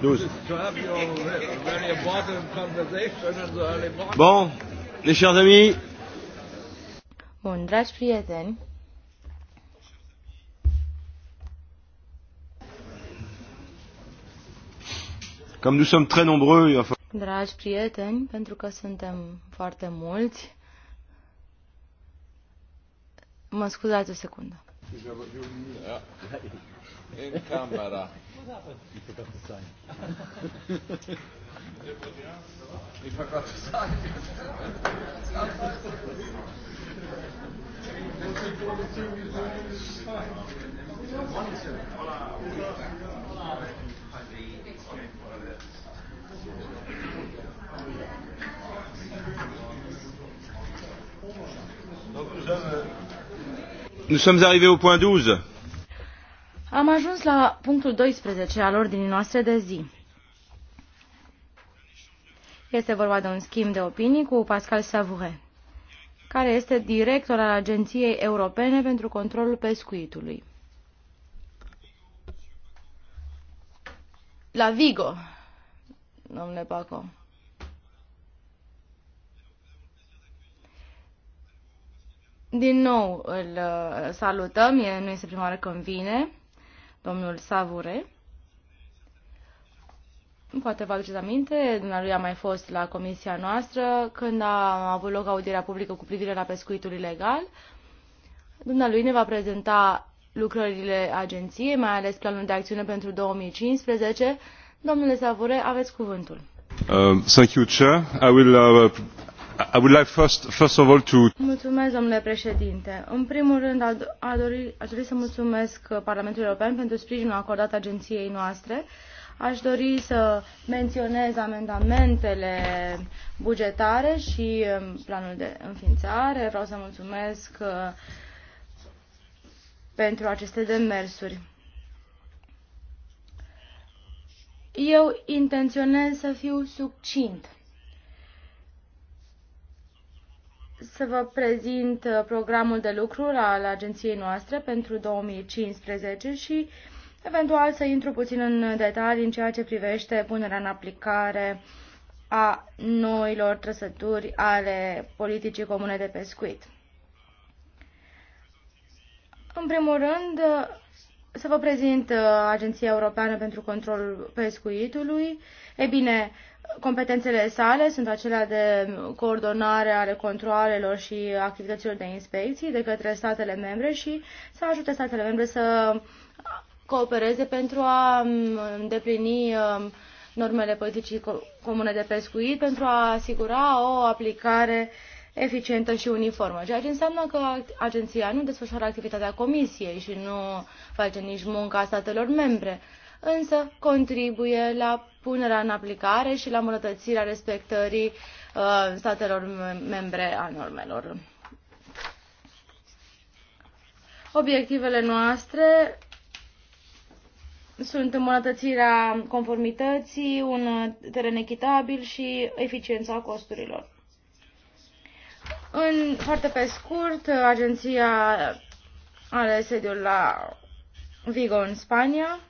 12. Uh, uh, bon, mes chers amis. Bun, dragi prieteni. Comme nous sommes très nombreux, il va falloir... Dragi prieteni, pentru că suntem foarte mulți, mă scuzați o secundă. in camera. Mi forgot to sign. Mi forgot to sign. Nous sommes arrivés au point 12. Am ajuns la punctul 12 al ordinii noastre de zi. Este vorba de un schimb de opinii cu Pascal Savouret, care este director al Agenției Europene pentru Controlul Pescuitului. La Vigo, domnule Paco. Din nou îl uh, salutăm, nu este prima oară când vine domnul Savure. Poate vă aduceți aminte, dumnealui a mai fost la comisia noastră când a avut loc audierea publică cu privire la pescuitul ilegal. Dumnealui ne va prezenta lucrările agenției, mai ales planul de acțiune pentru 2015. Domnule Savure, aveți cuvântul. Uh, thank you, Chair. I will uh, domnule președinte. În primul rând, aș dori să mulțumesc uh, Parlamentului European pentru sprijinul acordat agenției noastre. Aș dori să menționez amendamentele bugetare și um, planul de înființare. Vreau să mulțumesc uh, pentru aceste demersuri. Eu intenționez să fiu succint să vă prezint uh, programul de lucru al agenției noastre pentru 2015 și eventual să intru puțin în detalii în ceea ce privește punerea în aplicare a noilor trăsături ale politicii comune de pescuit. În primul rând, uh, să vă prezint uh, Agenția Europeană pentru Controlul Pescuitului. E bine, Competențele sale sunt acelea de coordonare ale controalelor și activităților de inspecții de către statele membre și să ajute statele membre să coopereze pentru a mm, îndeplini ă, normele politicii comune de pescuit, pentru a asigura o aplicare eficientă și uniformă, ceea ce înseamnă că agenția nu desfășoară activitatea comisiei și nu face nici munca statelor membre însă contribuie la punerea în aplicare și la îmbunătățirea respectării uh, statelor membre a normelor. Obiectivele noastre sunt îmbunătățirea conformității, un teren echitabil și eficiența costurilor. În foarte pe scurt, agenția are sediul la Vigo în Spania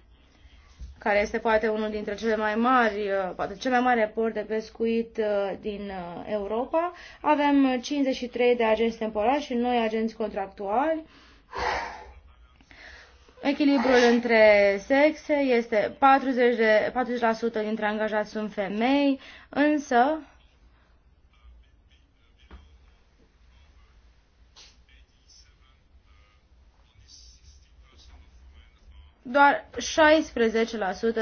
care este poate unul dintre cele mai mari, uh, poate cel mai mare port de pescuit uh, din uh, Europa. Avem 53 de agenți temporari și noi agenți contractuali. Echilibrul între sexe este 40%, de, 40 dintre angajați sunt femei, însă Doar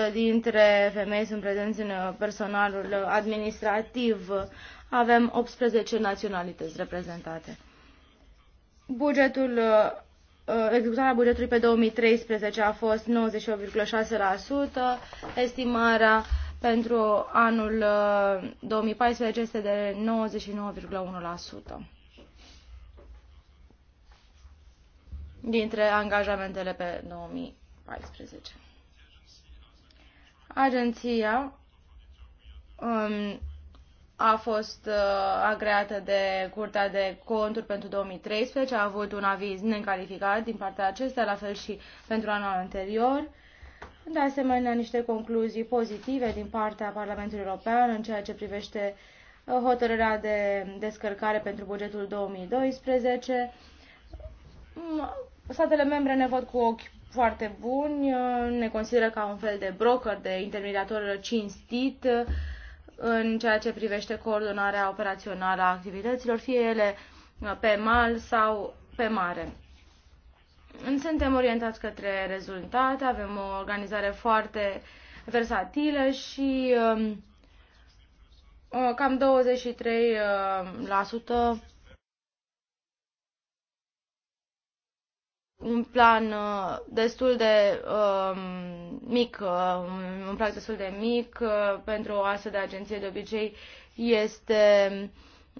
16% dintre femei sunt prezenți în uh, personalul uh, administrativ. Avem 18 naționalități reprezentate. Bugetul, uh, executarea bugetului pe 2013 a fost 98,6%, estimarea pentru anul 2014 este de 99,1% dintre angajamentele pe 2000. 14. Agenția um, a fost uh, agreată de Curtea de Conturi pentru 2013, a avut un aviz necalificat din partea acestea, la fel și pentru anul anterior. De asemenea, niște concluzii pozitive din partea Parlamentului European în ceea ce privește uh, hotărârea de descărcare pentru bugetul 2012. Statele membre ne văd cu ochi foarte buni, ne consideră ca un fel de broker, de intermediator cinstit în ceea ce privește coordonarea operațională a activităților, fie ele pe mal sau pe mare. Suntem orientați către rezultate, avem o organizare foarte versatilă și um, cam 23% un plan uh, destul de uh, mic, uh, un plan destul de mic uh, pentru o astfel de agenție de obicei este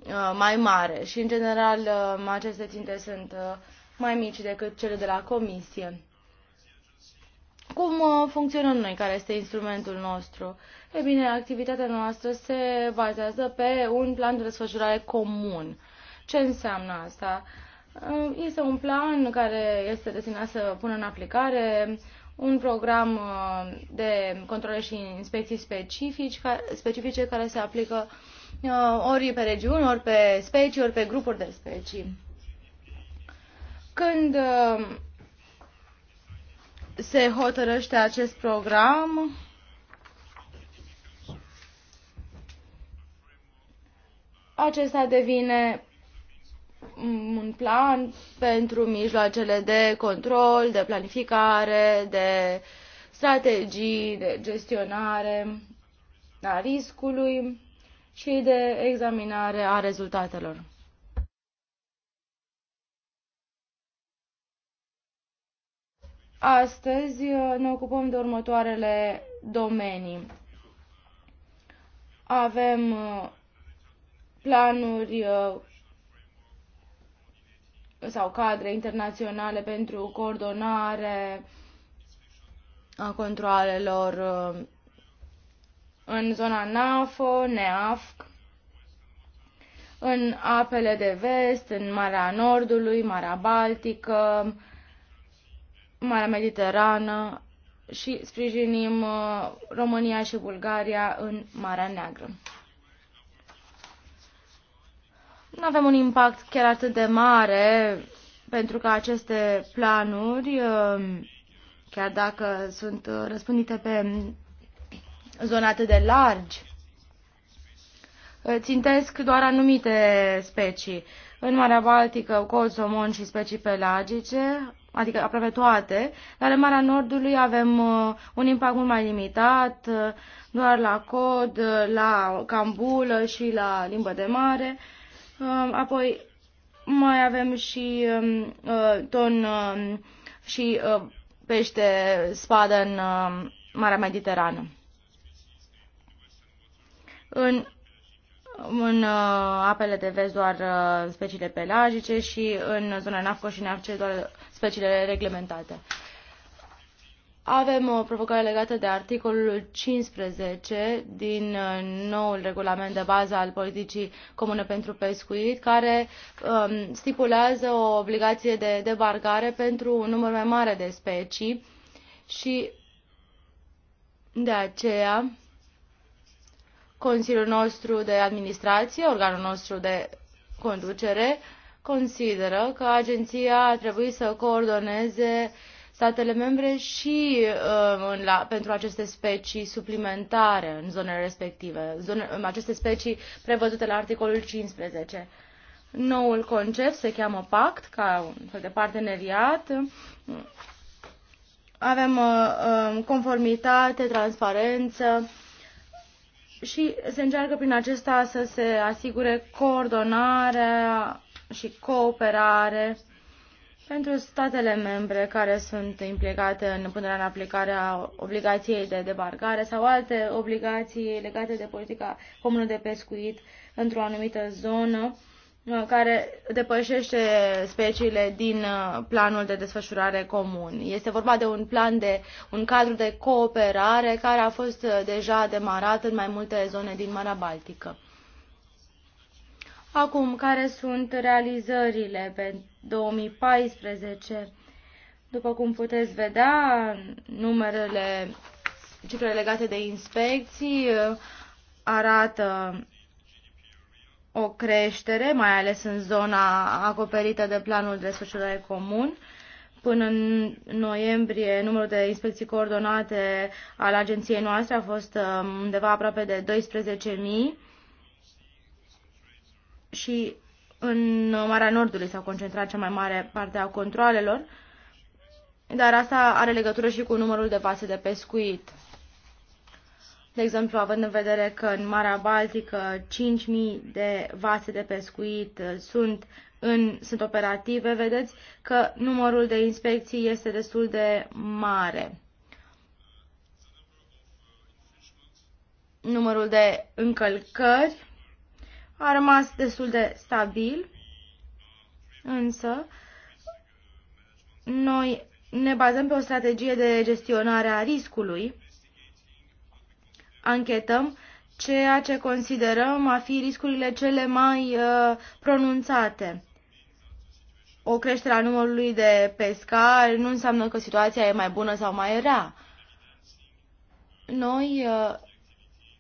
uh, mai mare și în general uh, aceste ținte sunt uh, mai mici decât cele de la comisie. Cum uh, funcționăm noi, care este instrumentul nostru? E bine, activitatea noastră se bazează pe un plan de desfășurare comun. Ce înseamnă asta? Uh, este un plan care este destinat să pună în aplicare un program uh, de controle și inspecții specifici, specifice care se aplică uh, ori pe regiuni, ori pe specii, ori pe grupuri de specii. Când uh, se hotărăște acest program, acesta devine un plan pentru mijloacele de control, de planificare, de strategii, de gestionare a riscului și de examinare a rezultatelor. Astăzi uh, ne ocupăm de următoarele domenii. Avem uh, planuri uh, sau cadre internaționale pentru coordonare a controalelor uh, în zona NAFO, NEAFC, în apele de vest, în Marea Nordului, Marea Baltică, Marea Mediterană și sprijinim uh, România și Bulgaria în Marea Neagră nu avem un impact chiar atât de mare, pentru că aceste planuri, uh, chiar dacă sunt uh, răspândite pe zone atât de largi, uh, țintesc doar anumite specii. În Marea Baltică, col, somon și specii pelagice, adică aproape toate, dar în Marea Nordului avem un impact mult mai limitat, doar la cod, la cambulă și la limbă de mare Um, apoi mai avem și um, uh, ton um, și uh, pește spadă în Marea Mediterană. În, în uh, apele de vest doar speciile pelagice și în zona NAFCO și NAFCE doar speciile reglementate. Avem o uh, provocare legată de articolul 15 din uh, noul regulament de bază al politicii comune pentru pescuit, care um, stipulează o obligație de debarcare pentru un număr mai mare de specii și de aceea Consiliul nostru de administrație, organul nostru de conducere, consideră că agenția ar trebui să coordoneze statele membre și uh, la, pentru aceste specii suplimentare în zonele respective, zone, aceste specii prevăzute la articolul 15. Noul concept se cheamă PACT, ca un fel de parteneriat. Avem uh, um, conformitate, transparență și se încearcă prin acesta să se asigure coordonarea și cooperare pentru statele membre care sunt implicate în punerea în aplicare a obligației de debarcare sau alte obligații legate de politica comună de pescuit într-o anumită zonă uh, care depășește speciile din uh, planul de desfășurare comun. Este vorba de un plan de un cadru de cooperare care a fost uh, deja demarat în mai multe zone din Marea Baltică. Acum, care sunt realizările pentru 2014. După cum puteți vedea, numerele, cifrele legate de inspecții uh, arată o creștere, mai ales în zona acoperită de planul de desfășurare comun. Până în noiembrie, numărul de inspecții coordonate al agenției noastre a fost uh, undeva aproape de 12.000 și în Marea Nordului s-au concentrat cea mai mare parte a controalelor, dar asta are legătură și cu numărul de vase de pescuit. De exemplu, având în vedere că în Marea Baltică 5.000 de vase de pescuit uh, sunt, în, sunt operative, vedeți că numărul de inspecții este destul de mare. Numărul de încălcări a rămas destul de stabil, însă noi ne bazăm pe o strategie de gestionare a riscului. Anchetăm ceea ce considerăm a fi riscurile cele mai uh, pronunțate. O creștere a numărului de pescari nu înseamnă că situația e mai bună sau mai rea. Noi uh,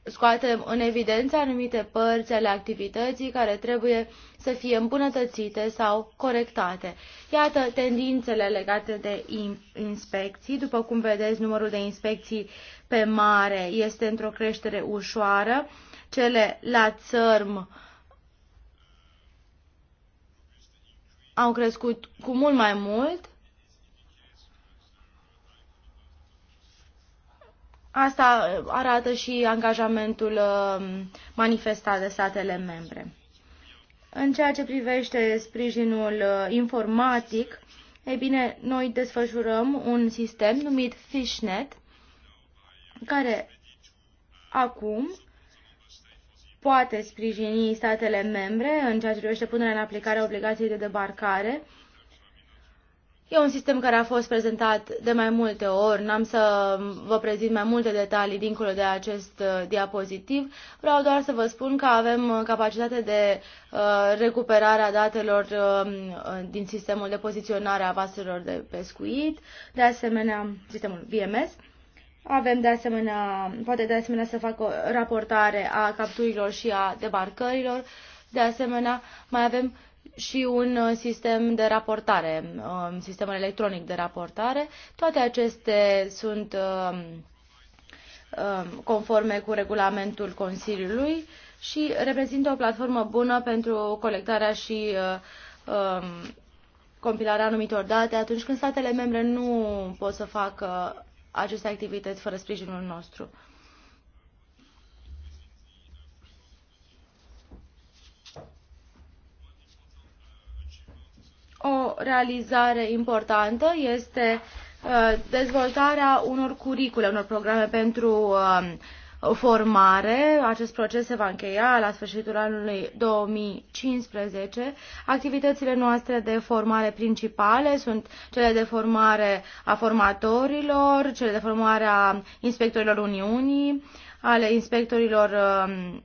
scoatem în evidență anumite părți ale activității care trebuie să fie îmbunătățite sau corectate. Iată tendințele legate de inspecții. După cum vedeți, numărul de inspecții pe mare este într-o creștere ușoară. Cele la țărm au crescut cu mult mai mult Asta uh, arată și angajamentul uh, manifestat de statele membre. În ceea ce privește sprijinul uh, informatic, ei bine, noi desfășurăm un sistem numit Fishnet, care acum poate sprijini statele membre în ceea ce privește punerea în aplicare a obligației de debarcare E un sistem care a fost prezentat de mai multe ori, n-am să vă prezint mai multe detalii dincolo de acest uh, diapozitiv, vreau doar să vă spun că avem uh, capacitate de uh, recuperare a datelor um, din sistemul de poziționare a vaselor de pescuit, de asemenea sistemul VMS. Avem de asemenea, poate de asemenea să fac o raportare a capturilor și a debarcărilor, de asemenea mai avem și un uh, sistem de raportare, un um, sistem electronic de raportare. Toate acestea sunt um, um, conforme cu regulamentul Consiliului și reprezintă o platformă bună pentru colectarea și uh, compilarea anumitor date atunci când statele membre nu pot să facă aceste activități fără sprijinul nostru. O realizare importantă este uh, dezvoltarea unor curicule, unor programe pentru uh, formare. Acest proces se va încheia la sfârșitul anului 2015. Activitățile noastre de formare principale sunt cele de formare a formatorilor, cele de formare a inspectorilor Uniunii, ale inspectorilor um,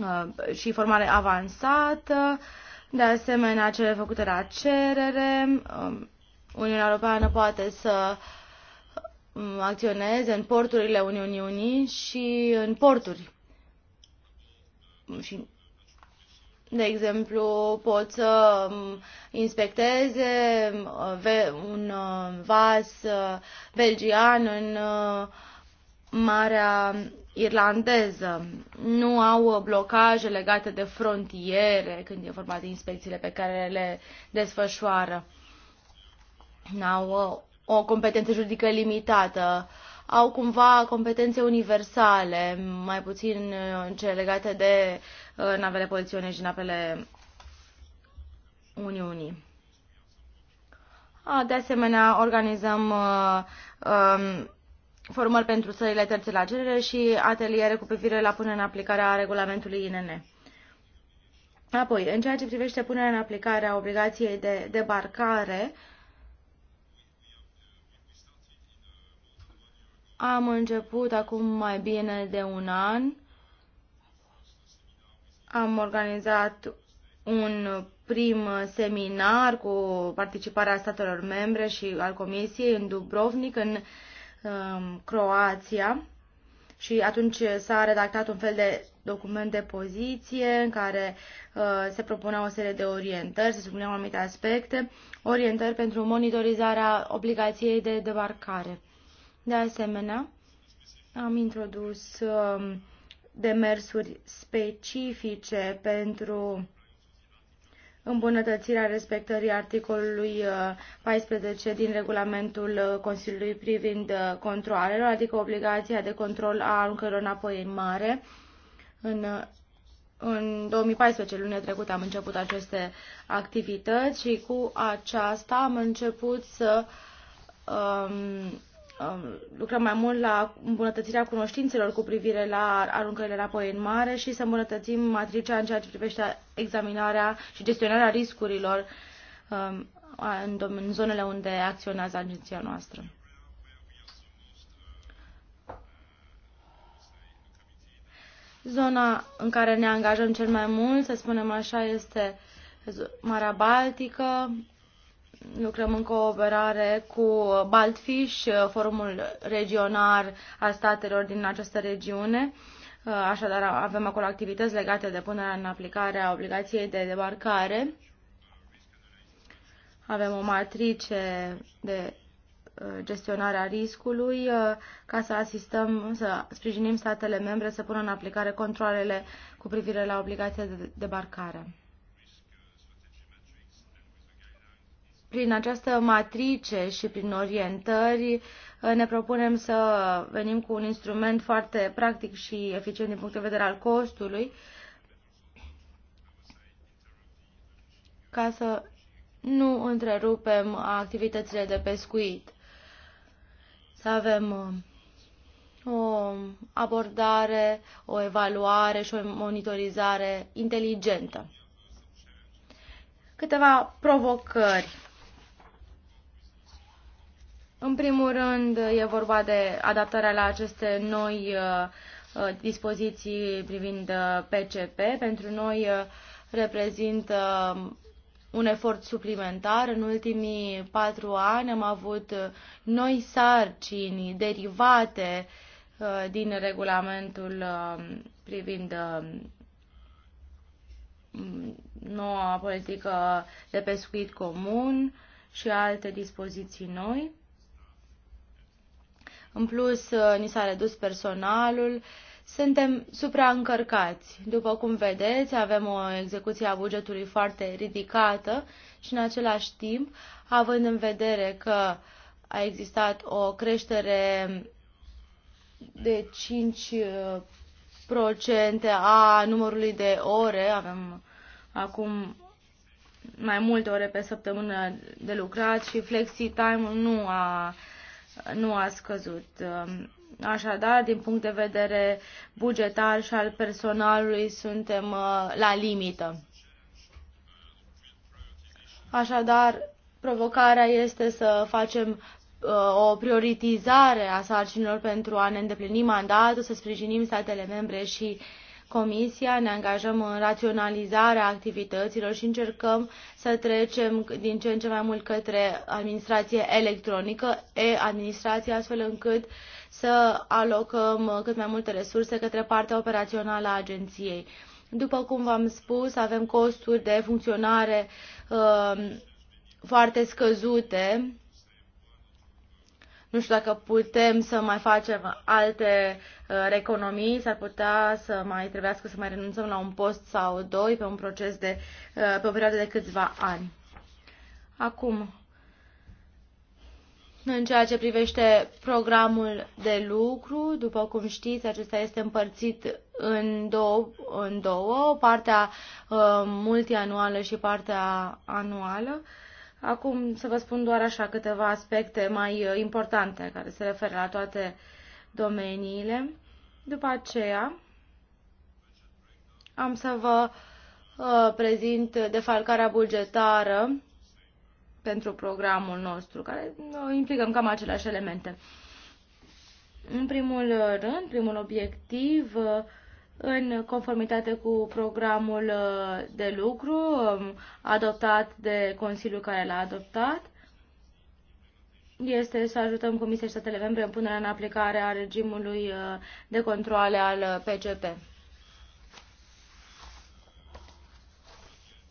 uh, și formare avansată, de asemenea cele făcute la cerere. Um, Uniunea Europeană poate să um, acționeze în porturile Uniunii Unii și în porturi. Și, de exemplu, pot să um, inspecteze un vas uh, belgian în uh, Marea irlandeză. Nu au blocaje legate de frontiere când e vorba de inspecțiile pe care le desfășoară. N-au uh, o competență juridică limitată. Au cumva competențe universale, mai puțin uh, cele legate de uh, navele poliționești și navele Uniunii. De asemenea, organizăm uh, um, formări pentru țările terțe la cerere și ateliere cu privire la punerea în aplicare a regulamentului INN. Apoi, în ceea ce privește punerea în aplicare a obligației de debarcare, am început acum mai bine de un an. Am organizat un prim seminar cu participarea statelor membre și al Comisiei în Dubrovnik, în Um, Croația și atunci s-a redactat un fel de document de poziție în care uh, se propunea o serie de orientări, se supuneau anumite aspecte, orientări pentru monitorizarea obligației de debarcare. De asemenea, am introdus uh, demersuri specifice pentru îmbunătățirea respectării articolului 14 uh, din regulamentul uh, Consiliului privind uh, controalelor, adică obligația de control a aruncărilor înapoi în mare. În, în 2014, lunea trecută, am început aceste activități și cu aceasta am început să um, Um, lucrăm mai mult la îmbunătățirea cunoștințelor cu privire la aruncările la apoi în mare și să îmbunătățim matricea în ceea ce privește examinarea și gestionarea riscurilor um, în zonele unde acționează agenția noastră. Zona în care ne angajăm cel mai mult, să spunem așa, este Marea Baltică, lucrăm în cooperare cu Baltfish, forumul regional al statelor din această regiune. Așadar, avem acolo activități legate de punerea în aplicare a obligației de debarcare. Avem o matrice de uh, gestionare a riscului uh, ca să asistăm, să sprijinim statele membre să pună în aplicare controlele cu privire la obligația de debarcare. Prin această matrice și prin orientări uh, ne propunem să venim cu un instrument foarte practic și eficient din punct de vedere al costului ca să nu întrerupem activitățile de pescuit. Să avem uh, o abordare, o evaluare și o monitorizare inteligentă. Câteva provocări în primul rând, e vorba de adaptarea la aceste noi uh, uh, dispoziții privind PCP. Uh, Pentru noi reprezintă um, un efort suplimentar. În ultimii patru ani am avut noi sarcini derivate din regulamentul um, privind um, noua politică de pescuit comun și alte dispoziții noi. În plus, uh, ni s-a redus personalul. Suntem supraîncărcați. După cum vedeți, avem o execuție a bugetului foarte ridicată și în același timp, având în vedere că a existat o creștere de 5% uh, a numărului de ore, avem acum mai multe ore pe săptămână de lucrat și flexi time nu a nu a scăzut. Așadar, din punct de vedere bugetar și al personalului, suntem uh, la limită. Așadar, provocarea este să facem uh, o prioritizare a sarcinilor pentru a ne îndeplini mandatul, să sprijinim statele membre și uh, Comisia, ne angajăm în raționalizarea activităților și încercăm să trecem din ce în ce mai mult către administrație electronică, e-administrație, astfel încât să alocăm cât mai multe resurse către partea operațională a agenției. După cum v-am spus, avem costuri de funcționare uh, foarte scăzute nu știu dacă putem să mai facem alte uh, economii, s-ar putea să mai trebuiască să mai renunțăm la un post sau doi pe un proces de, uh, pe o perioadă de câțiva ani. Acum, în ceea ce privește programul de lucru, după cum știți, acesta este împărțit în două, în două partea uh, multianuală și partea anuală. Uh, Acum să vă spun doar așa câteva aspecte mai uh, importante care se referă la toate domeniile. După aceea am să vă uh, prezint defalcarea bugetară pentru programul nostru, care uh, implicăm cam aceleași elemente. În primul rând, primul obiectiv uh, în conformitate cu programul uh, de lucru um, adoptat de Consiliul care l-a adoptat este să ajutăm Comisia și statele membre în punerea în aplicare a regimului uh, de controle al PCP. Uh,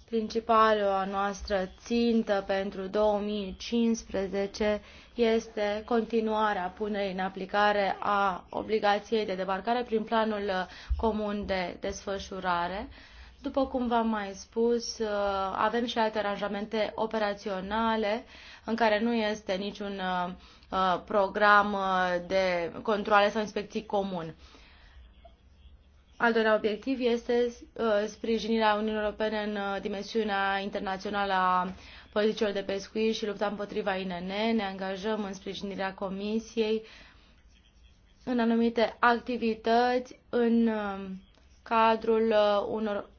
Principala noastră țintă pentru 2015 este continuarea punerii în aplicare a obligației de debarcare prin planul comun de desfășurare. După cum v-am mai spus, avem și alte aranjamente operaționale în care nu este niciun uh, program uh, de controle sau inspecții comun. Al doilea obiectiv este uh, sprijinirea Uniunii Europene în uh, dimensiunea internațională a politicilor de pescuit și lupta împotriva INN. Ne angajăm în sprijinirea Comisiei în anumite activități în uh, cadrul unor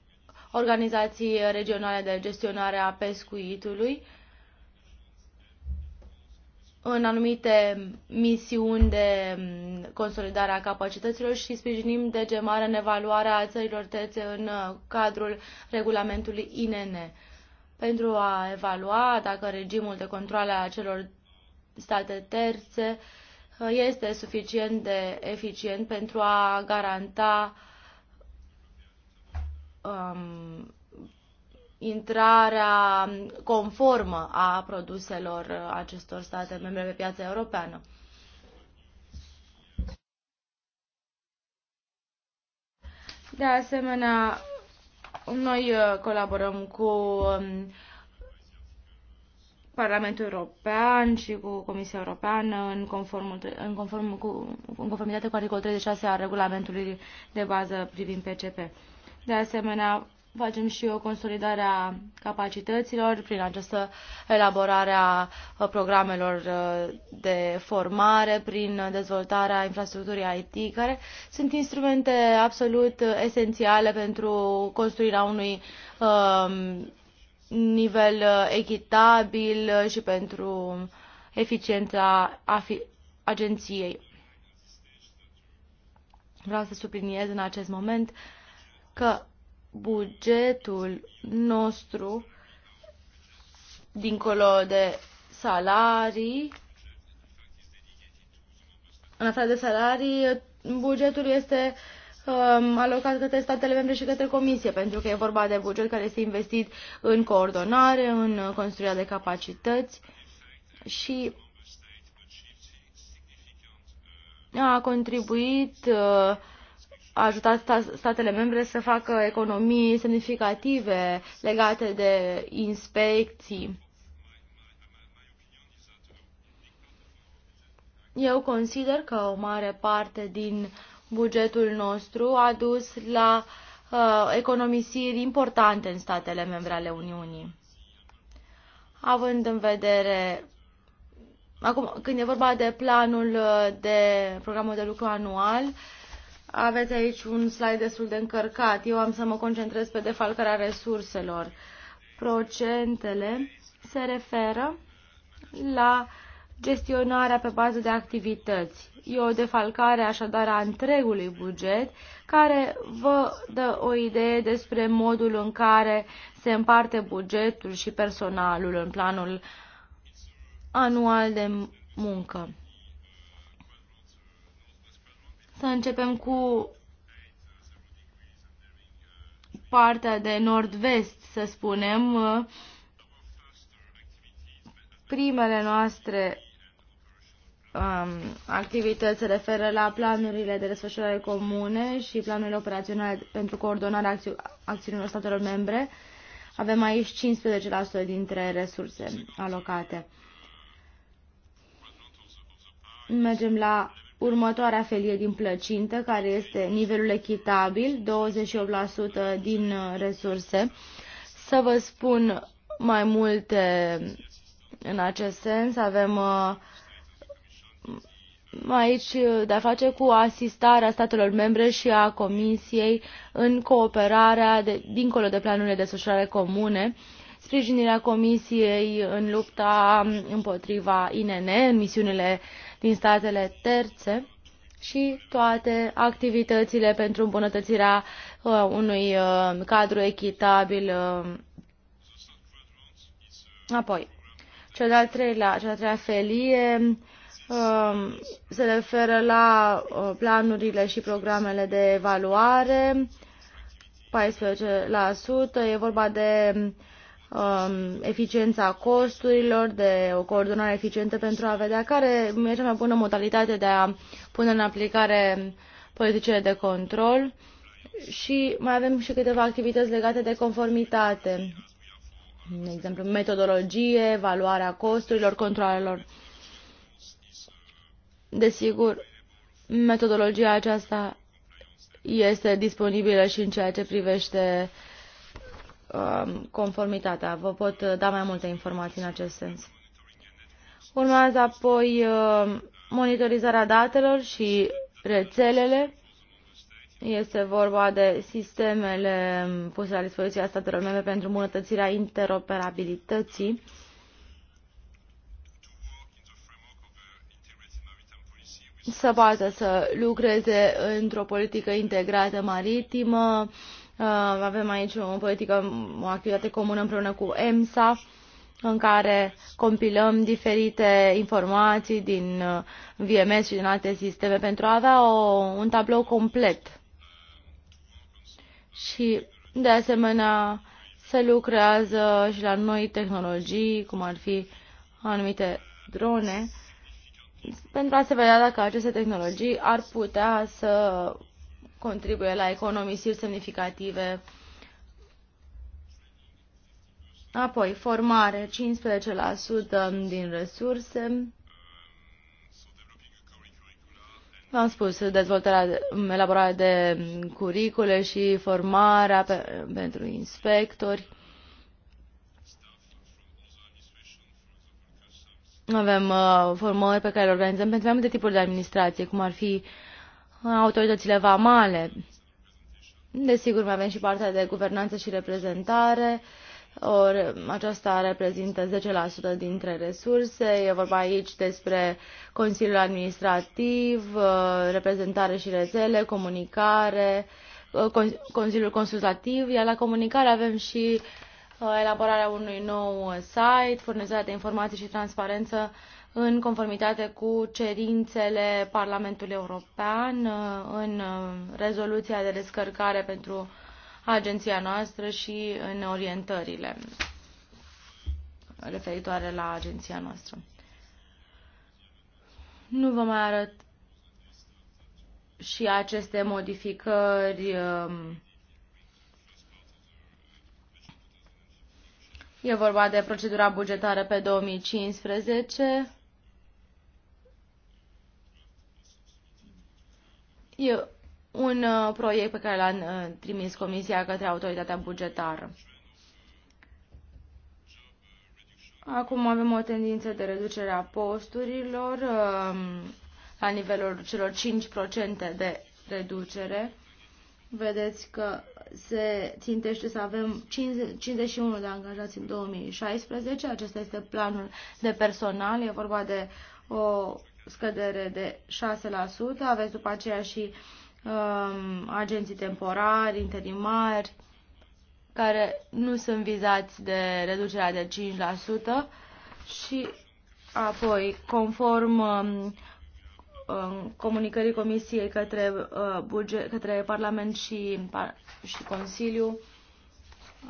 organizații regionale de gestionare a pescuitului în anumite misiuni de consolidare a capacităților și sprijinim de gemare în evaluarea țărilor terțe în uh, cadrul regulamentului INN pentru a evalua dacă regimul de control a celor state terțe uh, este suficient de eficient pentru a garanta um, intrarea conformă a produselor acestor state membre pe piața europeană. De asemenea, noi uh, colaborăm cu um, Parlamentul European și cu Comisia Europeană în, conform, în, conform cu, în conformitate cu articolul 36 al regulamentului de bază privind PCP. De asemenea, facem și o consolidare a capacităților prin această elaborare a programelor de formare, prin dezvoltarea infrastructurii IT, care sunt instrumente absolut esențiale pentru construirea unui nivel echitabil și pentru eficiența agenției. Vreau să subliniez în acest moment că bugetul nostru, dincolo de salarii, în afară de salarii, bugetul este um, alocat către statele membre și către comisie, pentru că e vorba de buget care este investit în coordonare, în construirea de capacități și a contribuit uh, a ajutat statele membre să facă economii semnificative legate de inspecții. Eu consider că o mare parte din bugetul nostru a dus la uh, economisiri importante în statele membre ale Uniunii. Având în vedere, acum, când e vorba de planul uh, de programul de lucru anual, aveți aici un slide destul de încărcat. Eu am să mă concentrez pe defalcarea resurselor. Procentele se referă la gestionarea pe bază de activități. E o defalcare așadar a întregului buget care vă dă o idee despre modul în care se împarte bugetul și personalul în planul anual de muncă. Să începem cu partea de nord-vest, să spunem. Primele noastre um, activități se referă la planurile de desfășurare comune și planurile operaționale pentru coordonarea acți acțiunilor statelor membre. Avem aici 15% dintre resurse alocate. Mergem la următoarea felie din plăcintă, care este nivelul echitabil, 28% din uh, resurse. Să vă spun mai multe în acest sens. Avem uh, aici uh, de-a face cu asistarea statelor membre și a Comisiei în cooperarea de, dincolo de planurile de desfășurare comune, sprijinirea Comisiei în lupta împotriva INN, în misiunile uh, din statele terțe și toate activitățile pentru îmbunătățirea uh, unui uh, cadru echitabil. Uh, apoi, cel de-al treilea, cel de-al treilea felie um, se referă la planurile și programele de evaluare, 14%, e vorba de uh, Um, eficiența costurilor, de o coordonare eficientă pentru a vedea care e cea mai bună modalitate de a pune în aplicare politicile de control și mai avem și câteva activități legate de conformitate, de exemplu metodologie, evaluarea costurilor, controlelor. Desigur, metodologia aceasta este disponibilă și în ceea ce privește uh, Um, conformitatea. Vă pot uh, da mai multe informații în acest sens. Urmează apoi uh, monitorizarea datelor și rețelele. Este vorba de sistemele puse la a statelor membre pentru îmbunătățirea interoperabilității. Să poată să lucreze într-o politică integrată maritimă, Uh, avem aici o politică, o activitate comună împreună cu EMSA, în care compilăm diferite informații din uh, VMS și din alte sisteme pentru a avea o, un tablou complet. Și, de asemenea, se lucrează și la noi tehnologii, cum ar fi anumite drone, pentru a se vedea dacă aceste tehnologii ar putea să contribuie la economisiri semnificative. Apoi, formare, 15% din resurse. V-am spus, dezvoltarea, elaborarea de curicule și formarea pe, pentru inspectori. Avem uh, formări pe care le organizăm pentru mai multe tipuri de administrație, cum ar fi uh, autoritățile vamale. Desigur, mai avem și partea de guvernanță și reprezentare. Or, aceasta reprezintă 10% dintre resurse. E vorba aici despre Consiliul Administrativ, uh, reprezentare și rețele, comunicare, uh, Consiliul Consultativ, iar la comunicare avem și uh, elaborarea unui nou site, furnizarea de informații și transparență în conformitate cu cerințele Parlamentului European în rezoluția de descărcare pentru agenția noastră și în orientările referitoare la agenția noastră. Nu vă mai arăt și aceste modificări. Um, e vorba de procedura bugetară pe 2015 E un uh, proiect pe care l-a uh, trimis Comisia către autoritatea bugetară. Acum avem o tendință de reducere a posturilor um, la nivelul celor 5% de reducere. Vedeți că se țintește să avem 50, 51 de angajați în 2016. Acesta este planul de personal. E vorba de o scădere de 6%, aveți după aceea și um, agenții temporari, interimari, care nu sunt vizați de reducerea de 5% și apoi, conform um, um, comunicării Comisiei către, uh, buget, către Parlament și, și Consiliu,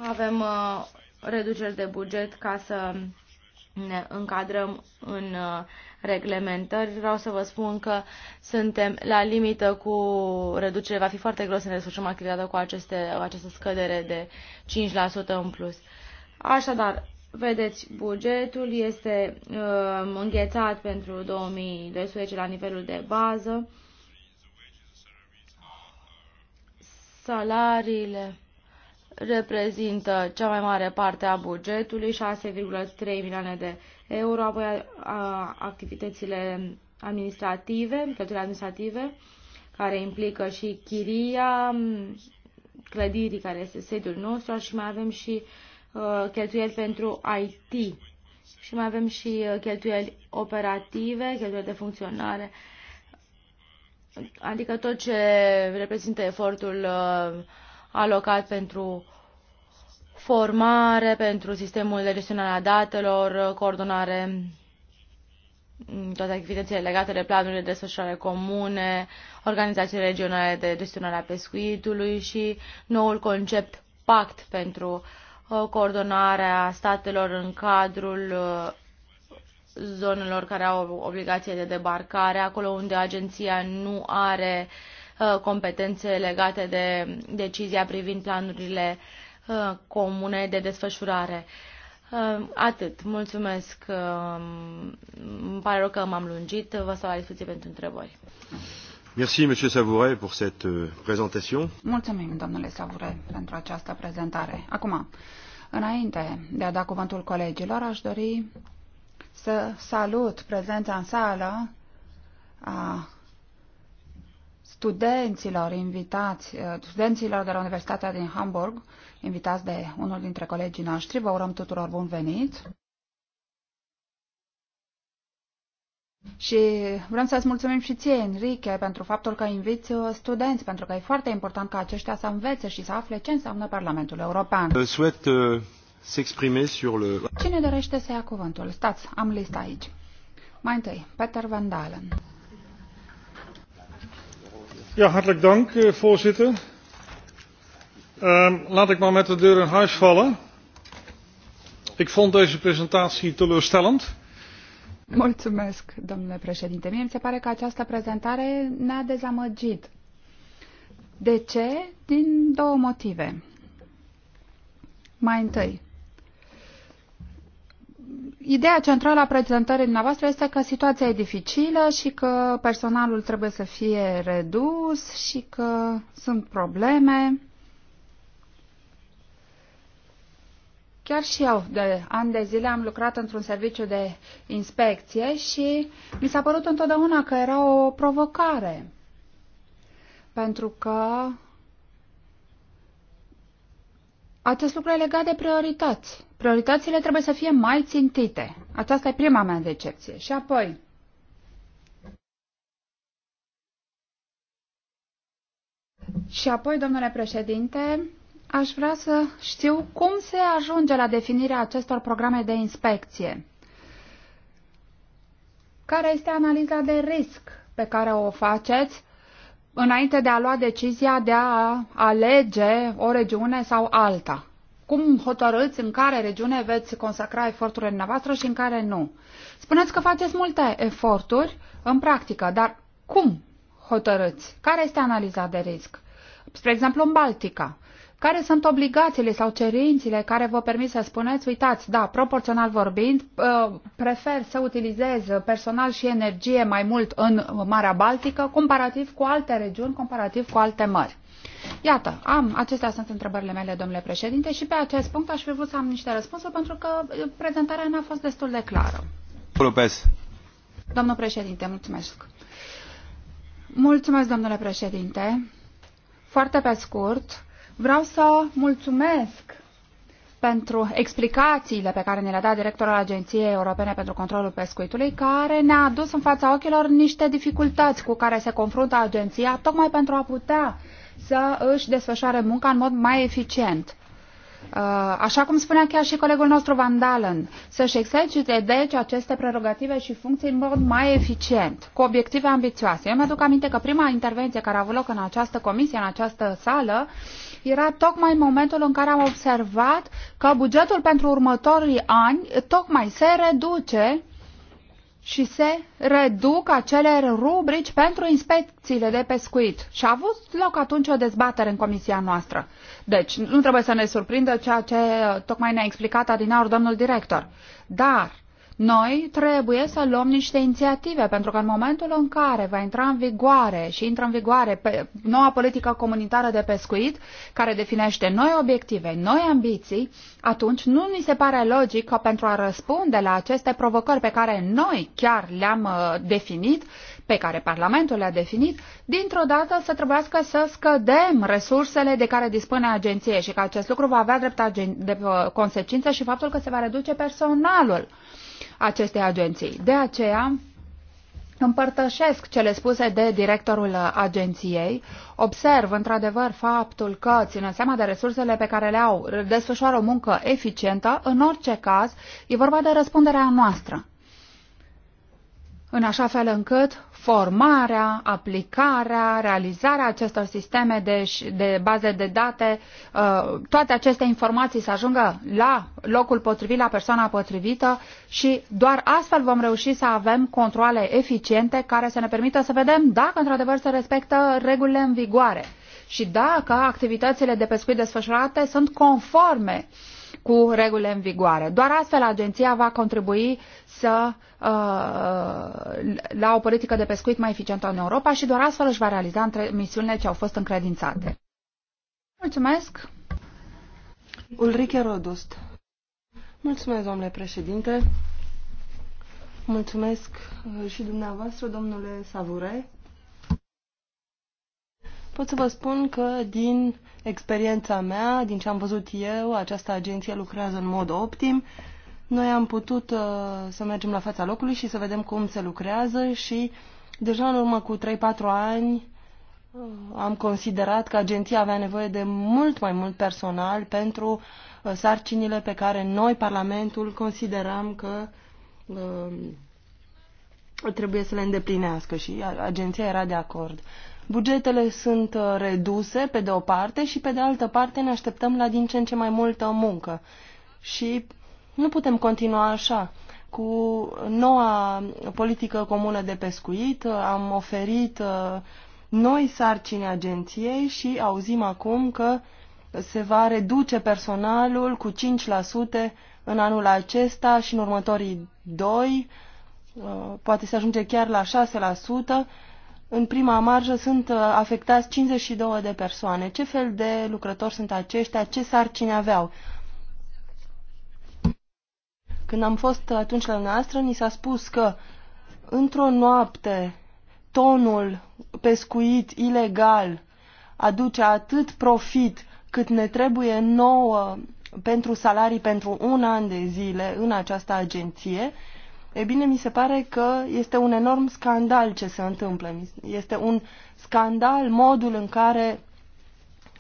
avem uh, reduceri de buget ca să ne încadrăm în uh, reglementări. Vreau să vă spun că suntem la limită cu reducere. Va fi foarte greu să ne desfășurăm activitatea cu aceste, această scădere de 5% în plus. Așadar, vedeți, bugetul este uh, înghețat pentru 2012 la nivelul de bază. Salariile reprezintă cea mai mare parte a bugetului, 6,3 milioane de euro, apoi a, activitățile administrative, cheltuielile administrative, care implică și chiria clădirii care este sediul nostru și mai avem și uh, cheltuieli pentru IT și mai avem și uh, cheltuieli operative, cheltuieli de funcționare, adică tot ce reprezintă efortul uh, alocat pentru formare pentru sistemul de gestionare a datelor, coordonare, mm, toate activitățile legate de planurile de desfășurare comune, organizații regionale de gestionare a pescuitului și noul concept pact pentru uh, coordonarea statelor în cadrul uh, zonelor care au obligație de debarcare, acolo unde agenția nu are uh, competențe legate de decizia privind planurile uh, Uh, comune de desfășurare. Uh, atât. Mulțumesc. Uh, îmi pare rău că m-am lungit. Vă stau la discuție pentru întrebări. Merci, Monsieur Savouret, pour cette présentation. Mulțumim, domnule Savouret, pentru această prezentare. Acum, înainte de a da cuvântul colegilor, aș dori să salut prezența în sală a studenților invitați, uh, studenților de la Universitatea din Hamburg, invitați de unul dintre colegii noștri. Vă urăm tuturor bun venit! Și vrem să-ți mulțumim și ție, Enrique, pentru faptul că inviți uh, studenți, pentru că e foarte important ca aceștia să învețe și să afle ce înseamnă Parlamentul European. Uh, Cine dorește să ia cuvântul? Stați, am lista aici. Mai întâi, Peter Van Dalen. Ja, hartelijk dank, eh, voorzitter. Um, laat ik maar met de deur in huis vallen. Ik vond deze presentatie teleurstellend. Mulțumesc, domnule președinte. Mie mi se pare că această prezentare ne-a dezamăgit. De ce? Din două motive. Mai întâi, Ideea centrală a prezentării dumneavoastră este că situația e dificilă și că personalul trebuie să fie redus și că sunt probleme. Chiar și eu de ani de zile am lucrat într-un serviciu de inspecție și mi s-a părut întotdeauna că era o provocare. Pentru că acest lucru e legat de priorități. Prioritățile trebuie să fie mai țintite. Aceasta e prima mea decepție. Și apoi, Și apoi, domnule președinte, aș vrea să știu cum se ajunge la definirea acestor programe de inspecție. Care este analiza de risc pe care o faceți înainte de a lua decizia de a alege o regiune sau alta. Cum hotărâți în care regiune veți consacra eforturile dumneavoastră și în care nu? Spuneți că faceți multe eforturi în practică, dar cum hotărâți? Care este analiza de risc? Spre exemplu, în Baltica. Care sunt obligațiile sau cerințele care vă permit să spuneți, uitați, da, proporțional vorbind, uh, prefer să utilizez personal și energie mai mult în Marea Baltică, comparativ cu alte regiuni, comparativ cu alte mări? Iată, am, acestea sunt întrebările mele, domnule președinte, și pe acest punct aș fi vrut să am niște răspunsuri, pentru că uh, prezentarea mea a fost destul de clară. Lopez. Domnul președinte, mulțumesc. Mulțumesc, domnule președinte. Foarte pe scurt, Vreau să mulțumesc pentru explicațiile pe care ne le-a dat directorul Agenției Europene pentru Controlul Pescuitului, care ne-a adus în fața ochilor niște dificultăți cu care se confruntă agenția, tocmai pentru a putea să își desfășoare munca în mod mai eficient. Uh, așa cum spunea chiar și colegul nostru Van Dalen, să-și exercite deci aceste prerogative și funcții în mod mai eficient, cu obiective ambițioase. Eu mi-aduc aminte că prima intervenție care a avut loc în această comisie, în această sală, uh, era tocmai momentul în care am observat că bugetul pentru următorii ani tocmai se reduce și se reduc acele rubrici pentru inspecțiile de pescuit. Și a avut loc atunci o dezbatere în comisia noastră. Deci, nu trebuie să ne surprindă ceea ce tocmai ne-a explicat Adinaur, domnul director. Dar, noi trebuie să luăm niște inițiative, pentru că în momentul în care va intra în vigoare și intră în vigoare pe noua politică comunitară de pescuit, care definește noi obiective, noi ambiții, atunci nu ni se pare logic că pentru a răspunde la aceste provocări pe care noi chiar le-am uh, definit, pe care Parlamentul le-a definit, dintr-o dată să trebuiască să scădem resursele de care dispune agenție și că acest lucru va avea drept de uh, consecință și faptul că se va reduce personalul acestei agenții. De aceea, Împărtășesc cele spuse de directorul agenției. Observ într-adevăr faptul că, ținând seama de resursele pe care le au, desfășoară o muncă eficientă. În orice caz, e vorba de răspunderea noastră. În așa fel încât formarea, aplicarea, realizarea acestor sisteme de, de baze de date, uh, toate aceste informații să ajungă la locul potrivit, la persoana potrivită și doar astfel vom reuși să avem controle eficiente care să ne permită să vedem dacă într-adevăr se respectă regulile în vigoare și dacă activitățile de pescuit desfășurate sunt conforme uh, cu regulile în vigoare. Doar astfel agenția va contribui să, uh, la o politică de pescuit mai eficientă în Europa și doar astfel își va realiza între misiunile ce au fost încredințate. Mulțumesc! Ulrike Rodust. Mulțumesc, domnule președinte. Mulțumesc uh, și dumneavoastră, domnule Savure, Pot să vă spun că din experiența mea, din ce am văzut eu, această agenție lucrează în mod optim. Noi am putut uh, să mergem la fața locului și să vedem cum se lucrează și deja în urmă cu 3-4 ani uh, am considerat că agenția avea nevoie de mult mai mult personal pentru uh, sarcinile pe care noi, Parlamentul, consideram că uh, trebuie să le îndeplinească și agenția era de acord. Bugetele sunt uh, reduse, pe de o parte, și pe de altă parte ne așteptăm la din ce în ce mai multă muncă. Și nu putem continua așa. Cu noua politică comună de pescuit uh, am oferit uh, noi sarcini agenției și auzim acum că se va reduce personalul cu 5% în anul acesta și în următorii doi, poate se ajunge chiar la 6%, în prima marjă sunt uh, afectați 52 de persoane. Ce fel de lucrători sunt aceștia? Ce sarcini aveau? Când am fost atunci la noastră, ni s-a spus că într-o noapte tonul pescuit ilegal aduce atât profit cât ne trebuie nouă pentru salarii pentru un an de zile în această agenție E bine, mi se pare că este un enorm scandal ce se întâmplă. Este un scandal modul în care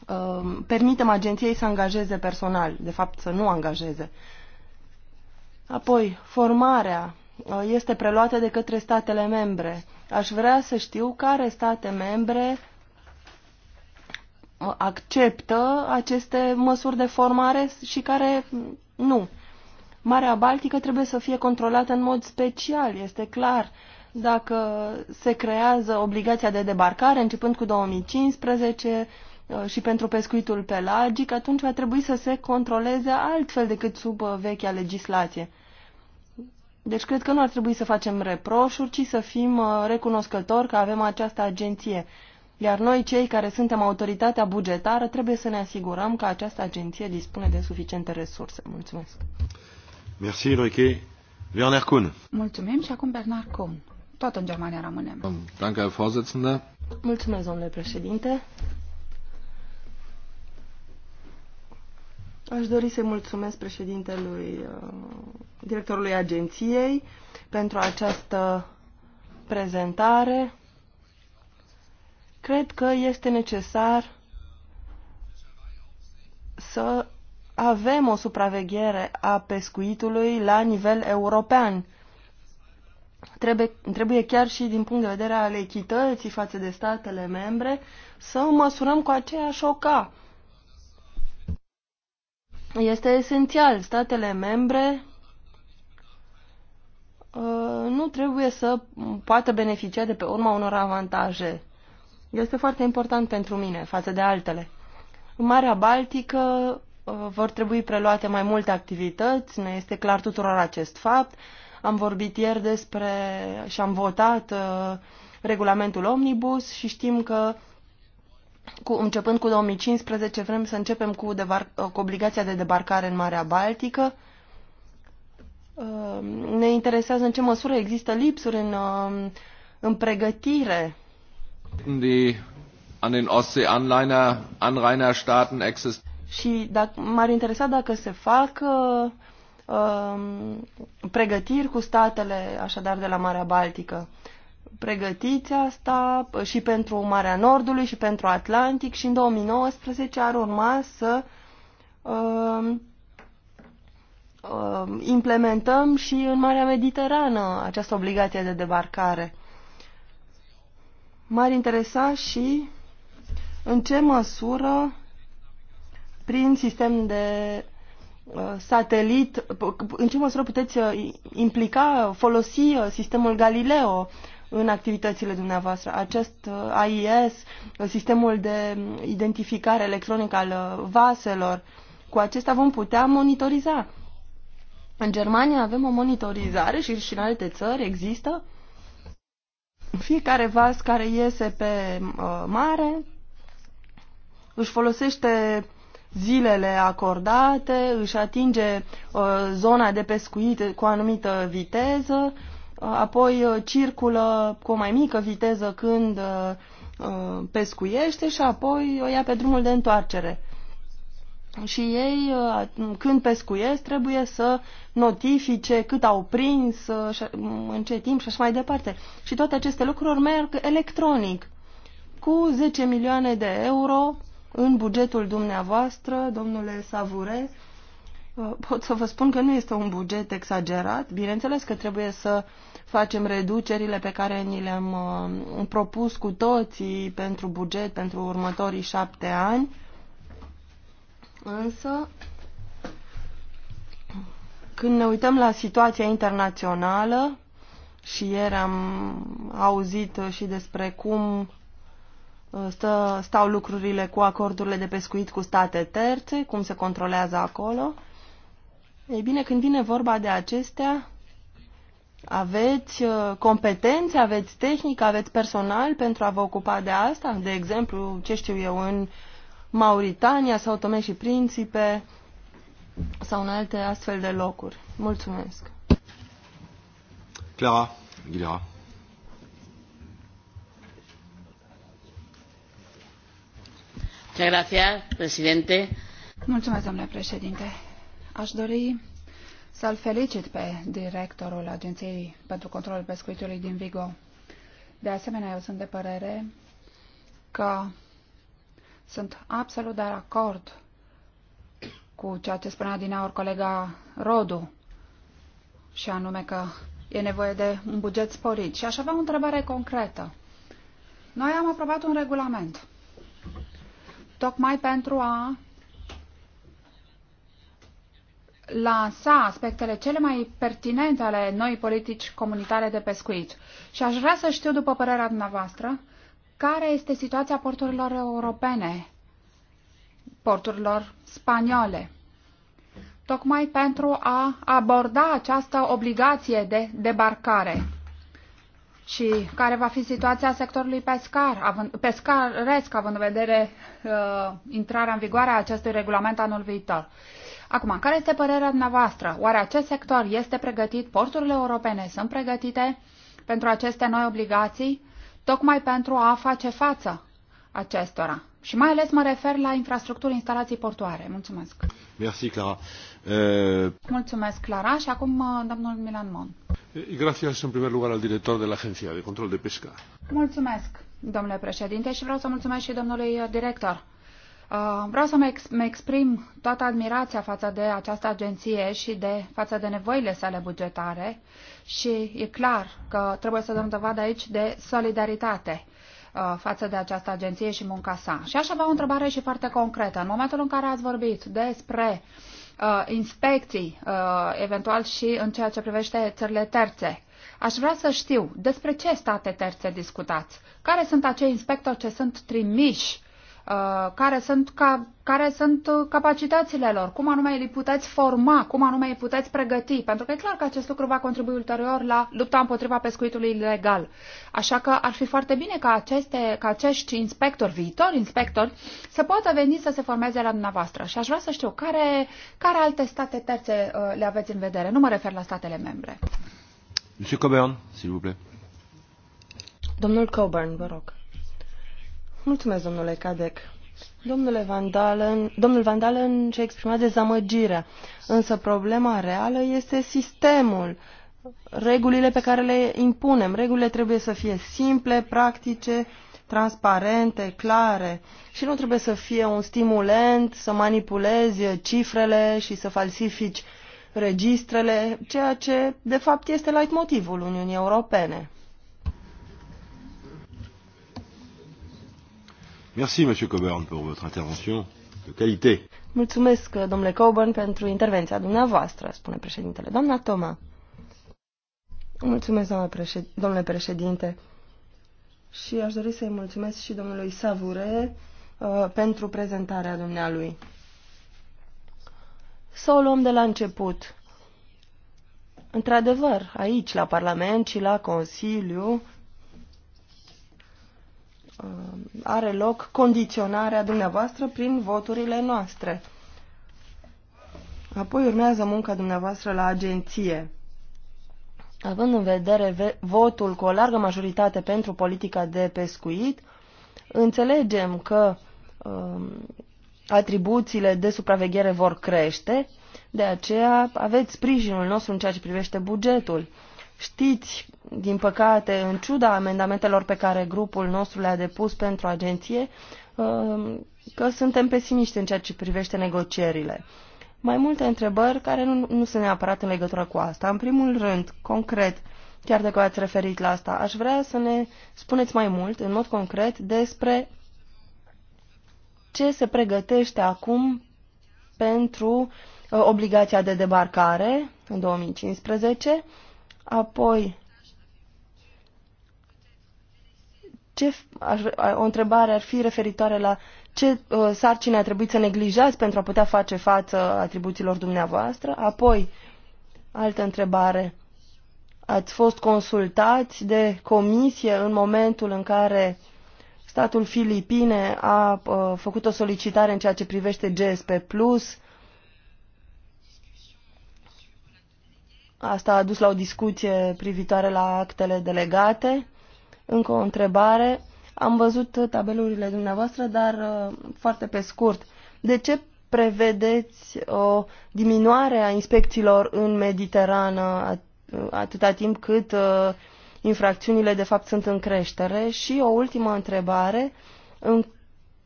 uh, permitem agenției să angajeze personal, de fapt să nu angajeze. Apoi, formarea uh, este preluată de către statele membre. Aș vrea să știu care state membre uh, acceptă aceste măsuri de formare și care nu. Marea Baltică trebuie să fie controlată în mod special, este clar. Dacă se creează obligația de debarcare, începând cu 2015, uh, și pentru pescuitul pelagic, atunci va trebui să se controleze altfel decât sub uh, vechea legislație. Deci cred că nu ar trebui să facem reproșuri, ci să fim uh, recunoscători că avem această agenție. Iar noi, cei care suntem autoritatea bugetară, trebuie să ne asigurăm că această agenție dispune de suficiente resurse. Mulțumesc! Mulțumim și acum Bernard Kuhn. Tot în Germania rămânem. Danke, Herr Vorsitzender. Mulțumesc, domnule președinte. Aș dori să mulțumesc președintelui, uh, directorului agenției pentru această prezentare. Cred că este necesar să avem o supraveghere a pescuitului la nivel european. Trebuie, trebuie chiar și din punct de vedere al echității față de statele membre să măsurăm cu aceeași oca. Este esențial. Statele membre uh, nu trebuie să poată beneficia de pe urma unor avantaje. Este foarte important pentru mine față de altele. În Marea Baltică vor trebui preluate mai multe activități, ne este clar tuturor acest fapt. Am vorbit ieri despre și am votat uh, regulamentul Omnibus și știm că cu, începând cu 2015 vrem să începem cu, debar, uh, cu obligația de debarcare în Marea Baltică. Uh, ne interesează în ce măsură există lipsuri în, în pregătire. Die an den Ostsee-Anrainer existieren și m-ar interesa dacă se fac uh, um, pregătiri cu statele, așadar, de la Marea Baltică. Pregătiți asta uh, și pentru Marea Nordului și pentru Atlantic și în 2019 ar urma să uh, uh, implementăm și în Marea Mediterană această obligație de debarcare. M-ar interesa și în ce măsură prin sistem de uh, satelit, în ce măsură puteți uh, implica, folosi uh, sistemul Galileo în activitățile dumneavoastră? Acest AIS, sistemul de identificare electronică al vaselor, cu acesta vom putea monitoriza. În Germania avem o monitorizare și, și în alte țări există. Fiecare vas care iese pe mare își folosește zilele acordate, își atinge uh, zona de pescuit cu o anumită viteză, uh, apoi uh, circulă cu o mai mică viteză când pescuiește și apoi o ia pe drumul de întoarcere. Și ei, când pescuiesc, trebuie să notifice cât au prins, în ce timp și așa mai departe. Și toate aceste lucruri merg electronic. Cu 10 milioane de euro în bugetul dumneavoastră, domnule Savure, uh, pot să vă spun că nu este un buget exagerat. Bineînțeles că trebuie să facem reducerile pe care ni le-am uh, propus cu toții pentru buget pentru următorii șapte ani. Însă, când ne uităm la situația internațională, și ieri am auzit și despre cum stă, stau lucrurile cu acordurile de pescuit cu state terțe, cum se controlează acolo. Ei bine, când vine vorba de acestea, aveți uh, competențe, aveți tehnică, aveți personal pentru a vă ocupa de asta? De exemplu, ce știu eu, în Mauritania sau Tome și Principe sau în alte astfel de locuri. Mulțumesc. Clara, Guilera. Mulțumesc, domnule președinte. Aș dori să-l felicit pe directorul Agenției pentru Controlul Pescuitului din Vigo. De asemenea, eu sunt de părere că sunt absolut de acord cu ceea ce spunea din aur colega Rodu, și anume că e nevoie de un buget sporit. Și aș avea o întrebare concretă. Noi am aprobat un regulament tocmai pentru a lansa aspectele cele mai pertinente ale noii politici comunitare de pescuit. Și aș vrea să știu, după părerea dumneavoastră, care este situația porturilor europene, porturilor spaniole, tocmai pentru a aborda această obligație de debarcare și care va fi situația sectorului pescar, având, pescaresc, având în vedere uh, intrarea în vigoare a acestui regulament anul viitor. Acum, care este părerea dumneavoastră? Oare acest sector este pregătit? Porturile europene sunt pregătite pentru aceste noi obligații? Tocmai pentru a face față acestora. Și mai ales mă refer la infrastructuri, instalații portoare. Mulțumesc. Merci, Clara. Uh... Mulțumesc, Clara. Și acum uh, domnul Milan Mon. Eh, gracias, în primer lugar, al director de la Agencia de Control de Pesca. Mulțumesc, domnule președinte, și vreau să mulțumesc și domnului eh, director. Uh, vreau să mă exprim toată admirația față de această agenție și de față de nevoile sale bugetare și e clar că trebuie să dăm dovadă aici de solidaritate uh, față de această agenție și munca sa. Și așa vă o întrebare și foarte concretă. În momentul în care ați vorbit despre uh, uh, inspecții, uh, eventual și în ceea ce privește țările terțe. Aș vrea să știu despre ce state terțe discutați, care sunt acei inspectori ce sunt trimiși Uh, care sunt, ca, care sunt uh, capacitățile lor, cum anume îi puteți forma, cum anume îi puteți pregăti, pentru că e clar că acest lucru va contribui ulterior la lupta împotriva pescuitului ilegal. Așa că ar fi foarte bine ca, aceste, ca acești inspectori, viitori inspectori, să poată veni să se formeze la dumneavoastră. Și aș vrea să știu care, care alte state terțe uh, le aveți în vedere. Nu mă refer la statele membre. Monsieur Coburn, s'il vous plaît. Domnul Coburn, vă rog. Mulțumesc, domnule Cadec. Domnule Van domnul Van Dalen și-a exprimat dezamăgirea, însă problema reală este sistemul, regulile pe care le impunem. Regulile trebuie să fie simple, practice, transparente, clare și nu trebuie să fie un stimulent să manipulezi cifrele și să falsifici registrele, ceea ce de fapt este leitmotivul Uniunii Europene. Merci, Coburn, pour votre intervention de Mulțumesc, domnule Coburn, pentru intervenția dumneavoastră, spune președintele. Doamna Toma. Mulțumesc, doamna președ... domnule președinte. Și aș dori să-i mulțumesc și domnului Savure uh, pentru prezentarea dumnealui. Să o luăm de la început. Într-adevăr, aici, la Parlament și la Consiliu, Uh, are loc condiționarea dumneavoastră prin voturile noastre. Apoi urmează munca dumneavoastră la agenție. Având în vedere votul cu o largă majoritate pentru politica de pescuit, înțelegem că um, atribuțiile de supraveghere vor crește, de aceea aveți sprijinul nostru în ceea ce privește bugetul. Știți, din păcate, în ciuda amendamentelor pe care grupul nostru le-a depus pentru agenție, uh, că suntem pesimiști în ceea ce privește negocierile. Mai multe întrebări care nu, nu sunt neapărat în legătură cu asta. În primul rând, concret, chiar dacă ați referit la asta, aș vrea să ne spuneți mai mult, în mod concret, despre ce se pregătește acum pentru uh, obligația de debarcare în 2015 Apoi, ce, aș, o întrebare ar fi referitoare la ce uh, sarcini a trebuit să neglijați pentru a putea face față atribuțiilor dumneavoastră. Apoi, altă întrebare. Ați fost consultați de comisie în momentul în care statul Filipine a uh, făcut o solicitare în ceea ce privește GSP Plus Asta a dus la o discuție privitoare la actele delegate. Încă o întrebare. Am văzut tabelurile dumneavoastră, dar uh, foarte pe scurt. De ce prevedeți o diminuare a inspecțiilor în Mediterană atâta timp cât uh, infracțiunile de fapt sunt în creștere? Și o ultimă întrebare. În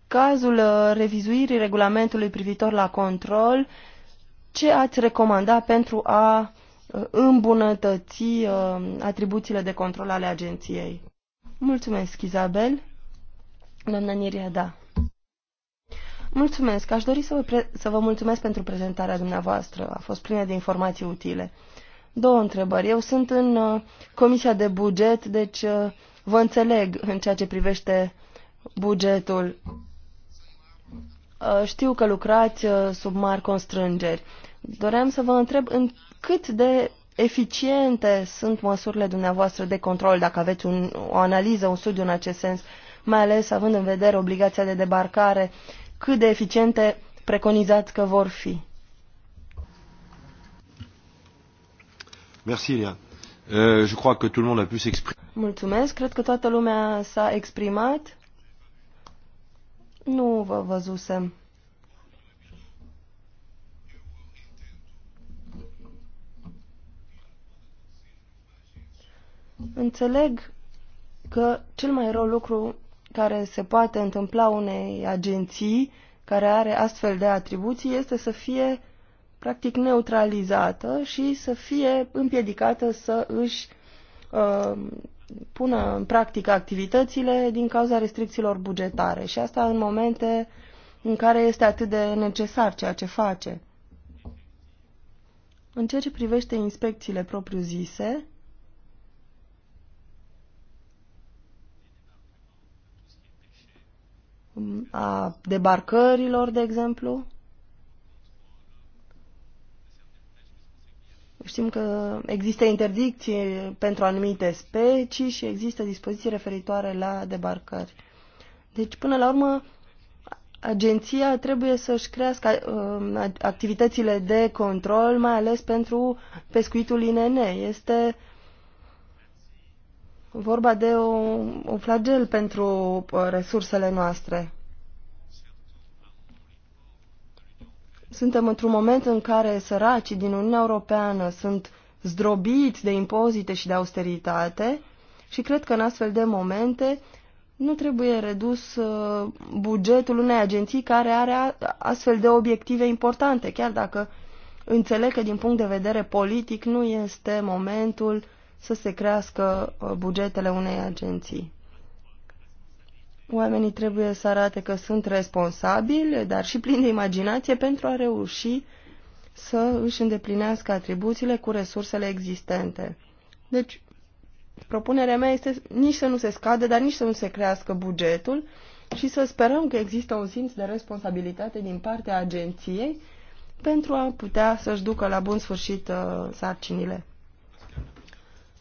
cazul uh, revizuirii regulamentului privitor la control, ce ați recomanda pentru a îmbunătăți uh, atribuțiile de control ale agenției. Mulțumesc, Izabel. Doamna da. Mulțumesc. Aș dori să vă, pre- să vă mulțumesc pentru prezentarea dumneavoastră. A fost plină de informații utile. Două întrebări. Eu sunt în uh, Comisia de Buget, deci uh, vă înțeleg în ceea ce privește bugetul. Uh, știu că lucrați uh, sub mari constrângeri. Doream să vă întreb în cât de eficiente sunt măsurile dumneavoastră de control, dacă aveți un, o analiză, un studiu în acest sens, mai ales având în vedere obligația de debarcare, cât de eficiente preconizați că vor fi? Merci, Lia. Euh, je crois que tout le monde a pu s'exprimer. Mulțumesc, cred că toată lumea s-a exprimat. Nu vă văzusem. Înțeleg că cel mai rău lucru care se poate întâmpla unei agenții care are astfel de atribuții este să fie practic neutralizată și să fie împiedicată să își uh, pună în practică activitățile din cauza restricțiilor bugetare și asta în momente în care este atât de necesar ceea ce face. În ceea ce privește inspecțiile propriu-zise, a debarcărilor, de exemplu. Știm că există interdicții pentru anumite specii și există dispoziții referitoare la debarcări. Deci, până la urmă, agenția trebuie să-și crească um, activitățile de control, mai ales pentru pescuitul INN. Este vorba de o, un flagel pentru uh, resursele noastre. Suntem într-un moment în care săracii din Uniunea Europeană sunt zdrobiți de impozite și de austeritate și cred că în astfel de momente nu trebuie redus uh, bugetul unei agenții care are astfel de obiective importante, chiar dacă înțeleg că din punct de vedere politic nu este momentul uh, să se crească uh, bugetele unei agenții. Oamenii trebuie să arate că sunt responsabili, dar și plini de imaginație pentru a reuși să își îndeplinească atribuțiile cu resursele existente. Deci, propunerea mea este nici să nu se scadă, dar nici să nu se crească bugetul și să sperăm că există un simț de responsabilitate din partea agenției pentru a putea să-și ducă la bun sfârșit uh, sarcinile.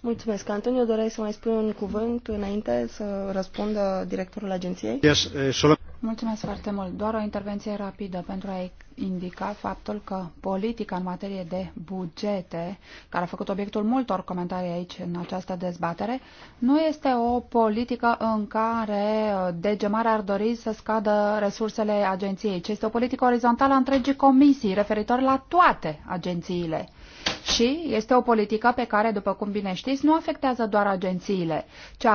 Mulțumesc. Antonio, doreai să mai spui un cuvânt înainte să răspundă directorul agenției? Yes, eh, solo... Mulțumesc foarte mult. Doar o intervenție rapidă pentru a indica faptul că politica în materie de bugete, care a făcut obiectul multor comentarii aici în această dezbatere, nu este o politică în care eh, degemarea ar dori să scadă resursele agenției, ci este o politică orizontală a întregii comisii, referitor la toate agențiile și este o politică pe care, după cum bine știți, nu afectează doar agențiile, ci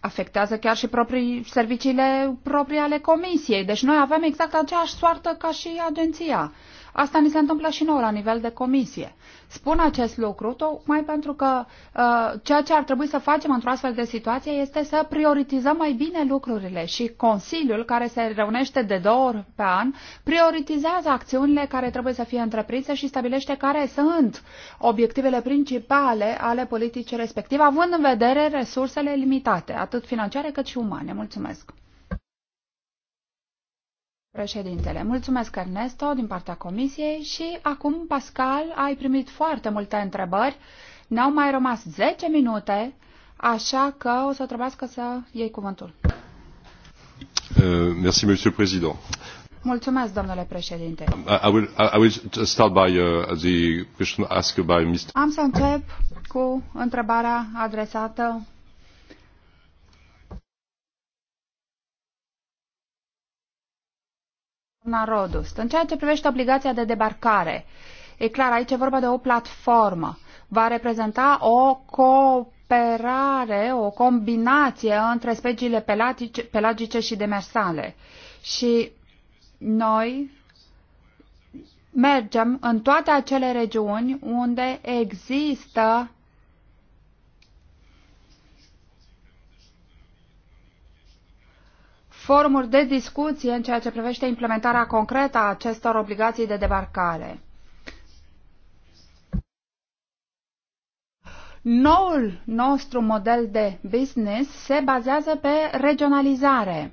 afectează chiar și proprii, serviciile proprii ale comisiei. Deci noi avem exact aceeași soartă ca și agenția. Asta ni se întâmplă și nouă la nivel de comisie. Spun acest lucru tocmai pentru că uh, ceea ce ar trebui să facem într-o astfel de situație este să prioritizăm mai bine lucrurile și Consiliul, care se reunește de două ori pe an, prioritizează acțiunile care trebuie să fie întreprinse și stabilește care sunt obiectivele principale ale politicii respective, având în vedere resursele limitate, atât financiare cât și umane. Mulțumesc! Președintele, mulțumesc Ernesto din partea comisiei și acum, Pascal, ai primit foarte multe întrebări. ne au mai rămas 10 minute, așa că o să trebuiască să iei cuvântul. Uh, merci, monsieur président. Mulțumesc, domnule președinte. Um, I will, I will start by uh, the question asked by Mr. Am să încep cu întrebarea adresată Doamna Rodust, în ceea ce privește obligația de debarcare, e clar, aici e vorba de o platformă. Va reprezenta o cooperare, o combinație între speciile pelagice și demersale. Și noi mergem în toate acele regiuni unde există forumuri de discuție în ceea ce privește implementarea concretă a acestor obligații de debarcare. Noul nostru model de business se bazează pe regionalizare,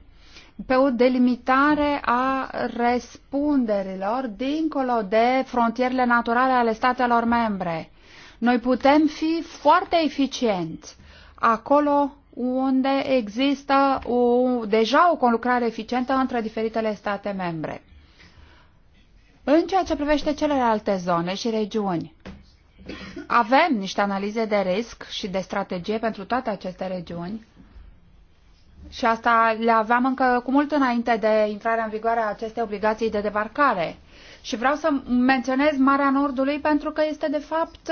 pe o delimitare a răspunderilor dincolo de frontierele naturale ale statelor membre. Noi putem fi foarte eficienți acolo unde există o, deja o conlucrare eficientă între diferitele state membre. În ceea ce privește celelalte zone și regiuni, avem niște analize de risc și de strategie pentru toate aceste regiuni și asta le aveam încă cu mult înainte de intrarea în vigoare a acestei obligații de debarcare. Și vreau să menționez Marea Nordului pentru că este, de fapt,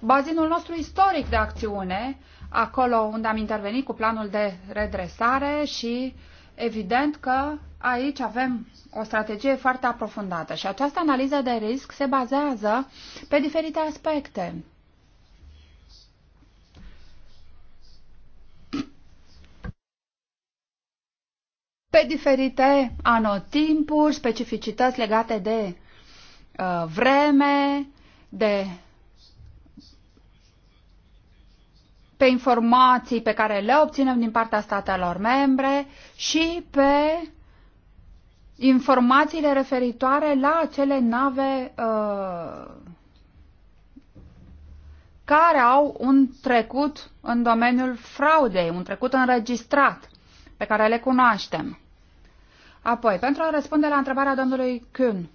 bazinul nostru istoric de acțiune acolo unde am intervenit cu planul de redresare și evident că aici avem o strategie foarte aprofundată și această analiză de risc se bazează pe diferite aspecte. Pe diferite anotimpuri, specificități legate de uh, vreme, de pe informații pe care le obținem din partea statelor membre și pe informațiile referitoare la acele nave uh, care au un trecut în domeniul fraudei, un trecut înregistrat, pe care le cunoaștem. Apoi, pentru a răspunde la întrebarea domnului Kuhn,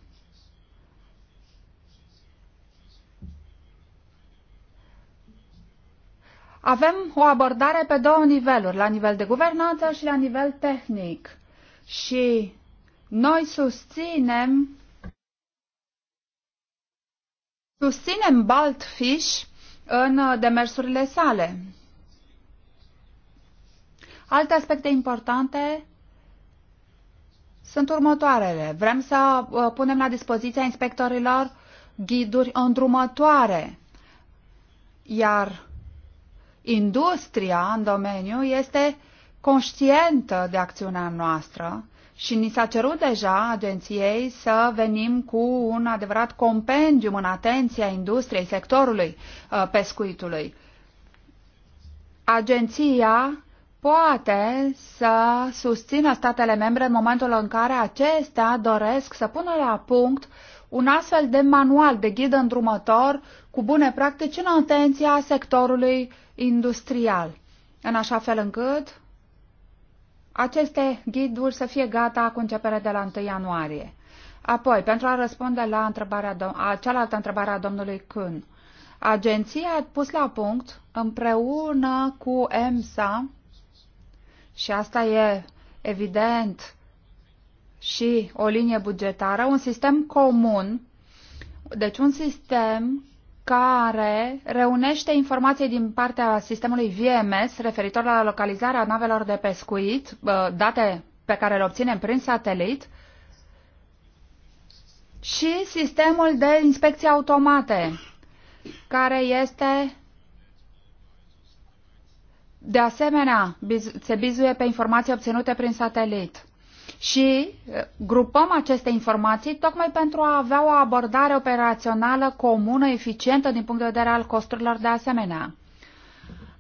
avem o abordare pe două niveluri, la nivel de guvernanță și la nivel tehnic. Și noi susținem susținem Baltfish în demersurile sale. Alte aspecte importante sunt următoarele. Vrem să uh, punem la dispoziția inspectorilor ghiduri îndrumătoare, iar Industria în domeniu este conștientă de acțiunea noastră și ni s-a cerut deja agenției să venim cu un adevărat compendium în atenția industriei, sectorului uh, pescuitului. Agenția poate să susțină statele membre în momentul în care acestea doresc să pună la punct un astfel de manual de ghid îndrumător cu bune practici în atenția sectorului uh, industrial, în așa fel încât aceste ghiduri să fie gata cu începere de la 1 ianuarie. Apoi, pentru a răspunde la întrebarea a cealaltă întrebare a domnului Kuhn, agenția a pus la punct împreună cu EMSA, și asta e evident și o linie bugetară, un sistem comun, deci un sistem care reunește informații din partea sistemului VMS referitor la localizarea navelor de pescuit, uh, date pe care le obținem prin satelit, și sistemul de inspecție automate, care este de asemenea se bizuie pe informații obținute prin satelit și grupăm aceste informații tocmai pentru a avea o abordare operațională comună, eficientă din punct de vedere al costurilor de asemenea.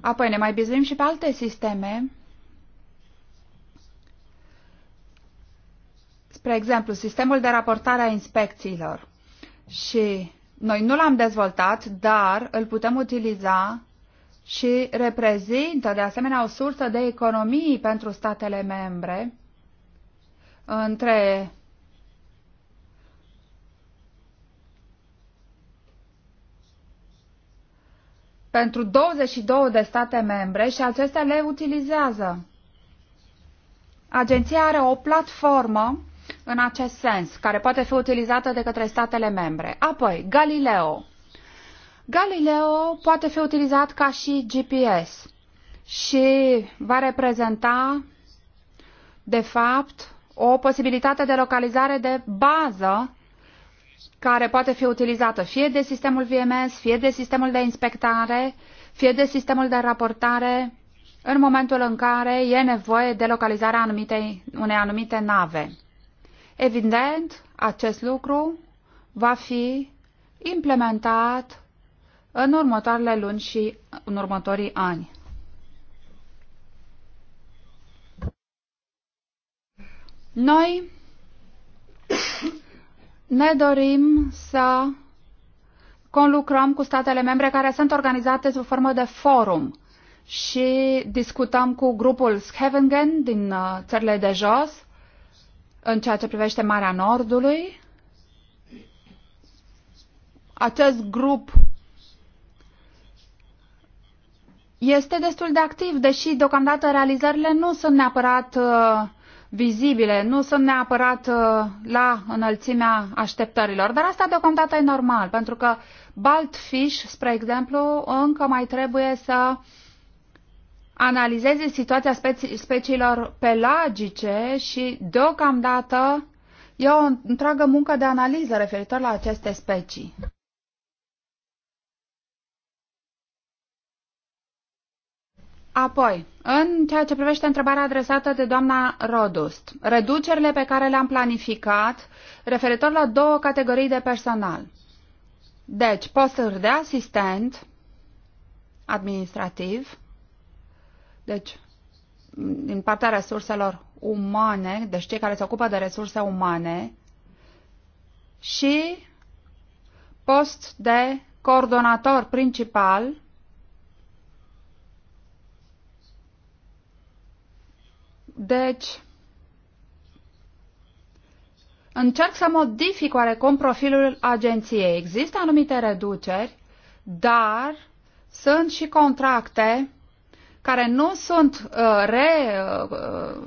Apoi ne mai bizuim și pe alte sisteme. Spre exemplu, sistemul de raportare a inspecțiilor. Și noi nu l-am dezvoltat, dar îl putem utiliza și reprezintă de asemenea o sursă de economii pentru statele membre între pentru 22 de state membre și acestea le utilizează. Agenția are o platformă în acest sens, care poate fi utilizată de către statele membre. Apoi, Galileo. Galileo poate fi utilizat ca și GPS și va reprezenta, de fapt, o posibilitate de localizare de bază care poate fi utilizată fie de sistemul VMS, fie de sistemul de inspectare, fie de sistemul de raportare în momentul în care e nevoie de localizarea anumitei, unei anumite nave. Evident, acest lucru va fi implementat în următoarele luni și în următorii ani. Noi ne dorim să conlucrăm cu statele membre care sunt organizate sub formă de forum și discutăm cu grupul Schevengen din uh, țările de jos în ceea ce privește Marea Nordului. Acest grup este destul de activ, deși deocamdată realizările nu sunt neapărat uh, vizibile, nu sunt neapărat uh, la înălțimea așteptărilor, dar asta deocamdată e normal, pentru că Baltfish, spre exemplu, încă mai trebuie să analizeze situația specii, speciilor pelagice și deocamdată e o întreagă muncă de analiză referitor la aceste specii. Apoi, în ceea ce privește întrebarea adresată de doamna Rodust, reducerile pe care le-am planificat referitor la două categorii de personal. Deci, posturi de asistent administrativ, deci din partea resurselor umane, deci cei care se ocupă de resurse umane, și post de coordonator principal Deci, încerc să modific oarecum profilul agenției. Există anumite reduceri, dar sunt și contracte care nu sunt uh, re, uh,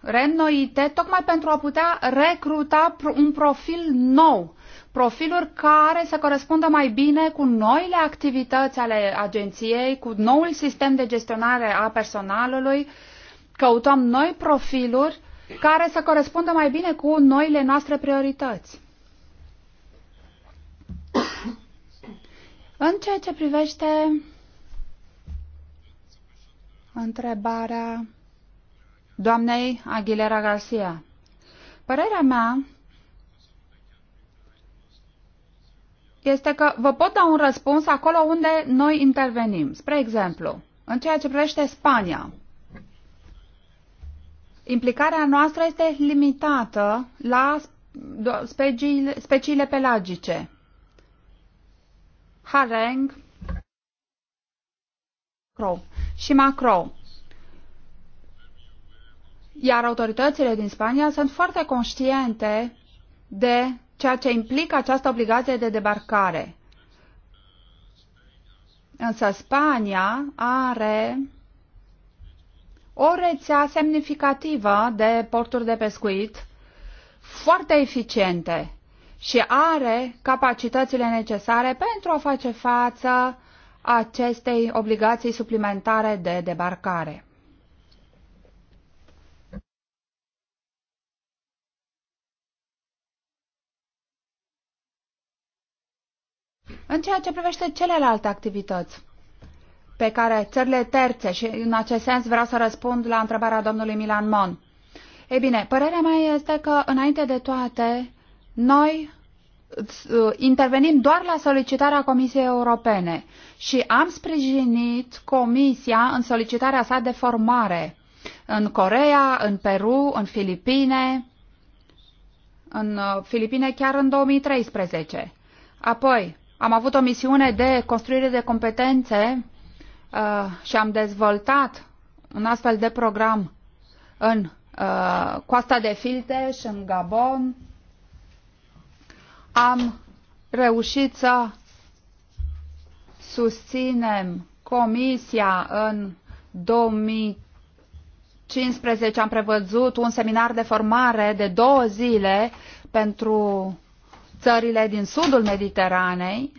reînnoite tocmai pentru a putea recruta un profil nou, profiluri care să corespundă mai bine cu noile activități ale agenției, cu noul sistem de gestionare a personalului, uh, căutăm noi profiluri care să corespundă mai bine cu noile noastre priorități. În ceea ce privește întrebarea doamnei Aguilera Garcia, părerea mea este că vă pot da un răspuns acolo unde noi intervenim. Spre exemplu, în ceea ce privește Spania, implicarea noastră este limitată la speciile, speciile pelagice. Hareng crow și macro. Iar autoritățile din Spania sunt foarte conștiente de ceea ce implică această obligație de debarcare. Însă Spania are o rețea semnificativă de porturi de pescuit foarte eficiente și are capacitățile necesare pentru a face față acestei obligații suplimentare de debarcare. În ceea ce privește celelalte activități, pe care țările terțe, și în acest sens vreau să răspund la întrebarea domnului Milan Mon. Ei bine, părerea mea este că, înainte de toate, noi uh, intervenim doar la solicitarea Comisiei Europene și am sprijinit Comisia în solicitarea sa de formare în Corea, în Peru, în Filipine, în uh, Filipine chiar în 2013. Apoi, am avut o misiune de construire de competențe uh, și am dezvoltat un astfel de program în uh, Coasta de și în Gabon. Am reușit să susținem comisia în 2015. Am prevăzut un seminar de formare de două zile pentru țările din sudul Mediteranei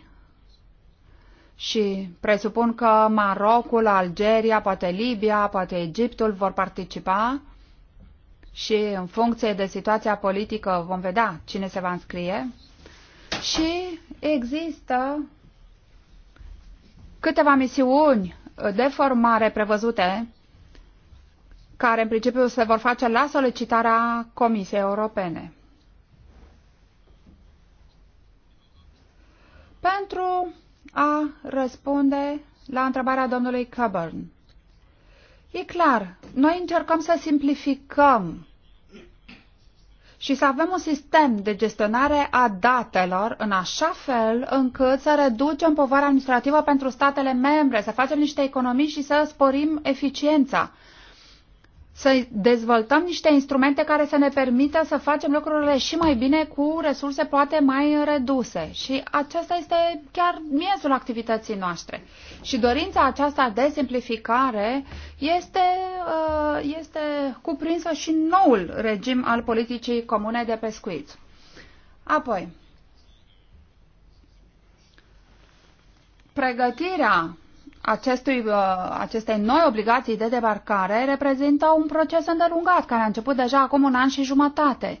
și presupun că Marocul, Algeria, poate Libia, poate Egiptul vor participa și în funcție de situația politică vom vedea cine se va înscrie. Și există câteva misiuni de formare prevăzute care în principiu se vor face la solicitarea Comisiei Europene. Pentru a răspunde la întrebarea domnului Coburn. E clar, noi încercăm să simplificăm și să avem un sistem de gestionare a datelor în așa fel încât să reducem povara administrativă pentru statele membre, să facem niște economii și să sporim eficiența să dezvoltăm niște instrumente care să ne permită să facem lucrurile și mai bine cu resurse poate mai reduse. Și acesta este chiar miezul activității noastre. Și dorința aceasta de simplificare este, uh, este cuprinsă și în noul regim al politicii comune de pescuit. Apoi, pregătirea acestui, uh, acestei noi obligații de debarcare reprezintă un proces îndelungat, care a început deja acum un an și jumătate.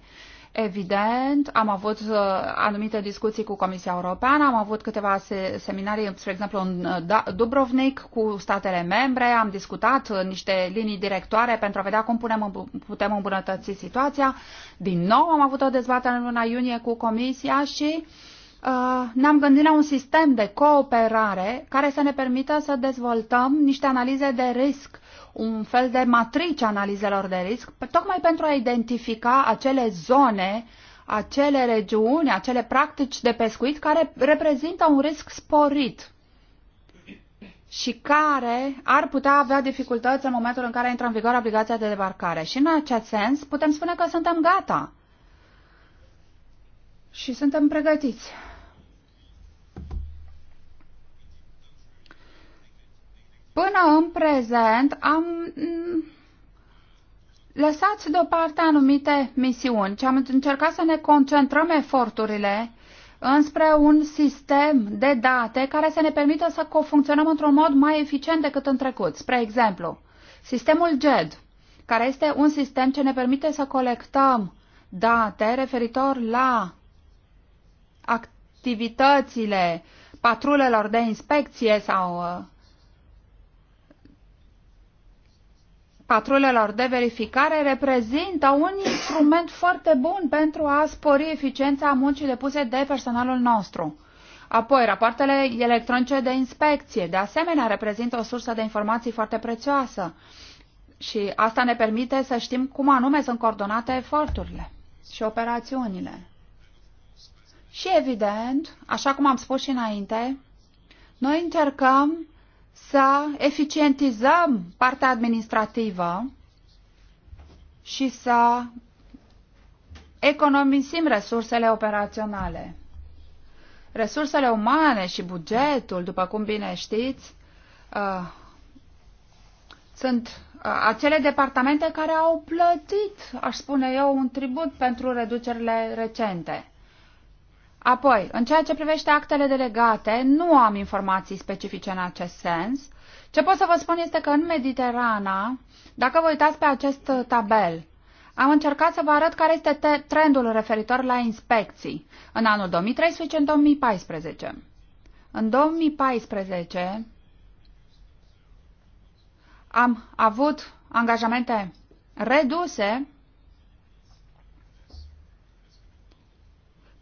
Evident, am avut uh, anumite discuții cu Comisia Europeană, am avut câteva seminarii, spre exemplu, în uh, da, Dubrovnik cu statele membre, am discutat niște linii directoare pentru a vedea cum putem îmbunătăți situația. Din nou am avut o dezbatere în luna iunie cu Comisia și uh, Uh, ne-am gândit la un sistem de cooperare care să ne permită să dezvoltăm niște analize de risc, un fel de matrice analizelor de risc, tocmai pentru a identifica acele zone, acele regiuni, acele practici de pescuit care reprezintă un risc sporit și care ar putea avea dificultăți în momentul în care intră în vigoare obligația de debarcare. Și în acest sens putem spune că suntem gata și suntem pregătiți. Până în prezent am mm, lăsat deoparte anumite misiuni și am încercat să ne concentrăm eforturile înspre un sistem de date care să ne permită să funcționăm într-un mod mai eficient decât în trecut. Spre exemplu, sistemul GED, care este un sistem ce ne permite să colectăm date referitor la activitățile patrulelor de inspecție sau uh, patrulelor de verificare reprezintă un instrument foarte bun pentru a spori eficiența muncii depuse de personalul nostru. Apoi, rapoartele electronice de inspecție, de asemenea, reprezintă o sursă de informații foarte prețioasă și asta ne permite să știm cum anume sunt coordonate eforturile și operațiunile. Și evident, așa cum am spus și înainte, noi încercăm să eficientizăm partea administrativă și să economisim resursele operaționale. Resursele umane și bugetul, după cum bine știți, uh, sunt uh, acele departamente care au plătit, aș spune eu, un tribut pentru reducerile recente. Apoi, în ceea ce privește actele delegate, nu am informații specifice în acest sens. Ce pot să vă spun este că în Mediterana, dacă vă uitați pe acest tabel, am încercat să vă arăt care este trendul referitor la inspecții în anul 2013 în 2014. În 2014 am avut angajamente reduse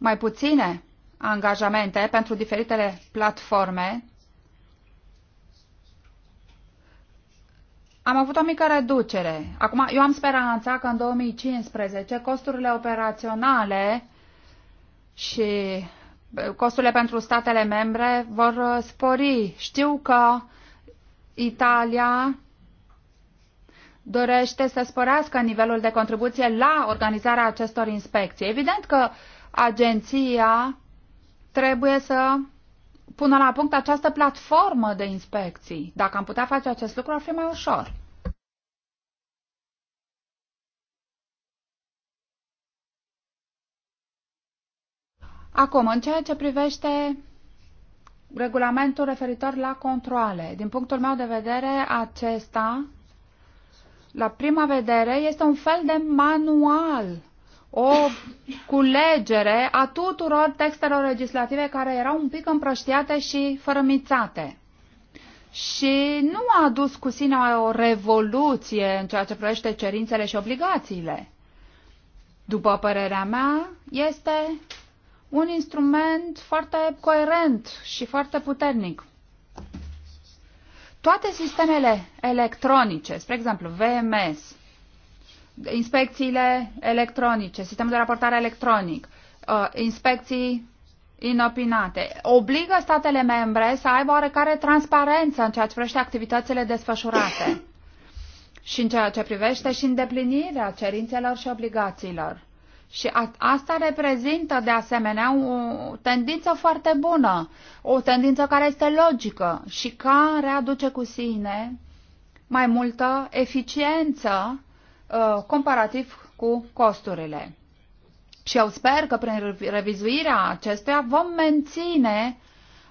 mai puține angajamente pentru diferitele platforme, am avut o mică reducere. Acum, eu am speranța că în 2015 costurile operaționale și costurile pentru statele membre vor uh, spori. Știu că Italia dorește să sporească nivelul de contribuție la organizarea acestor inspecții. Evident că uh, agenția trebuie să pună la punct această platformă de inspecții. Dacă am putea face acest lucru, ar fi mai ușor. Acum, în ceea ce privește regulamentul referitor la controle, din punctul meu de vedere, acesta, la prima vedere, este un fel de manual o culegere a tuturor textelor legislative care erau un pic împrăștiate și fărămițate. Și nu a adus cu sine o revoluție în ceea ce privește cerințele și obligațiile. După părerea mea, este un instrument foarte coerent și foarte puternic. Toate sistemele electronice, spre exemplu VMS, inspecțiile electronice, sistemul de raportare electronic, uh, inspecții inopinate, obligă statele membre să aibă oarecare transparență în ceea ce privește activitățile desfășurate și în ceea ce privește și îndeplinirea cerințelor și obligațiilor. Și a, asta reprezintă, de asemenea, o tendință foarte bună, o tendință care este logică și care aduce cu sine mai multă eficiență Uh, comparativ cu costurile. Și eu sper că prin revizuirea acestuia vom menține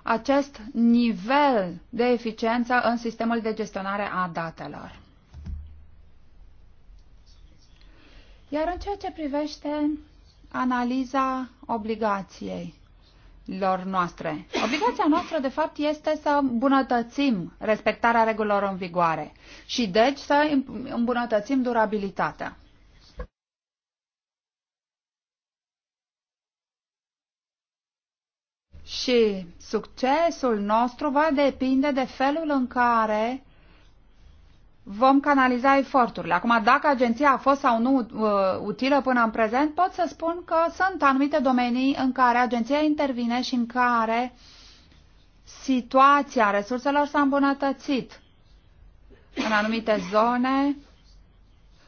acest nivel de eficiență în sistemul de gestionare a datelor. Iar în ceea ce privește analiza obligației, lor noastre. Obligația noastră, de fapt, este să îmbunătățim respectarea regulilor în vigoare și, deci, să îmbunătățim durabilitatea. Și succesul nostru va depinde de felul în care vom canaliza eforturile. Acum, dacă agenția a fost sau nu uh, utilă până în prezent, pot să spun că sunt anumite domenii în care agenția intervine și în care situația resurselor s-a îmbunătățit. În anumite zone,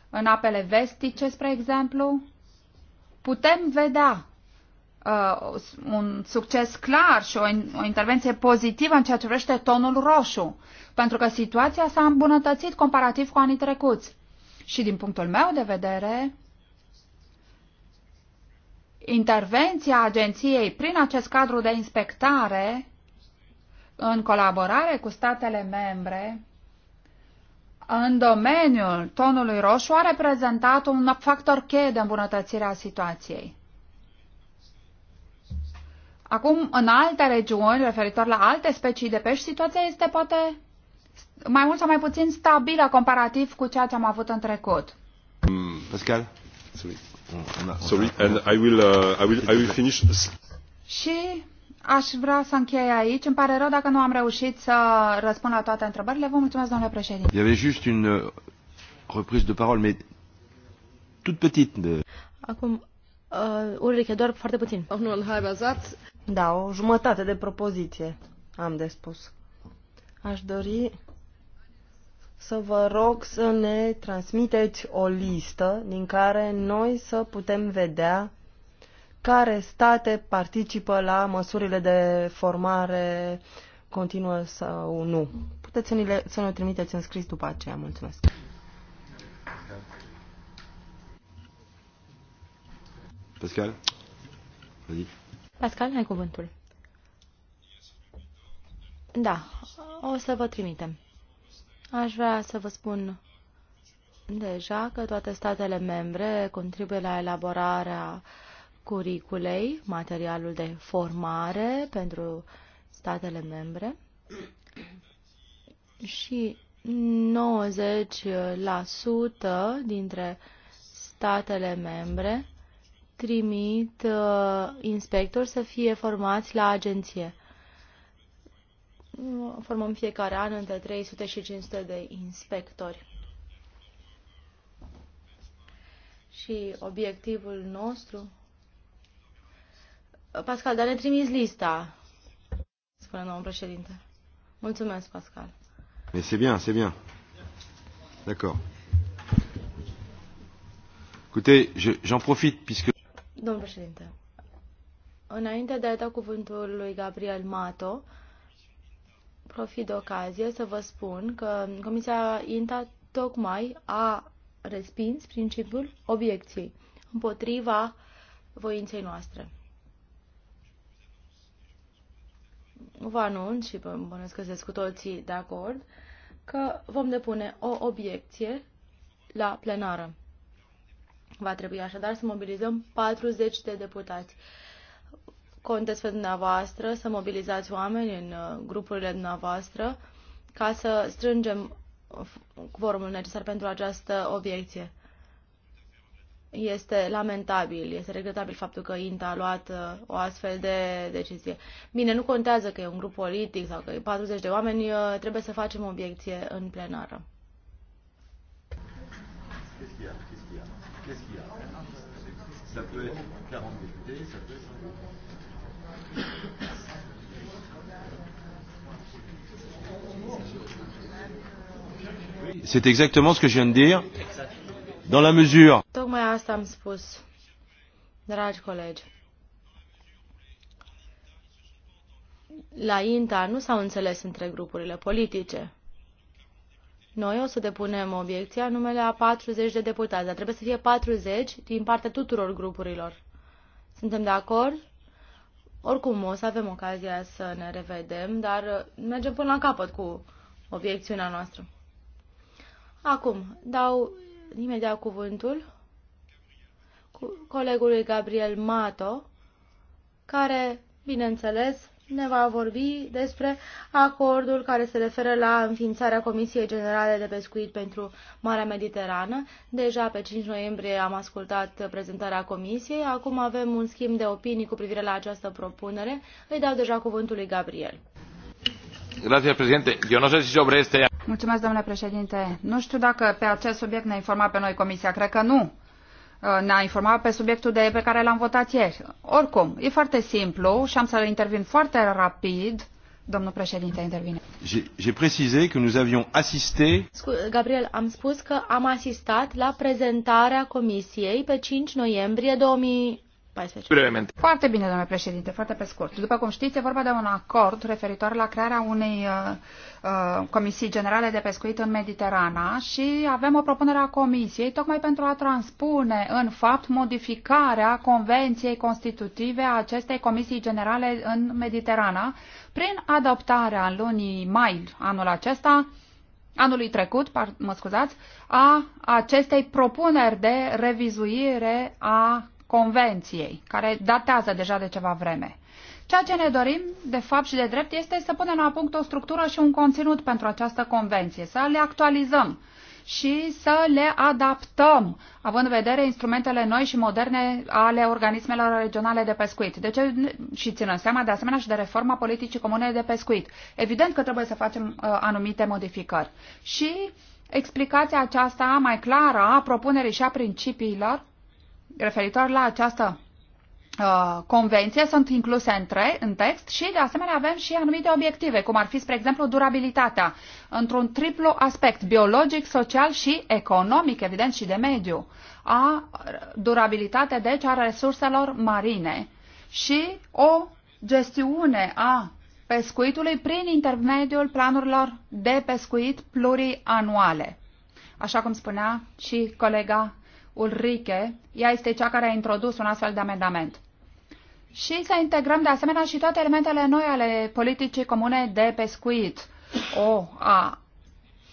în apele vestice, spre exemplu, putem vedea uh, un succes clar și o, o intervenție pozitivă în ceea ce privește tonul roșu, pentru că situația s-a îmbunătățit comparativ cu anii trecuți. Și din punctul meu de vedere, intervenția agenției prin acest cadru de inspectare, în colaborare cu statele membre, în domeniul tonului roșu a reprezentat un factor cheie de îmbunătățire a situației. Acum, în alte regiuni, referitor la alte specii de pești, situația este poate mai mult sau mai puțin stabilă comparativ cu ceea ce am avut în trecut. Mm, Pascal? Sorry. Mm, Sorry, and I will, uh, I will, I will finish. Și aș vrea să închei aici. Îmi pare rău dacă nu am reușit să răspund la toate întrebările. Vă mulțumesc, domnule președinte. Il just avait une uh, reprise de parole, mais toute petite. Acum, uh, Ulrike, doar foarte puțin. Nu, da, o jumătate de propoziție am de spus. Aș dori să vă rog să ne transmiteți o listă din care noi să putem vedea care state participă la măsurile de formare continuă sau nu. Puteți să ne, să ne trimiteți în scris după aceea. Mulțumesc. Pascal, vas-y. Pascal, ai cuvântul. Da, o să vă trimitem. Aș vrea să vă spun deja că toate statele membre contribuie la elaborarea curiculei, materialul de formare pentru statele membre și 90% dintre statele membre trimit uh, inspectori să fie formați la agenție. Formăm fiecare an între 300 și 500 de inspectori. Și obiectivul nostru... Pascal, dar ne trimis lista, spune domnul președinte. Mulțumesc, Pascal. Mais c'est bien, c'est bien. D'accord. Écoutez, j'en profite puisque... Domnul președinte, înainte de a da cuvântul lui Gabriel Mato, profit de ocazie să vă spun că Comisia INTA tocmai a respins principiul obiecției împotriva voinței noastre. Vă anunț și vă bănesc că cu toții de acord că vom depune o obiecție la plenară. Va trebui așadar să mobilizăm 40 de deputați. Contez pe dumneavoastră să mobilizați oameni în uh, grupurile dumneavoastră ca să strângem quorumul uh, necesar pentru această obiecție. Este lamentabil, este regretabil faptul că INTA a luat uh, o astfel de decizie. Bine, nu contează că e un grup politic sau că e 40 de oameni, trebuie să facem obiecție în plenară. Ça peut être 40 députés, ça peut être C'est exactement ce que je viens de dire. Dans la mesure. Tocmai asta am spus, dragi colegi. La INTA nu s-au înțeles între grupurile politice. Noi o să depunem obiecția în numele a 40 de deputați, dar trebuie să fie 40 din partea tuturor grupurilor. Suntem de acord? Oricum, o să avem ocazia să ne revedem, dar mergem până la capăt cu obiecțiunea noastră. Acum, dau imediat cuvântul cu colegului Gabriel Mato, care, bineînțeles, ne va vorbi despre acordul care se referă la înființarea Comisiei Generale de Pescuit pentru Marea Mediterană. Deja pe 5 noiembrie am ascultat prezentarea Comisiei. Acum avem un schimb de opinii cu privire la această propunere. Îi dau deja cuvântul lui Gabriel. Grazie, președinte. Eu nu știu sobre este... Mulțumesc, domnule președinte. Nu știu dacă pe acest subiect ne informa pe noi Comisia. Cred că nu Uh, ne-a informat pe subiectul de, pe care l-am votat ieri. Oricum, e foarte simplu și am să intervin foarte rapid. Domnul președinte, intervine. J'ai précisé que nous avions assisté... Gabriel, am spus că am asistat la prezentarea comisiei pe 5 noiembrie 2000, 14. Foarte bine, domnule președinte, foarte pe scurt. După cum știți, e vorba de un acord referitor la crearea unei uh, uh, comisii generale de pescuit în Mediterana și avem o propunere a comisiei tocmai pentru a transpune în fapt modificarea convenției constitutive a acestei comisii generale în Mediterana prin adoptarea în lunii mai anul acesta anului trecut, mă scuzați, a acestei propuneri de revizuire a Convenției, care datează deja de ceva vreme. Ceea ce ne dorim, de fapt și de drept, este să punem la punct o structură și un conținut pentru această convenție, să le actualizăm și să le adaptăm, având în vedere instrumentele noi și moderne ale organismelor regionale de pescuit. Deci, și ținând seama de asemenea și de reforma politicii comune de pescuit. Evident că trebuie să facem uh, anumite modificări. Și explicația aceasta mai clară a propunerii și a principiilor referitor la această uh, convenție sunt incluse între în text și, de asemenea, avem și anumite obiective, cum ar fi, spre exemplu, durabilitatea, într-un triplu aspect, biologic, social și economic, evident, și de mediu, a durabilitate, deci, a resurselor marine și o gestiune a pescuitului prin intermediul planurilor de pescuit plurianuale. Așa cum spunea și colega Ulrike, ea este cea care a introdus un astfel de amendament. Și să integrăm de asemenea și toate elementele noi ale politicii comune de pescuit. O a,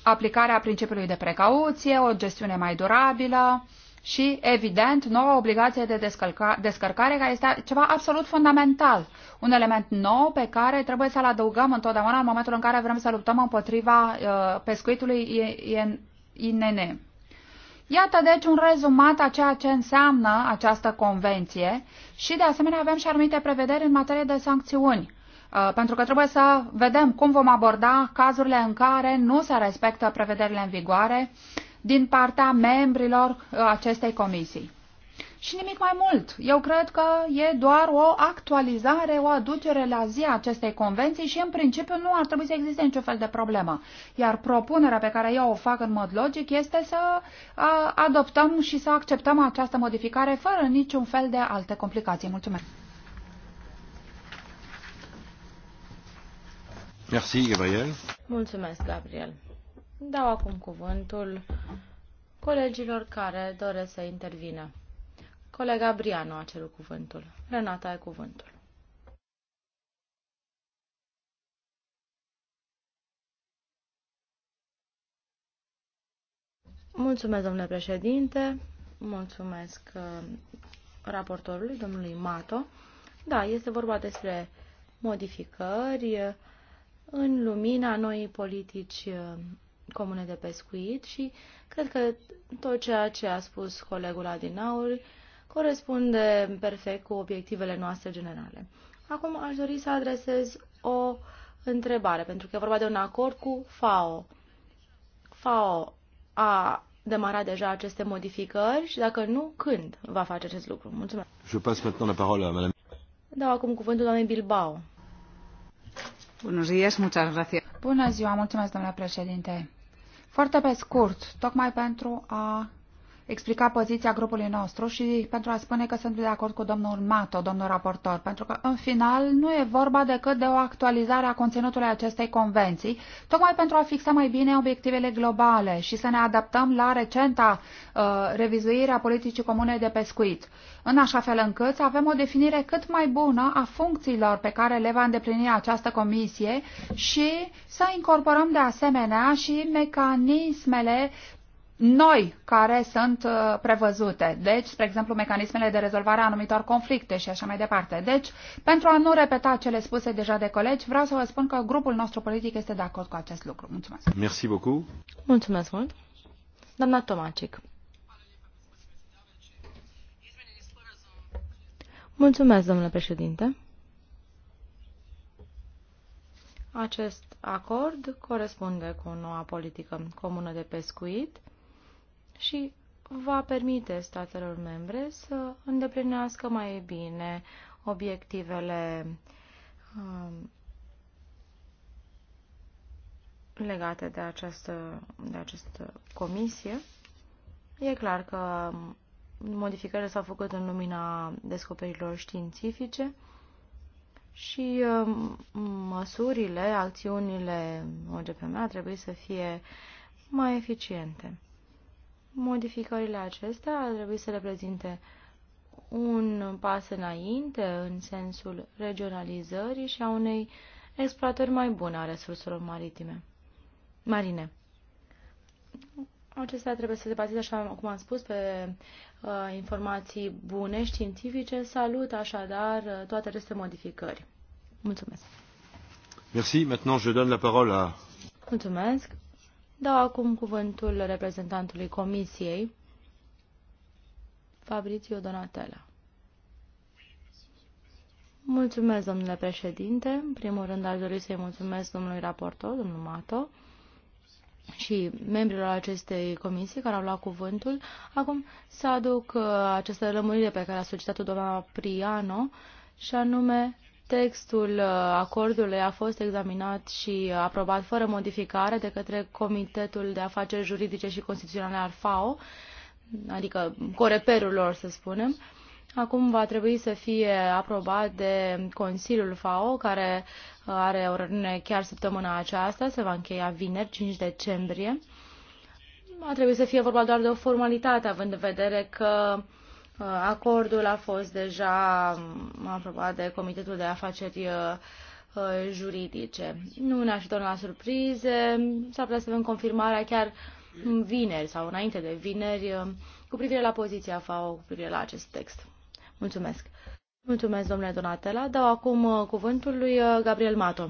aplicarea principiului de precauție, o gestiune mai durabilă și, evident, noua obligație de descărca, descărcare, care este ceva absolut fundamental. Un element nou pe care trebuie să-l adăugăm întotdeauna în momentul în care vrem să luptăm împotriva uh, pescuitului INN. Iată deci un rezumat a ceea ce înseamnă această convenție și de asemenea avem și anumite prevederi în materie de sancțiuni uh, pentru că trebuie să vedem cum vom aborda cazurile în care nu se respectă prevederile în vigoare din partea membrilor uh, acestei comisii și nimic mai mult. Eu cred că e doar o actualizare, o aducere la zi a acestei convenții și în principiu nu ar trebui să existe niciun fel de problemă. Iar propunerea pe care eu o fac în mod logic este să adoptăm și să acceptăm această modificare fără niciun fel de alte complicații. Mulțumesc! Merci, Gabriel. Mulțumesc, Gabriel. Dau acum cuvântul colegilor care doresc să intervină. Colega Briano a cerut cuvântul. Renata, ai cuvântul. Mulțumesc, domnule președinte. Mulțumesc uh, raportorului, domnului Mato. Da, este vorba despre modificări în lumina noii politici uh, comune de pescuit și cred că tot ceea ce a spus colegul Adinauri corespunde perfect cu obiectivele noastre generale. Acum aș dori să adresez o întrebare, pentru că e vorba de un acord cu FAO. FAO a demarat deja aceste modificări și dacă nu, când va face acest lucru? Mulțumesc. Je passe maintenant la parole à madame. Dau acum cuvântul doamnei Bilbao. Bună ziua, muchas gracias. Bună ziua, mulțumesc, domnule președinte. Foarte pe scurt, tocmai pentru a explica poziția grupului nostru și pentru a spune că sunt de acord cu domnul Mato, domnul raportor, pentru că în final nu e vorba decât de o actualizare a conținutului acestei convenții, tocmai pentru a fixa mai bine obiectivele globale și să ne adaptăm la recenta uh, revizuire a politicii comune de pescuit, în așa fel încât să avem o definire cât mai bună a funcțiilor pe care le va îndeplini această comisie și să incorporăm de asemenea și mecanismele noi care sunt uh, prevăzute, deci, spre exemplu, mecanismele de rezolvare a anumitor conflicte și așa mai departe. Deci, pentru a nu repeta cele spuse deja de colegi, vreau să vă spun că grupul nostru politic este de acord cu acest lucru. Mulțumesc. Merci beaucoup. Mulțumesc mult. Doamna Tomacic. Mulțumesc, domnule președinte. Acest acord corespunde cu noua politică comună de pescuit și va permite statelor membre să îndeplinească mai bine obiectivele um, legate de această, de această comisie. E clar că modificările s-au făcut în lumina descoperirilor științifice și um, măsurile, acțiunile OGPM trebuie să fie mai eficiente. Modificările acestea ar trebui să reprezinte un pas înainte în sensul regionalizării și a unei exploatări mai bune a resurselor maritime. Marine. Acestea trebuie să se bazeze, așa cum am spus, pe uh, informații bune, științifice. Salut așadar toate aceste modificări. Mulțumesc. Merci. Maintenant, je donne la parole à... Mulțumesc. Dau acum cuvântul reprezentantului Comisiei, Fabrizio Donatella. Mulțumesc, domnule președinte. În primul rând, aș dori să-i mulțumesc domnului raportor, domnul Mato, și membrilor acestei comisii care au luat cuvântul. Acum să aduc uh, această lămurire pe care a solicitat-o doamna Priano, și anume Textul uh, acordului a fost examinat și uh, aprobat fără modificare de către Comitetul de Afaceri Juridice și Constituționale al FAO, adică coreperul lor, să spunem. Acum va trebui să fie aprobat de Consiliul FAO, care uh, are o reuniune chiar săptămâna aceasta, se va încheia vineri, 5 decembrie. Va trebui să fie vorba doar de o formalitate, având în vedere că uh, Uh, acordul a fost deja um, aprobat de Comitetul de Afaceri uh, uh, Juridice. Nu ne așteptăm la surprize, s-ar putea să avem confirmarea chiar vineri sau înainte de vineri cu privire la poziția FAO, cu privire la acest text. Mulțumesc! Mulțumesc, domnule Donatella. Dau acum uh, cuvântul lui uh, Gabriel Mato.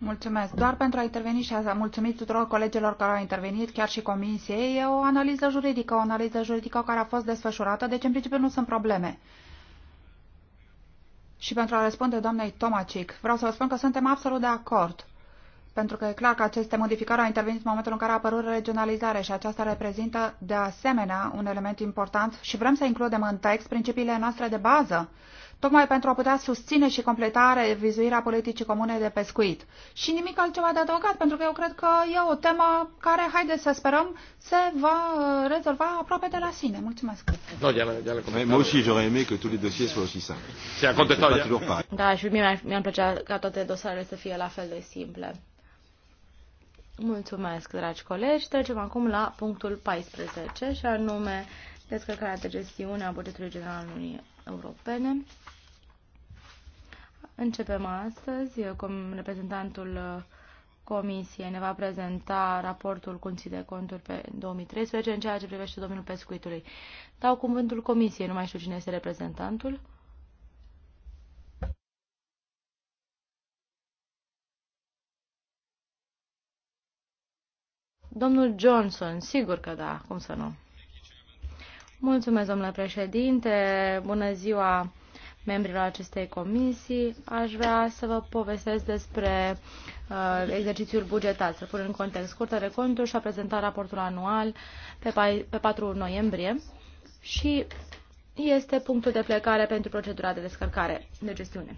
Mulțumesc. Doar pentru a interveni și a mulțumi tuturor colegilor care au intervenit, chiar și comisiei, e o analiză juridică, o analiză juridică care a fost desfășurată, deci în principiu nu sunt probleme. Și pentru a răspunde doamnei Tomacic, vreau să vă spun că suntem absolut de acord. Pentru că e clar că aceste modificări au intervenit în momentul în care a apărut regionalizare și aceasta reprezintă de asemenea un element important și vrem să includem în text principiile noastre de bază tocmai pentru a putea susține și completa revizuirea politicii comune de pescuit. Și nimic altceva de adăugat, pentru că eu cred că e o temă care, haideți să sperăm, se va uh, rezolva aproape de la sine. Mulțumesc. Eh, da, și mie mi-ar plăcea ca toate dosarele să fie la fel de simple. Mulțumesc, dragi colegi. Trecem acum la punctul 14, și anume descărcarea de gestiune a bugetului general al Uniunii Europene. Începem astăzi. Reprezentantul uh, Comisiei ne va prezenta raportul Cunții de Conturi pe 2013 în ceea ce privește domeniul pescuitului. Dau cuvântul Comisiei, nu mai știu cine este reprezentantul. Domnul Johnson, sigur că da, cum să nu. Mulțumesc, domnule președinte. Bună ziua membrilor acestei comisii, aș vrea să vă povestesc despre uh, exercițiul bugetar, să pun în context. Curtea de conturi și-a prezentat raportul anual pe, pe 4 noiembrie și este punctul de plecare pentru procedura de descărcare de gestiune.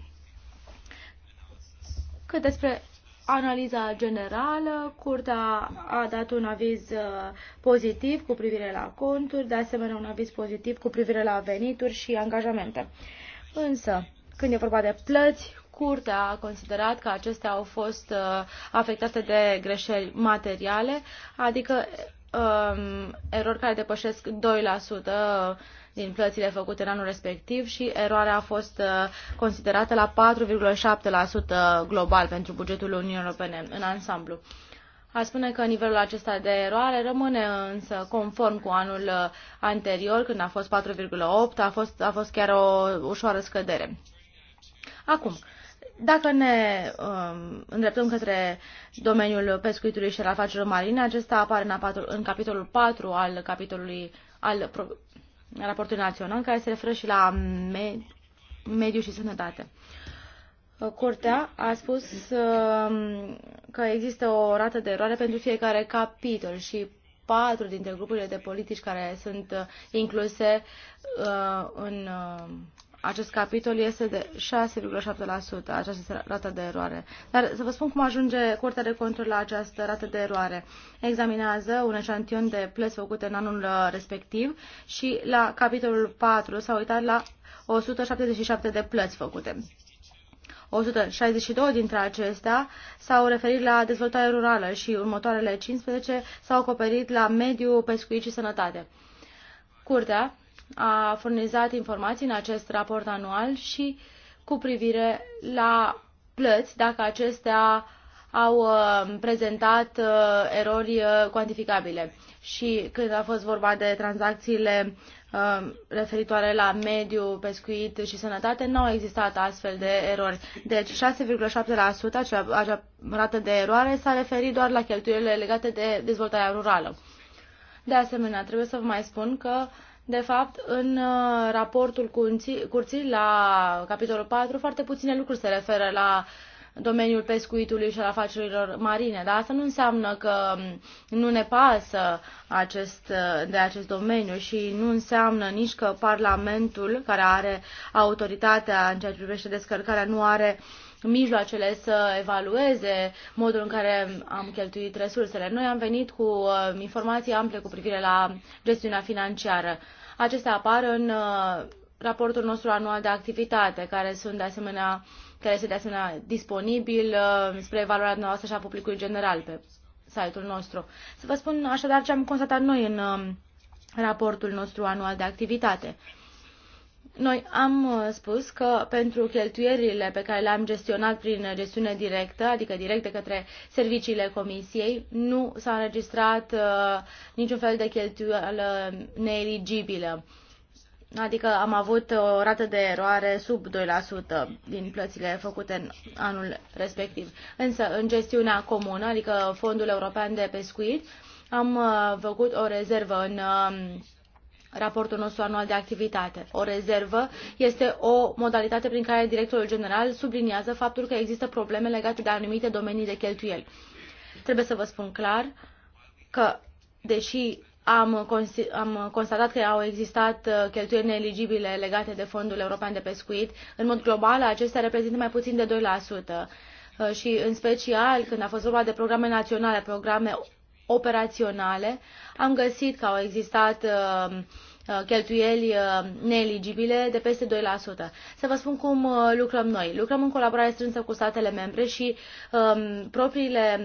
Cât despre analiza generală, Curtea a dat un aviz uh, pozitiv cu privire la conturi, de asemenea un aviz pozitiv cu privire la venituri și angajamente. Însă, când e vorba de plăți, Curtea a considerat că acestea au fost uh, afectate de greșeli materiale, adică um, erori care depășesc 2% din plățile făcute în anul respectiv și eroarea a fost uh, considerată la 4,7% global pentru bugetul Uniunii Europene în ansamblu. A spune că nivelul acesta de eroare rămâne însă conform cu anul uh, anterior, când a fost 4,8, a fost, a fost chiar o ușoară scădere. Acum, dacă ne um, îndreptăm către domeniul pescuitului și al afacerilor marine, acesta apare în, apatul, în capitolul 4 al capitolului al pro, raportului național, care se referă și la me, mediu și sănătate. Uh, Uh, curtea a spus um, că există o rată de eroare pentru fiecare capitol și patru dintre grupurile de politici care sunt uh, incluse uh, în acest capitol este de 6,7% această rată de eroare. Dar să vă spun cum ajunge Curtea de control la această rată de eroare. Examinează un eșantion de plăți făcute în anul respectiv și la capitolul 4 s-a uitat la 177 de plăți făcute. 162 dintre acestea s-au referit la dezvoltare rurală și următoarele 15 s-au acoperit la mediu, pescuit și sănătate. Curtea a furnizat informații în acest raport anual și cu privire la plăți, dacă acestea au uh, prezentat uh, erori uh, cuantificabile. Și când a fost vorba de tranzacțiile Um, referitoare la mediu, pescuit și sănătate, nu au existat astfel de erori. Deci 6,7% acea, acea rată de eroare s-a referit doar la cheltuielile legate de dezvoltarea rurală. De asemenea, trebuie să vă mai spun că de fapt, în uh, raportul curții, curții la capitolul 4, foarte puține lucruri se referă la uh, domeniul pescuitului și al afacerilor marine, dar asta nu înseamnă că nu ne pasă acest, de acest domeniu și nu înseamnă nici că Parlamentul, care are autoritatea în ceea ce privește descărcarea, nu are mijloacele să evalueze modul în care am cheltuit resursele. Noi am venit cu uh, informații ample cu privire la gestiunea financiară. Acestea apar în uh, raportul nostru anual de activitate, care sunt de asemenea uh, care este de asemenea disponibil uh, spre evaluarea noastră și a publicului general pe site-ul nostru. Să vă spun așadar ce am constatat noi în um, raportul nostru anual de activitate. Noi am uh, spus că pentru cheltuierile pe care le-am gestionat prin gestiune directă, adică direct de către serviciile comisiei, nu s-a înregistrat uh, niciun fel de cheltuială neeligibilă. Uh, adică am avut o rată de eroare sub 2% din plățile făcute în anul respectiv. Însă, în gestiunea comună, adică Fondul European de Pescuit, am uh, făcut o rezervă în um, raportul nostru anual de activitate. O rezervă este o modalitate prin care directorul general subliniază faptul că există probleme legate de anumite domenii de cheltuieli. Trebuie să vă spun clar că, deși am, am constatat că au existat uh, cheltuieli neeligibile legate de Fondul European de Pescuit. În mod global, acestea reprezintă mai puțin de 2% uh, și, în special, când a fost vorba de programe naționale, programe operaționale, am găsit că au existat uh, cheltuieli neeligibile de peste 2%. Să vă spun cum lucrăm noi. Lucrăm în colaborare strânsă cu statele membre și um, propriile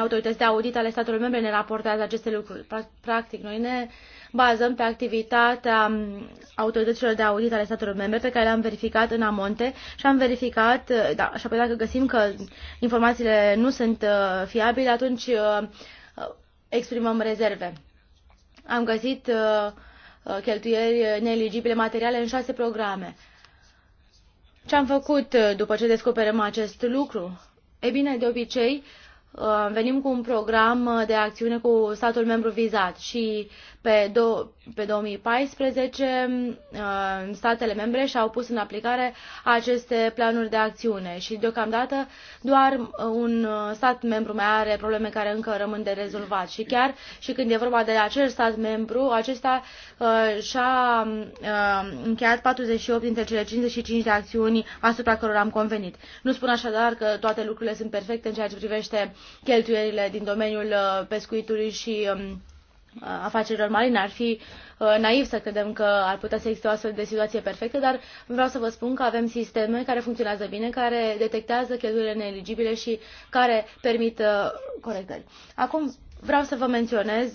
autorități de audit ale statelor membre ne raportează aceste lucruri. Practic, noi ne bazăm pe activitatea autorităților de audit ale statelor membre pe care le-am verificat în amonte și am verificat, uh, da, și apoi dacă găsim că informațiile nu sunt uh, fiabile, atunci uh, exprimăm rezerve. Am găsit cheltuieri neeligibile materiale în șase programe. Ce am făcut după ce descoperim acest lucru? E bine, de obicei, uh, Uh, venim cu un program uh, de acțiune cu statul membru vizat și pe, do- pe 2014, uh, statele membre și-au pus în aplicare aceste planuri de acțiune și deocamdată doar uh, un uh, stat membru mai are probleme care încă rămân de rezolvat și chiar și când e vorba de acel stat membru, acesta și-a încheiat 48 dintre cele 55 de acțiuni asupra cărora am convenit. Nu spun așadar că toate lucrurile sunt perfecte în ceea ce privește cheltuierile din domeniul pescuitului și um, Uh, afacerilor marine. Ar fi uh, naiv să credem că ar putea să existe o astfel de situație perfectă, dar vreau să vă spun că avem sisteme care funcționează bine, care detectează cheltuielile neeligibile și care permit uh, corectări. Acum, vreau să vă menționez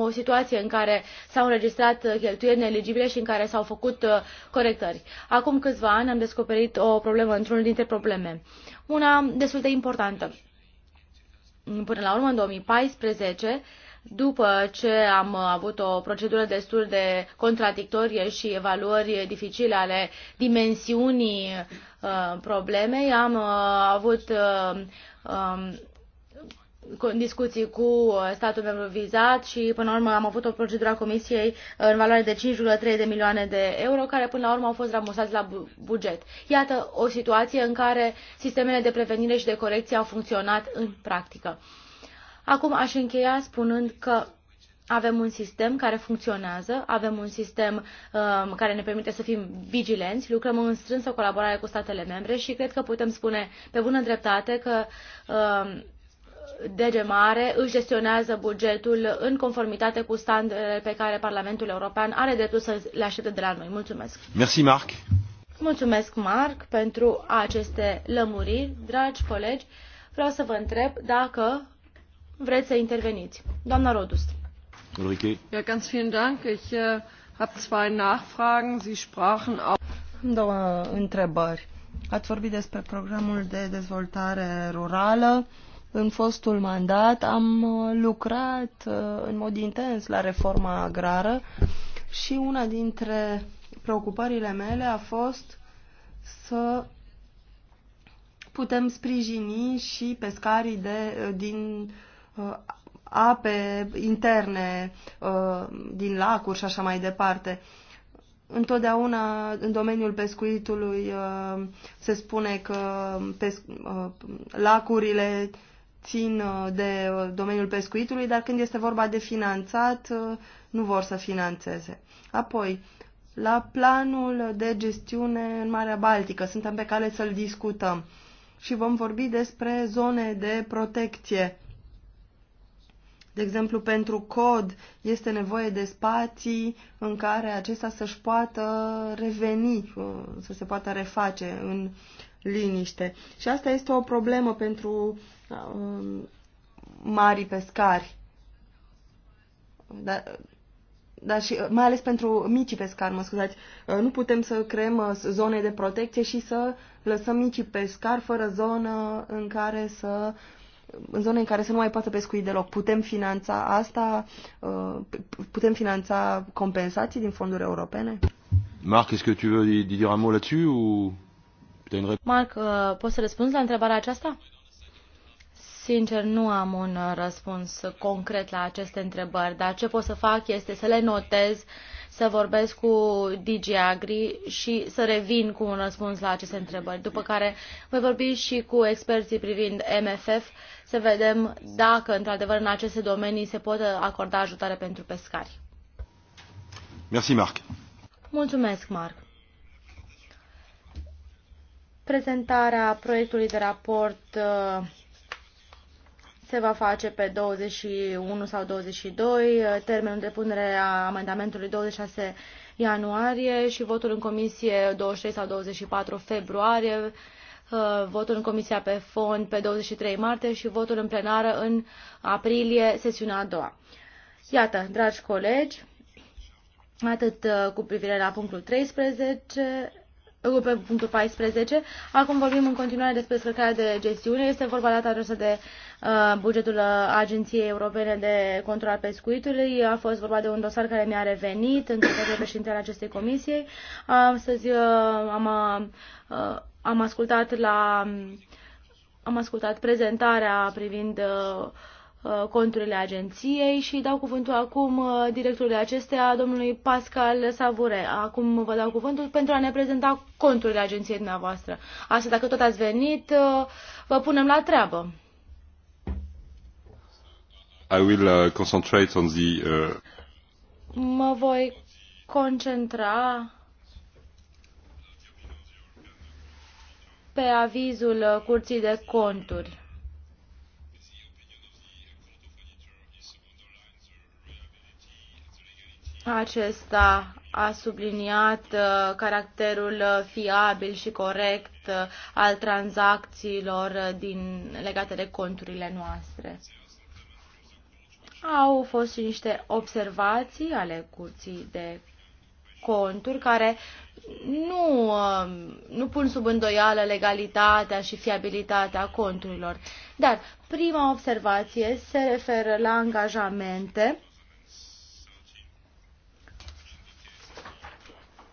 o situație în care s-au înregistrat cheltuieli neeligibile și în care s-au făcut corectări. Acum câțiva ani am descoperit o problemă într-unul dintre probleme. Una destul de importantă. Până la urmă, în 2014, după ce am avut o procedură destul de contradictorie și evaluări dificile ale dimensiunii uh, problemei, am uh, avut uh, um, discuții cu statul membru vizat și până la urmă am avut o procedură a Comisiei uh, în valoare de 5,3 de milioane de euro care până la urmă au fost ramusați la buget. Iată o situație în care sistemele de prevenire și de corecție au funcționat în practică. Acum aș încheia spunând că avem un sistem care funcționează, avem un sistem um, care ne permite să fim vigilenți, lucrăm în strânsă colaborare cu statele membre și cred că putem spune pe bună dreptate că um, DG Mare își gestionează bugetul în conformitate cu standardele pe care Parlamentul European are dreptul să le aștepte de la noi. Mulțumesc! Merci, Marc! Mulțumesc, Marc, pentru aceste lămuriri, dragi colegi. Vreau să vă întreb dacă vreți să interveniți. Doamna Rodust. Ulrike. Ja, ganz vielen Dank. Ich uh, äh, habe zwei Nachfragen. Sie sprachen auch două întrebări. Ați vorbit despre programul de dezvoltare rurală. În fostul mandat am uh, lucrat uh, în mod intens la reforma agrară și una dintre preocupările mele a fost să putem sprijini și pescarii de, uh, din uh, Uh, ape interne uh, din lacuri și așa mai departe. Întotdeauna în domeniul pescuitului uh, se spune că lacurile țin de domeniul pescuitului, dar când este vorba de finanțat, nu vor să financeze. Apoi, la planul de gestiune în Marea Baltică, suntem pe cale să-l discutăm și vom vorbi despre zone de protecție de exemplu, pentru cod este nevoie de spații în care acesta să-și poată reveni, uh, să se poată reface în liniște. Și asta este o problemă pentru um, mari pescari. Dar, dar și uh, mai ales pentru micii pescari, mă scuzați, uh, nu putem să creăm zone de protecție și să lăsăm micii pescari fără zonă în care să uh, în zone în care să nu mai poată pescui deloc. Putem finanța asta? Uh, putem finanța compensații din fonduri europene? Marc, est-ce que tu veux dire un mot là-dessus ou Marc, uh, poți să răspunzi la întrebarea aceasta? Sincer, nu am un uh, răspuns concret la aceste întrebări, dar ce pot să fac este să le notez uh, să vorbesc cu DG Agri și să revin cu un răspuns la aceste întrebări, după care voi vorbi și cu experții privind MFF să vedem dacă, într-adevăr, în aceste domenii se pot acorda ajutare pentru pescari. Merci, Marc. Mulțumesc, Marc. Prezentarea proiectului de raport uh, se va face pe 21 sau 22, termenul de punere a amendamentului 26 ianuarie și votul în comisie 23 sau 24 februarie, uh, votul în comisia pe fond pe 23 martie și votul în plenară în aprilie, sesiunea a doua. Iată, dragi colegi, atât uh, cu privire la punctul 13, uh, pe punctul 14. Acum vorbim în continuare despre scăcarea de gestiune. Este vorba data adresă de Uh, bugetul uh, Agenției Europene de Control al Pescuitului. Uh, a fost vorba de un dosar care mi-a revenit în de președintele acestei comisiei. Astăzi am, am ascultat la am ascultat prezentarea privind conturile agenției și dau cuvântul acum directorului acesteia, domnului Pascal Savure. Acum vă dau cuvântul pentru a ne prezenta conturile agenției dumneavoastră. Asta, dacă tot ați venit, vă punem la treabă. I will uh, concentrate on the. Uh... Mă voi concentra pe avizul uh, Curții de Conturi. Acesta a subliniat uh, caracterul uh, fiabil și corect al tranzacțiilor din, legate de conturile noastre. Au fost și niște observații ale curții de conturi care nu, um, nu pun sub îndoială legalitatea și fiabilitatea conturilor. Dar prima observație se referă la angajamente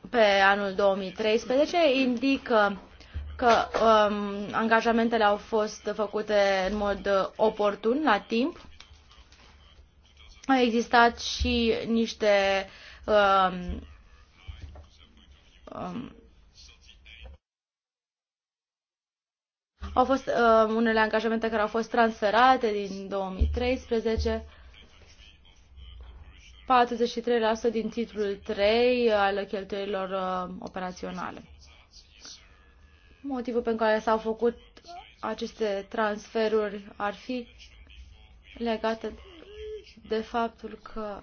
pe anul 2013 indică că um, angajamentele au fost făcute în mod oportun, la timp, au existat și niște um, um, au fost uh, unele angajamente care au fost transferate din 2013. 43% din titlul 3 al cheltuielilor uh, operaționale. Motivul pentru care s-au făcut aceste transferuri ar fi legate de faptul că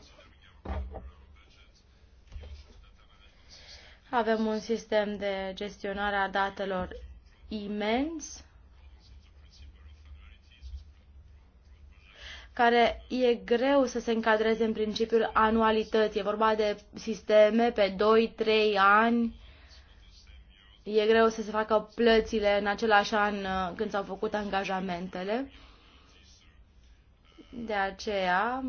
avem un sistem de gestionare a datelor imens care e greu să se încadreze în principiul anualității. E vorba de sisteme pe 2-3 ani. E greu să se facă plățile în același an uh, când s-au făcut angajamentele. De aceea,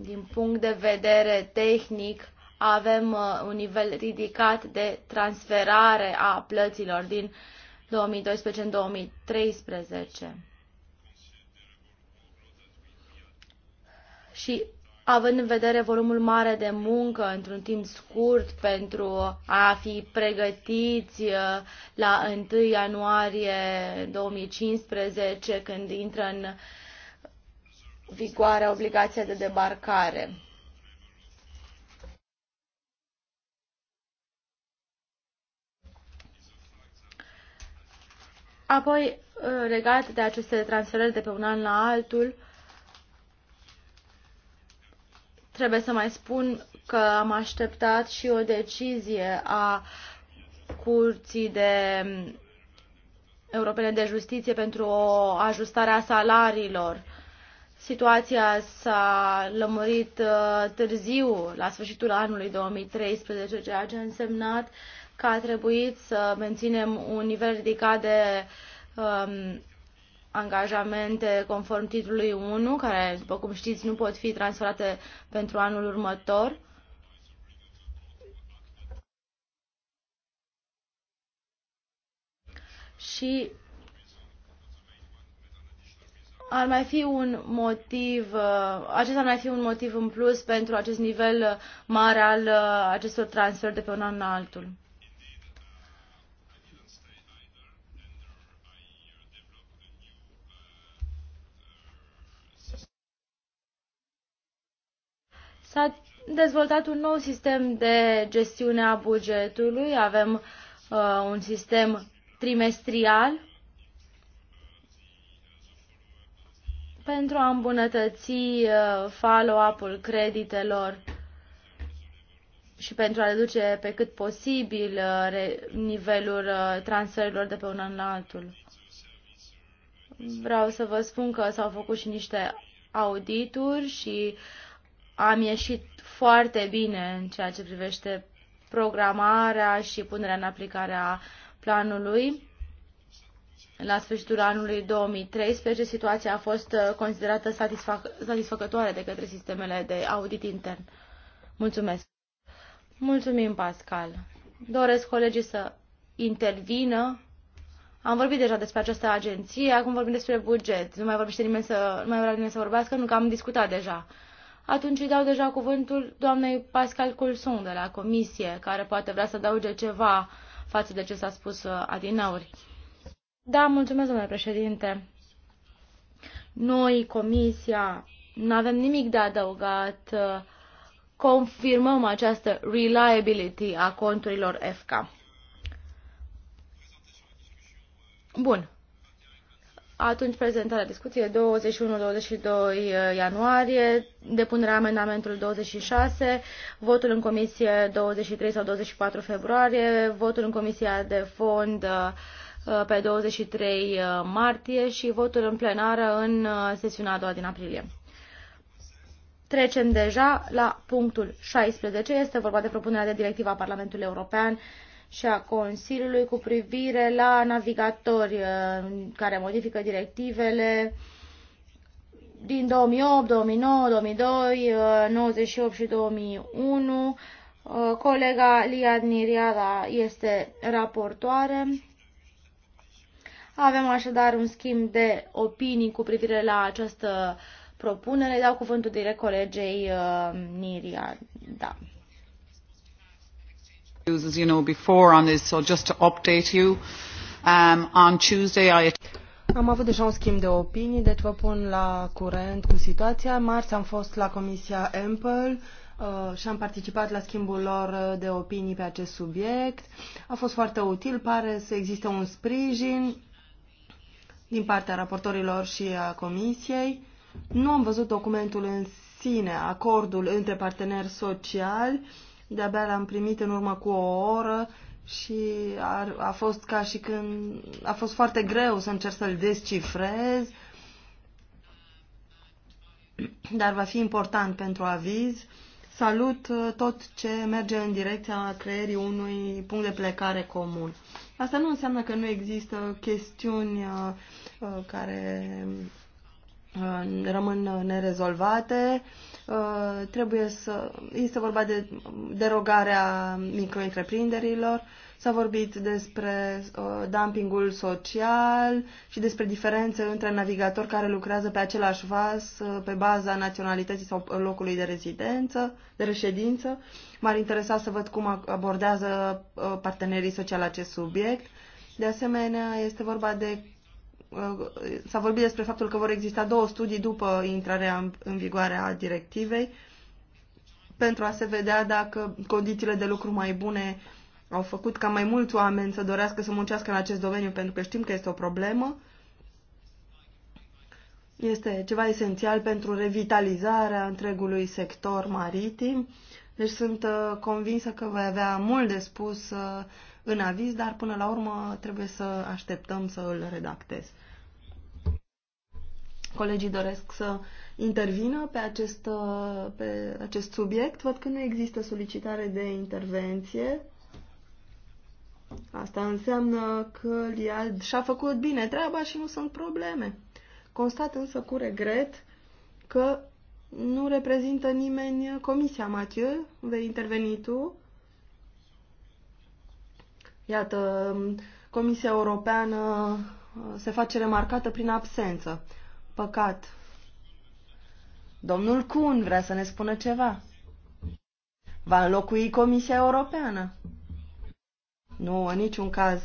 din punct de vedere tehnic, avem uh, un nivel ridicat de transferare a plăților din 2012 în 2013. Și având în vedere volumul mare de muncă într-un timp scurt pentru a fi pregătiți uh, la 1 ianuarie 2015 când intră în vigoare obligația de debarcare. Apoi, uh, legat de aceste transferări de pe un an la altul, trebuie să mai spun că am așteptat și o decizie a Curții de Europene de Justiție pentru o ajustare a salariilor Situația s-a lămurit uh, târziu, la sfârșitul anului 2013, ceea ce a însemnat că a trebuit să menținem un nivel ridicat de um, angajamente conform titlului 1, care, după cum știți, nu pot fi transferate pentru anul următor. Și ar mai fi un motiv, uh, acesta ar mai fi un motiv în plus pentru acest nivel uh, mare al uh, acestor transfer de pe un an în altul. S-a dezvoltat un nou sistem de gestiune a bugetului, avem uh, un sistem trimestrial pentru a îmbunătăți uh, follow-up-ul creditelor și pentru a reduce pe cât posibil uh, nivelul uh, transferurilor de pe un an la altul. Vreau să vă spun că s-au făcut și niște audituri și am ieșit foarte bine în ceea ce privește programarea și punerea în aplicare a planului la sfârșitul anului 2013, situația a fost uh, considerată satisfac- satisfăcătoare de către sistemele de audit intern. Mulțumesc. Mulțumim, Pascal. Doresc colegii să intervină. Am vorbit deja despre această agenție, acum vorbim despre buget. Nu mai vorbește nimeni să, nu mai vrea nimeni să vorbească, nu că am discutat deja. Atunci îi dau deja cuvântul doamnei Pascal Culsung de la comisie, care poate vrea să adauge ceva față de ce s-a spus uh, adinauri. Da, mulțumesc, domnule președinte. Noi, Comisia, nu avem nimic de adăugat. Confirmăm această reliability a conturilor FK. Bun. Atunci prezentarea discuției 21-22 ianuarie, depunerea amendamentului 26, votul în comisie 23 sau 24 februarie, votul în comisia de fond Uh, pe 23 uh, martie și votul în plenară în uh, sesiunea a doua din aprilie. Trecem deja la punctul 16. Este vorba de propunerea de directiva a Parlamentului European și a Consiliului cu privire la navigatori care modifică directivele din 2008, 2009, 2002, 98 și 2001. Colega Liad Niriada este raportoare avem așadar un schimb de opinii cu privire la această propunere. Dau cuvântul direct colegei uh, Niria. Da. As you know before on this, so just to update you, um, on Tuesday I am avut deja un schimb de opinii, deci vă pun la curent cu situația. Marți am fost la Comisia EMPL uh, și am participat la schimbul lor de opinii pe acest subiect. A fost foarte util, pare să existe un sprijin din partea raportorilor și a Comisiei. Nu am văzut documentul în sine, acordul între parteneri sociali, de-abia l-am primit în urmă cu o oră și a, a fost ca și când a fost foarte greu să încerc să-l descifrez, dar va fi important pentru aviz. Salut uh, tot ce merge în direcția creierii unui punct de plecare comun. Asta nu înseamnă că nu există chestiuni uh, uh, care uh, rămân nerezolvate. Trebuie să... Este vorba de derogarea micro S-a vorbit despre uh, dumpingul social și despre diferențe între navigatori care lucrează pe același vas uh, pe baza naționalității sau locului de rezidență, de reședință. M-ar interesa să văd cum abordează uh, partenerii sociali acest subiect. De asemenea, este vorba de uh, s-a vorbit despre faptul că vor exista două studii după intrarea în, în vigoare a directivei pentru a se vedea dacă condițiile de lucru mai bune uh, au făcut ca mai mulți oameni să dorească să muncească în acest domeniu pentru că știm că este o problemă. Este ceva esențial pentru revitalizarea întregului sector maritim. Deci sunt uh, convinsă că voi avea mult de spus uh, în aviz, dar până la urmă trebuie să așteptăm să îl redactez. Colegii doresc să intervină pe acest, uh, pe acest subiect. Văd că nu există solicitare de intervenție. Asta înseamnă că el și-a făcut bine treaba și nu sunt probleme. Constat însă cu regret că nu reprezintă nimeni comisia. Mathieu, vei interveni tu? Iată, Comisia Europeană uh, se face remarcată prin absență. Păcat. Domnul Kuhn vrea să ne spună ceva. Va înlocui Comisia Europeană. Nu, în niciun caz.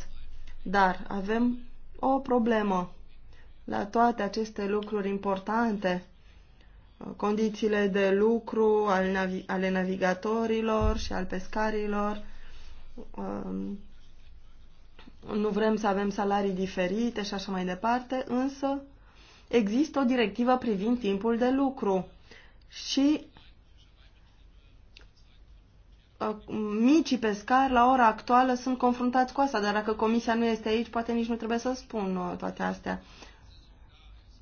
Dar avem o problemă. La toate aceste lucruri importante, condițiile de lucru ale navigatorilor și al pescarilor, um, nu vrem să avem salarii diferite și așa mai departe, însă există o directivă privind timpul de lucru și micii pescari la ora actuală sunt confruntați cu asta, dar dacă comisia nu este aici, poate nici nu trebuie să spun uh, toate astea.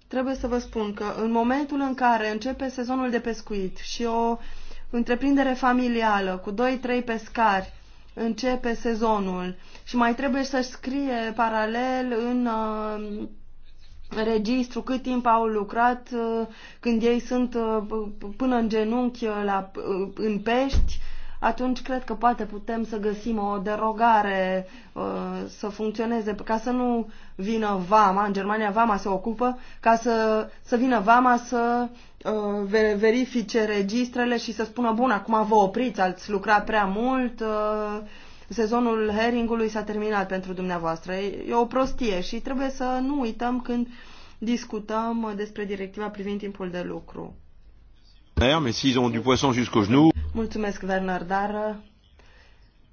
Trebuie să vă spun că în momentul în care începe sezonul de pescuit și o întreprindere familială cu 2-3 pescari începe sezonul și mai trebuie să-și scrie paralel în uh, registru cât timp au lucrat uh, când ei sunt până în genunchi la, în pești, atunci cred că poate putem să găsim o derogare uh, să funcționeze, ca să nu vină Vama, în Germania Vama se ocupă, ca să, să vină Vama să uh, verifice registrele și să spună, bun, acum vă opriți, ați lucrat prea mult, uh, sezonul heringului s-a terminat pentru dumneavoastră. E o prostie și trebuie să nu uităm când discutăm despre directiva privind timpul de lucru. Mulțumesc, Werner, dar uh,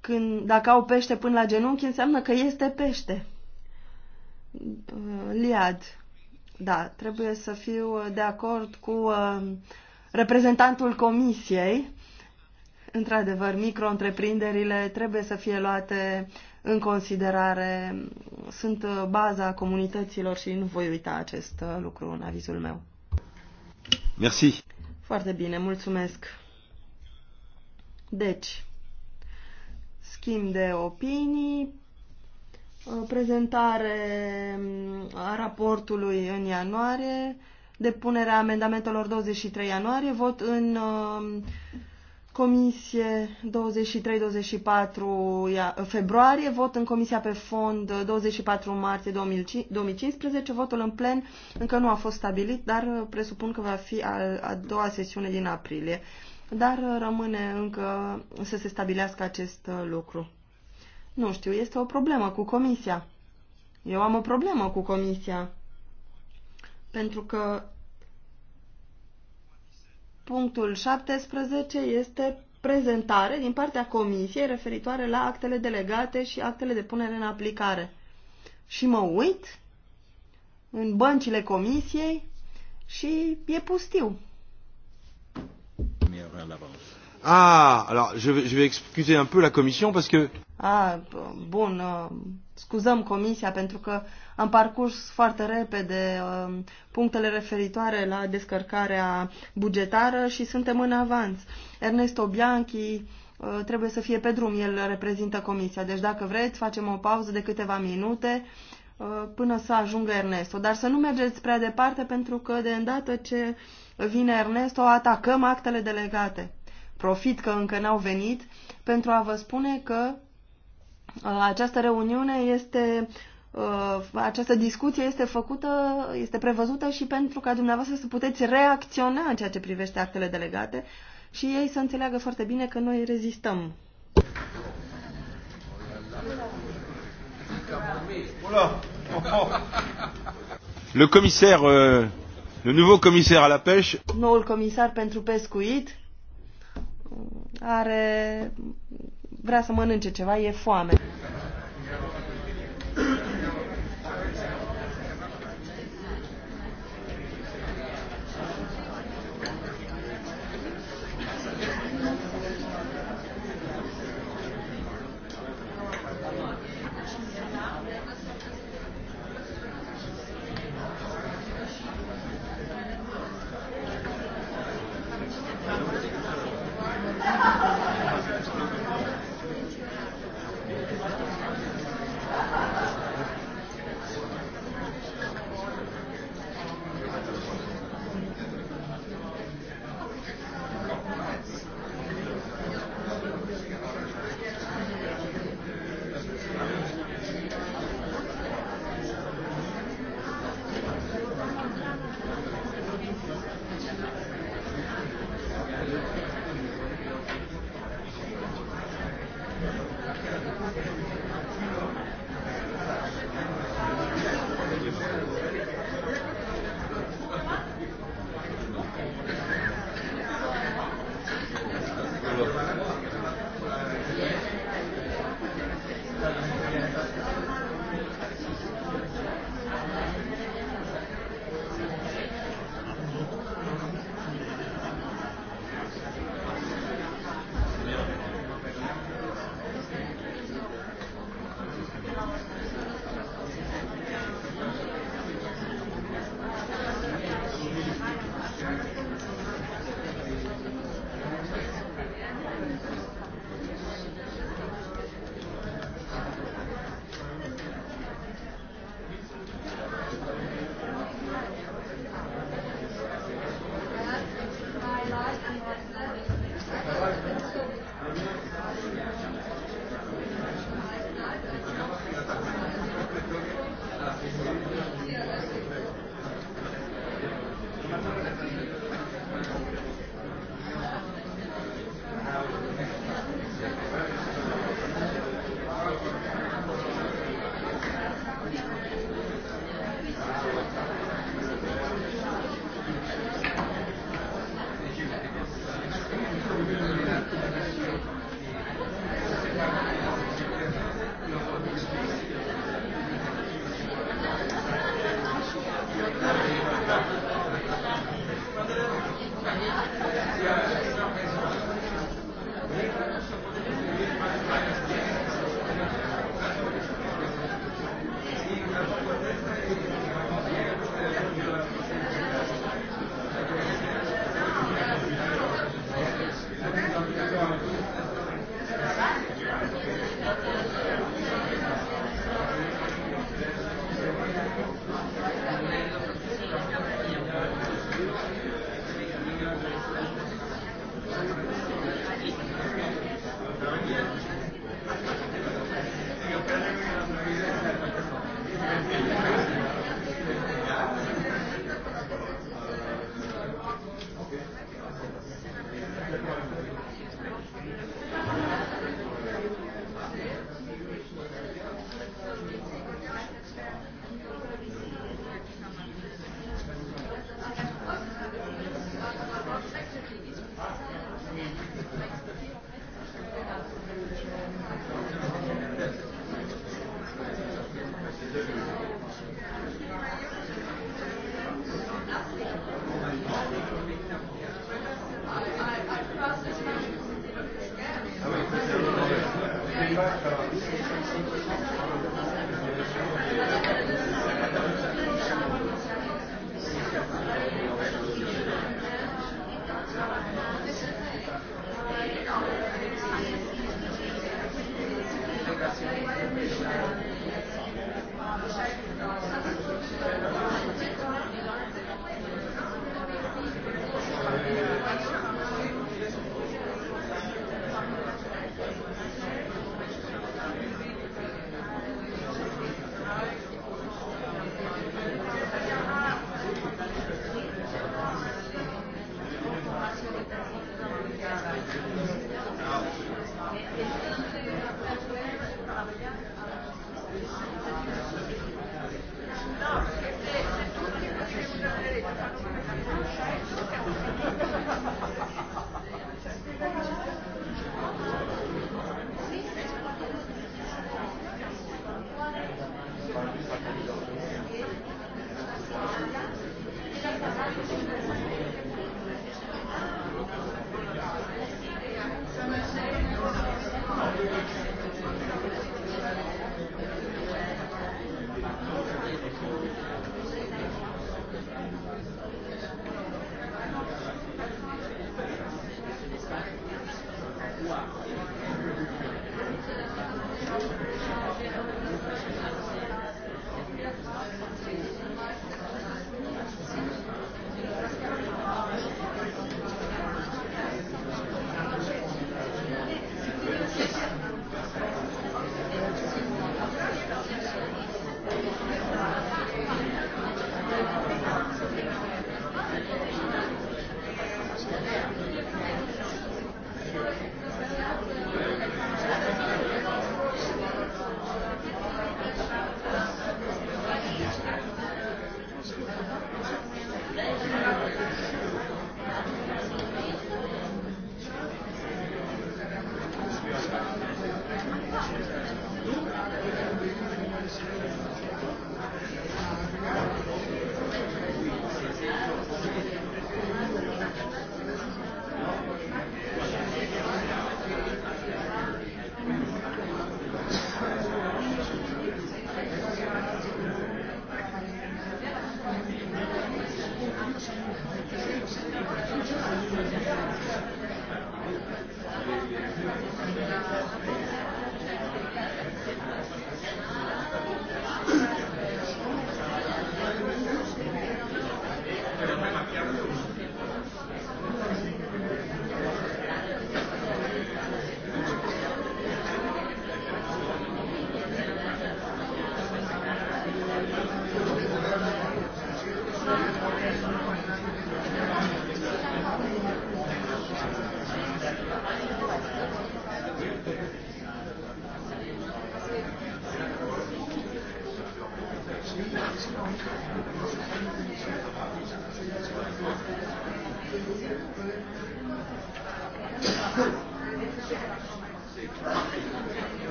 când, dacă au pește până la genunchi, înseamnă că este pește. Uh, Liad. Da, trebuie să fiu uh, de acord cu reprezentantul comisiei. Într-adevăr, micro-întreprinderile trebuie să fie luate în considerare. Sunt baza comunităților și nu voi uita acest lucru în avizul meu. Merci. Foarte bine, mulțumesc. Deci, schimb de opinii, uh, prezentare mm, a raportului în ianuarie, depunerea amendamentelor 23 ianuarie, vot în uh, Comisie 23-24 februarie, vot în Comisia pe fond 24 martie 2015, votul în plen încă nu a fost stabilit, dar uh, presupun că va fi a doua sesiune din aprilie. Dar uh, rămâne încă să se stabilească acest uh, lucru. Nu știu, este o problemă cu Comisia. Eu am o problemă cu Comisia. Pentru că Punctul 17 este prezentare din partea Comisiei referitoare la actele delegate și actele de punere în aplicare. Și mă uit în băncile Comisiei și e pustiu. Ah, alors je vais, je vais excuser un peu la commission parce que... Ah, bun, uh, scuzăm comisia pentru că am parcurs foarte repede um, punctele referitoare la descărcarea bugetară și suntem în avans. Ernesto Bianchi uh, trebuie să fie pe drum, el reprezintă comisia. Deci dacă vreți, facem o pauză de câteva minute uh, până să ajungă Ernesto. Dar să nu mergeți prea departe pentru că de îndată ce vine Ernesto atacăm actele delegate. Profit că încă n-au venit pentru a vă spune că uh, această reuniune este Uh, această discuție este făcută, este prevăzută și pentru ca dumneavoastră să puteți reacționa în ceea ce privește actele delegate și ei să înțeleagă foarte bine că noi rezistăm. Le comisar, euh, le nouveau comisar à la pêche. Noul comisar pentru pescuit are vrea să mănânce ceva, e foame.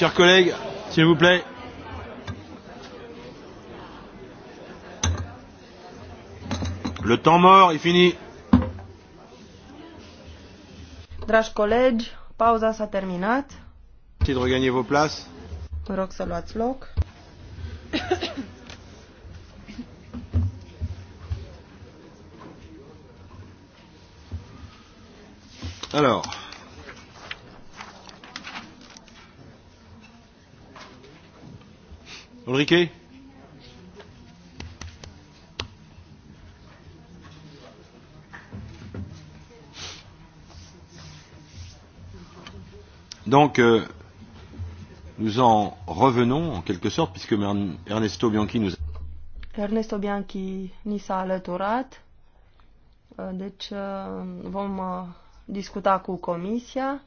Chers collègues, s'il vous plaît. Le temps mort est fini. Dragi colegi, pauza s-a terminat. Merci de regagner vos places. Vă rog să luați loc. Alors, Ulrike? Donc, euh, nous en revenons en quelque sorte, puisque Ernesto Bianchi nous Ernesto Bianchi ni s-a alăturat, deci uh, vom uh, discuta cu Comisia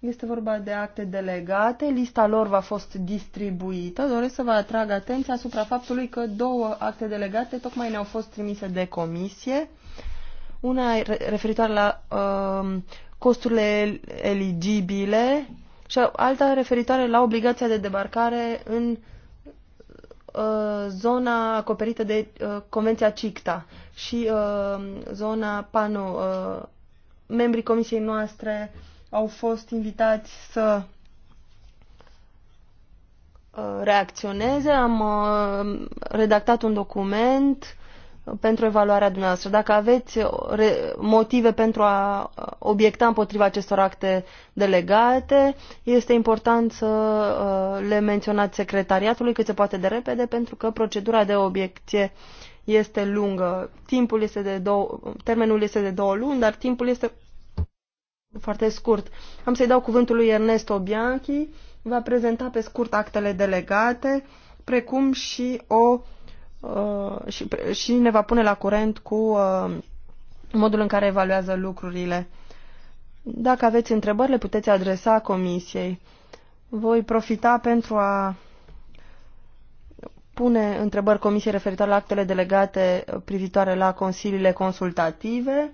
este vorba de acte delegate, lista lor va fost distribuită. Doresc să vă atrag atenția asupra faptului că două acte delegate tocmai ne-au fost trimise de comisie. Una referitoare la uh, costurile eligibile și alta referitoare la obligația de debarcare în uh, zona acoperită de uh, Convenția CICTA și uh, zona PANU. Uh, membrii comisiei noastre uh, au fost invitați să uh, reacționeze. Am uh, redactat un document uh, pentru evaluarea dumneavoastră. Dacă aveți motive pentru a obiecta împotriva acestor acte delegate, este important să le menționați secretariatului cât se poate de repede, pentru că procedura de obiecție este lungă. Timpul este de două, termenul este de două luni, dar timpul este foarte scurt. Am să-i dau cuvântul lui Ernesto Bianchi. Va prezenta pe scurt actele delegate, precum și o uh, și, și ne va pune la curent cu uh, modul în care evaluează lucrurile. Dacă aveți întrebări, le puteți adresa comisiei. Voi profita pentru a pune întrebări comisiei referitoare la actele delegate privitoare la consiliile consultative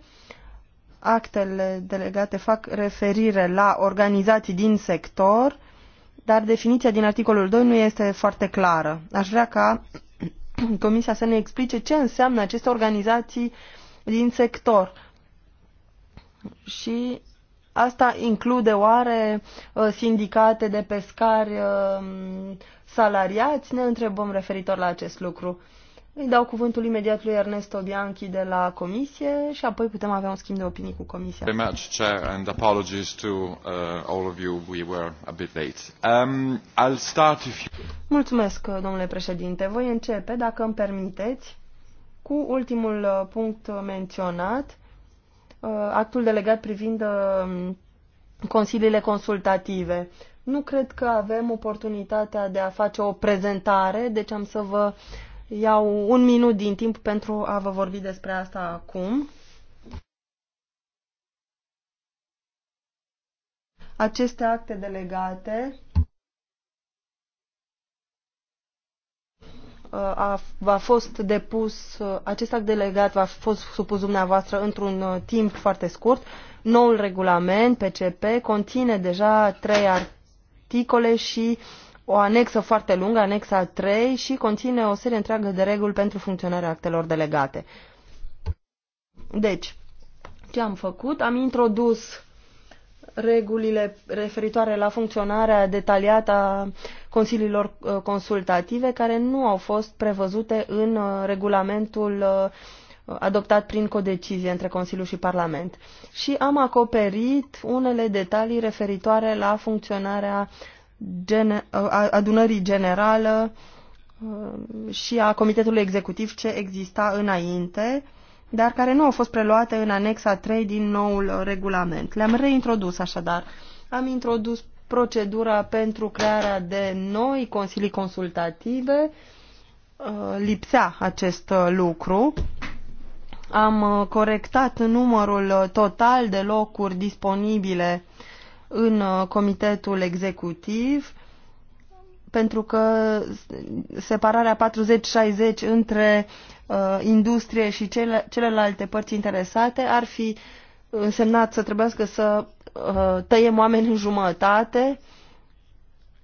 actele delegate fac referire la organizații din sector, dar definiția din articolul 2 nu este foarte clară. Aș vrea ca Comisia să ne explice ce înseamnă aceste organizații din sector. Și asta include oare uh, sindicate de pescari uh, salariați? Ne întrebăm referitor la acest lucru. Îi dau cuvântul imediat lui Ernesto Bianchi de la Comisie și apoi putem avea un schimb de opinii cu Comisia. Very much, Chair, and apologies to uh, all of you. We were a bit late. Um, I'll start if you... Mulțumesc, domnule președinte. Voi începe, dacă îmi permiteți, cu ultimul uh, punct menționat, uh, actul delegat privind uh, consiliile consultative. Nu cred că avem oportunitatea de a face o prezentare, deci am să vă uh, iau un minut din timp pentru a vă vorbi despre asta acum. Aceste acte delegate uh, a, a fost depus, uh, acest act delegat va fost supus dumneavoastră într-un uh, timp foarte scurt. Noul regulament PCP conține deja trei articole și uh, o anexă foarte lungă, anexa 3, și conține o serie întreagă de reguli pentru funcționarea actelor delegate. Deci, ce am făcut? Am introdus regulile referitoare la funcționarea detaliată a consiliilor uh, consultative care nu au fost prevăzute în uh, regulamentul uh, adoptat prin codecizie între Consiliu și Parlament. Și am acoperit unele detalii referitoare la funcționarea gene, adunării generală um, și a comitetului executiv ce exista înainte, dar care nu au fost preluate în anexa 3 din noul regulament. Le-am reintrodus așadar. Am introdus procedura pentru crearea de noi consilii consultative. Uh, lipsea acest uh, lucru. Am uh, corectat numărul total de locuri disponibile uh, în uh, comitetul executiv pentru că separarea 40-60 între uh, industrie și cele, celelalte părți interesate ar fi însemnat să trebuiască să uh, tăiem oameni în jumătate.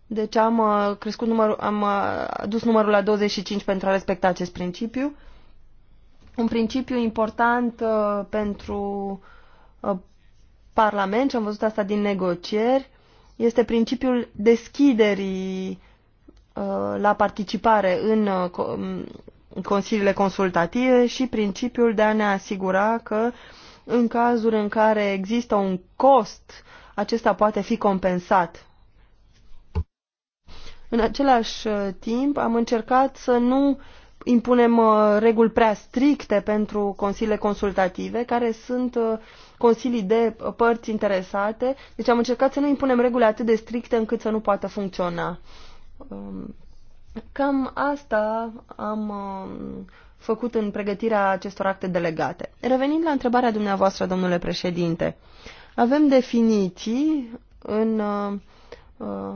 Deci am uh, crescut numărul, am uh, adus numărul la 25 pentru a respecta acest principiu. Un principiu important uh, pentru uh, Parlament, și am văzut asta din negocieri, este principiul deschiderii uh, la participare în uh, um, consiliile consultative și principiul de a ne asigura că în cazuri în care există un cost, acesta poate fi compensat. În același uh, timp am încercat să nu impunem reguli prea stricte pentru consiliile consultative, care sunt consilii de părți interesate. Deci am încercat să nu impunem reguli atât de stricte încât să nu poată funcționa. Um, cam asta am um, făcut în pregătirea acestor acte delegate. Revenind la întrebarea dumneavoastră, domnule președinte, avem definiții în um, Uh,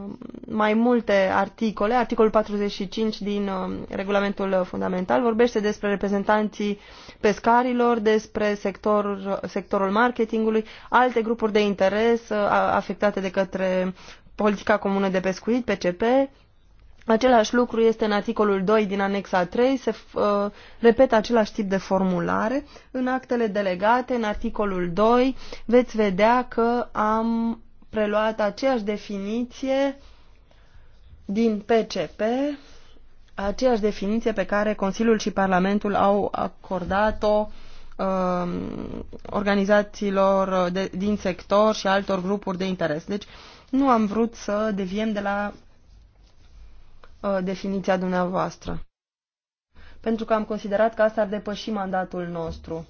mai multe articole. Articolul 45 din uh, regulamentul fundamental vorbește despre reprezentanții pescarilor, despre sector, sectorul marketingului, alte grupuri de interes uh, afectate de către politica comună de pescuit, PCP. Același lucru este în articolul 2 din anexa 3, se uh, repetă același tip de formulare. În actele delegate, în articolul 2, veți vedea că am preluat aceeași definiție din PCP, aceeași definiție pe care Consiliul și Parlamentul au acordat-o um, organizațiilor de, din sector și altor grupuri de interes. Deci nu am vrut să deviem de la uh, definiția dumneavoastră. Pentru că am considerat că asta ar depăși mandatul nostru.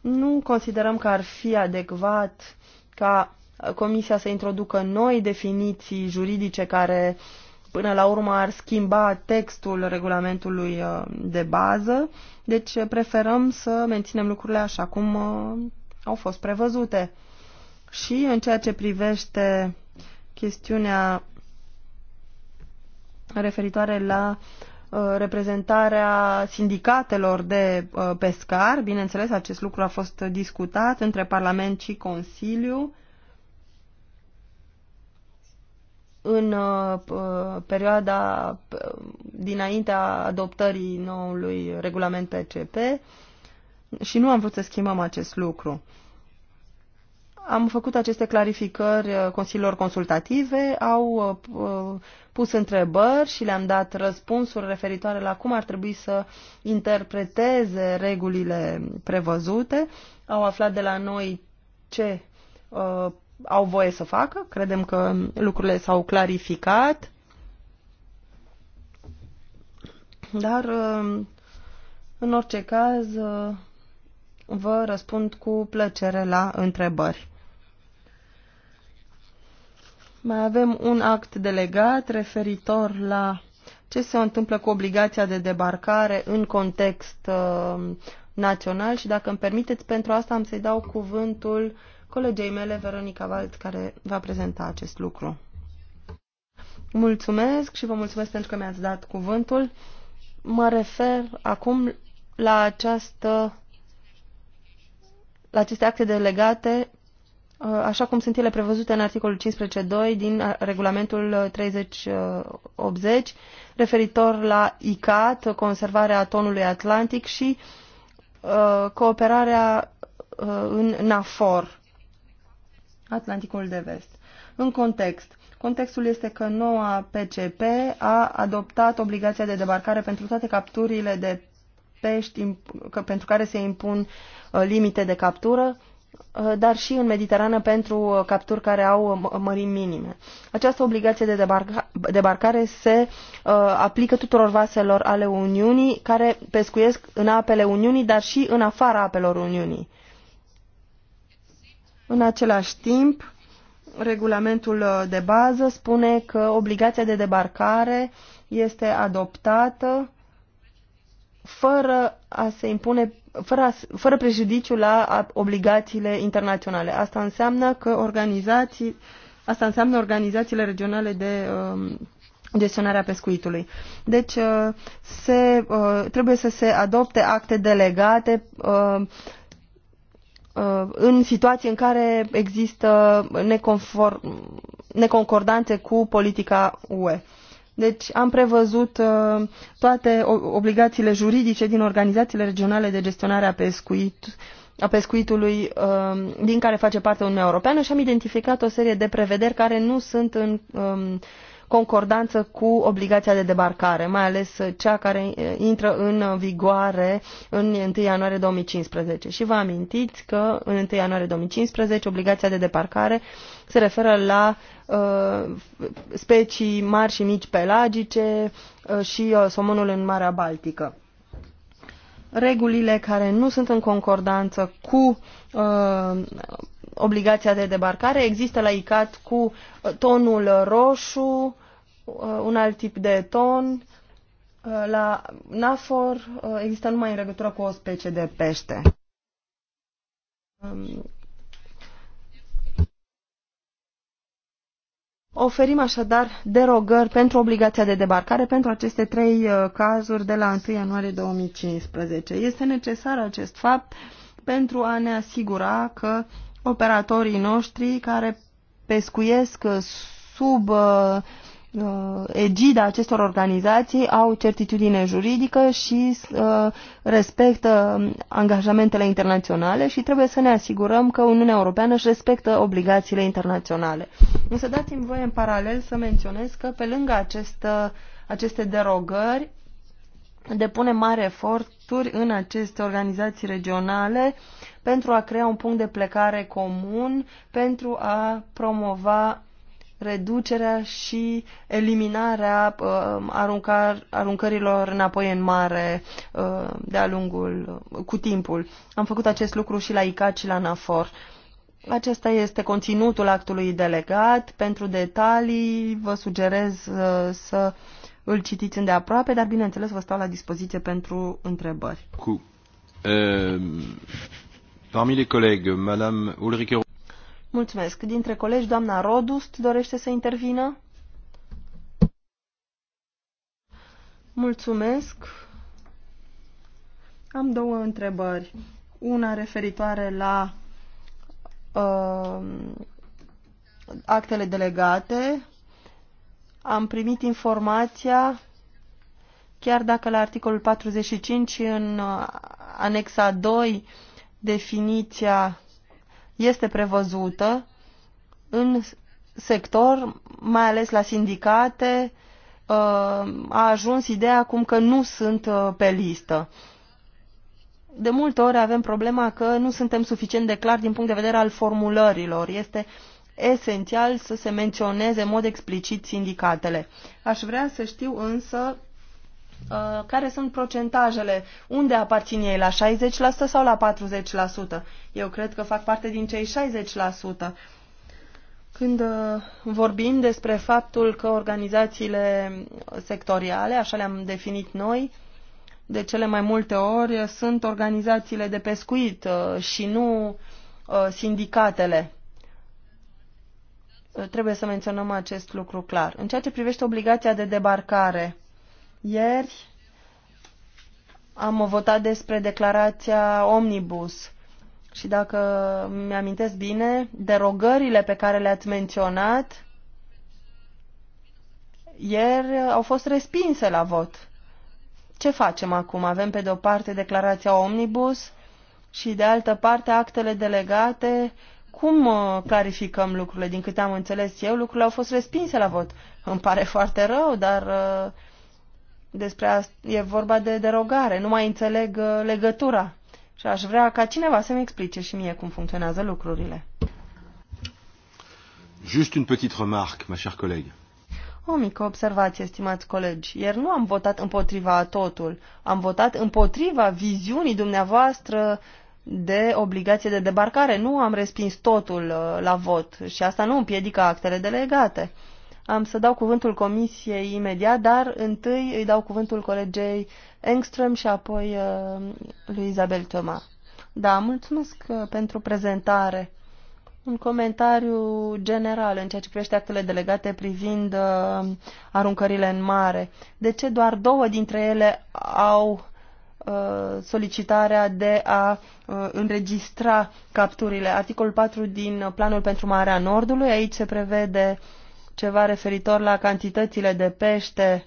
Nu considerăm că ar fi adecvat ca Comisia să introducă noi definiții juridice care până la urmă ar schimba textul regulamentului uh, de bază, deci preferăm să menținem lucrurile așa cum uh, au fost prevăzute. Și în ceea ce privește chestiunea referitoare la uh, reprezentarea sindicatelor de pescar. Bineînțeles, acest lucru a fost discutat între Parlament și Consiliu în uh, perioada dinaintea adoptării noului regulament PCP și nu am vrut să schimbăm acest lucru. Am făcut aceste clarificări uh, consiliilor consultative, au uh, pus întrebări și le-am dat răspunsuri referitoare la cum ar trebui să interpreteze regulile prevăzute. Au aflat de la noi ce au voie să facă. Credem că lucrurile s-au clarificat. Dar, uh, în orice caz, uh, vă răspund cu plăcere la întrebări. Mai avem un act delegat referitor la ce se întâmplă cu obligația de debarcare în context uh, național și dacă îmi permiteți, pentru asta am să-i dau cuvântul colegei mele, Veronica Wald, care va prezenta acest lucru. Mulțumesc și vă mulțumesc pentru că mi-ați dat cuvântul. Mă refer acum la această la aceste acte delegate, uh, așa cum sunt ele prevăzute în articolul 15.2 din uh, regulamentul 3080, uh, referitor la ICAT, conservarea tonului atlantic și uh, cooperarea uh, în NAFOR. Atlanticul de Vest. În context, contextul este că noua PCP a adoptat obligația de debarcare pentru toate capturile de pești pentru care se impun uh, limite de captură, uh, dar și în Mediterană pentru uh, capturi care au mărimi minime. Această obligație de debarca debarcare se uh, aplică tuturor vaselor ale Uniunii care pescuiesc în apele Uniunii, dar și în afara apelor Uniunii. În același timp, regulamentul de bază spune că obligația de debarcare este adoptată fără a se impune fără, fără prejudiciu la obligațiile internaționale. Asta înseamnă că organizații asta înseamnă organizațiile regionale de um, gestionarea pescuitului. Deci uh, se, uh, trebuie să se adopte acte delegate uh, Uh, în situații în care există neconform, neconcordanțe cu politica UE. Deci am prevăzut uh, toate obligațiile juridice din organizațiile regionale de gestionare a, pescuit, a pescuitului uh, din care face parte Uniunea Europeană și am identificat o serie de prevederi care nu sunt în um, concordanță cu obligația de debarcare, mai ales uh, cea care uh, intră în uh, vigoare în 1 ianuarie 2015. Și vă amintiți că în 1 ianuarie 2015 obligația de debarcare se referă la uh, specii mari și mici pelagice uh, și uh, somonul în Marea Baltică regulile care nu sunt în concordanță cu uh, obligația de debarcare. Există la ICAT cu tonul roșu, Uh, un alt tip de ton. Uh, la NAFOR uh, există numai în legătură cu o specie de pește. Um, oferim așadar derogări pentru obligația de debarcare pentru aceste trei cazuri de la 1 ianuarie 2015. Este necesar acest fapt pentru a ne asigura că operatorii noștri care pescuiesc sub uh, Uh, egida acestor organizații au certitudine juridică și uh, respectă angajamentele internaționale și trebuie să ne asigurăm că Uniunea Europeană își respectă obligațiile internaționale. Însă dați-mi voie în paralel să menționez că pe lângă acest, uh, aceste derogări depune mari eforturi în aceste organizații regionale pentru a crea un punct de plecare comun, pentru a promova reducerea și eliminarea uh, aruncar, aruncărilor înapoi în mare uh, de-a lungul, uh, cu timpul. Am făcut acest lucru și la ICAT și la NAFOR. Acesta este conținutul actului delegat. Pentru detalii vă sugerez uh, să îl citiți îndeaproape, dar bineînțeles vă stau la dispoziție pentru întrebări. Cu. Uh, parmi les collègues, Madame Ulrike Mulțumesc. Dintre colegi, doamna Rodust dorește să intervină? Mulțumesc. Am două întrebări. Una referitoare la uh, actele delegate. Am primit informația, chiar dacă la articolul 45 în uh, anexa 2 definiția este prevăzută în sector, mai ales la sindicate, uh, a ajuns ideea acum că nu sunt uh, pe listă. De multe ori avem problema că nu suntem suficient de clar din punct de vedere al formulărilor. Este esențial să se menționeze în mod explicit sindicatele. Aș vrea să știu însă Uh, care sunt procentajele, unde aparțin ei, la 60% sau la 40%. Eu cred că fac parte din cei 60%. Când uh, vorbim despre faptul că organizațiile sectoriale, așa le-am definit noi, de cele mai multe ori sunt organizațiile de pescuit uh, și nu sindicatele trebuie să menționăm acest lucru clar. În ceea ce privește obligația de debarcare, ieri am votat despre declarația Omnibus și dacă mi-amintesc bine, derogările pe care le-ați menționat ieri au fost respinse la vot. Ce facem acum? Avem pe de-o parte declarația Omnibus și de altă parte actele delegate. Cum uh, clarificăm lucrurile? Din câte am înțeles eu, lucrurile au fost respinse la vot. Îmi pare foarte rău, dar uh, despre asta, e vorba de derogare, nu mai înțeleg uh, legătura și aș vrea ca cineva să-mi explice și mie cum funcționează lucrurile. Just une petite remarque, ma chère collègue. O mică observație, stimați colegi. Ieri nu am votat împotriva totul. Am votat împotriva viziunii dumneavoastră de obligație de debarcare. Nu am respins totul uh, la vot și asta nu împiedică actele delegate. Am să dau cuvântul comisiei imediat, dar întâi îi dau cuvântul colegei Engström și apoi uh, lui Isabel Toma. Da, mulțumesc uh, pentru prezentare. Un comentariu general în ceea ce privește actele delegate privind uh, aruncările în mare. De ce doar două dintre ele au uh, solicitarea de a uh, înregistra capturile? Articolul 4 din Planul pentru Marea Nordului, aici se prevede uh, ceva referitor la cantitățile de pește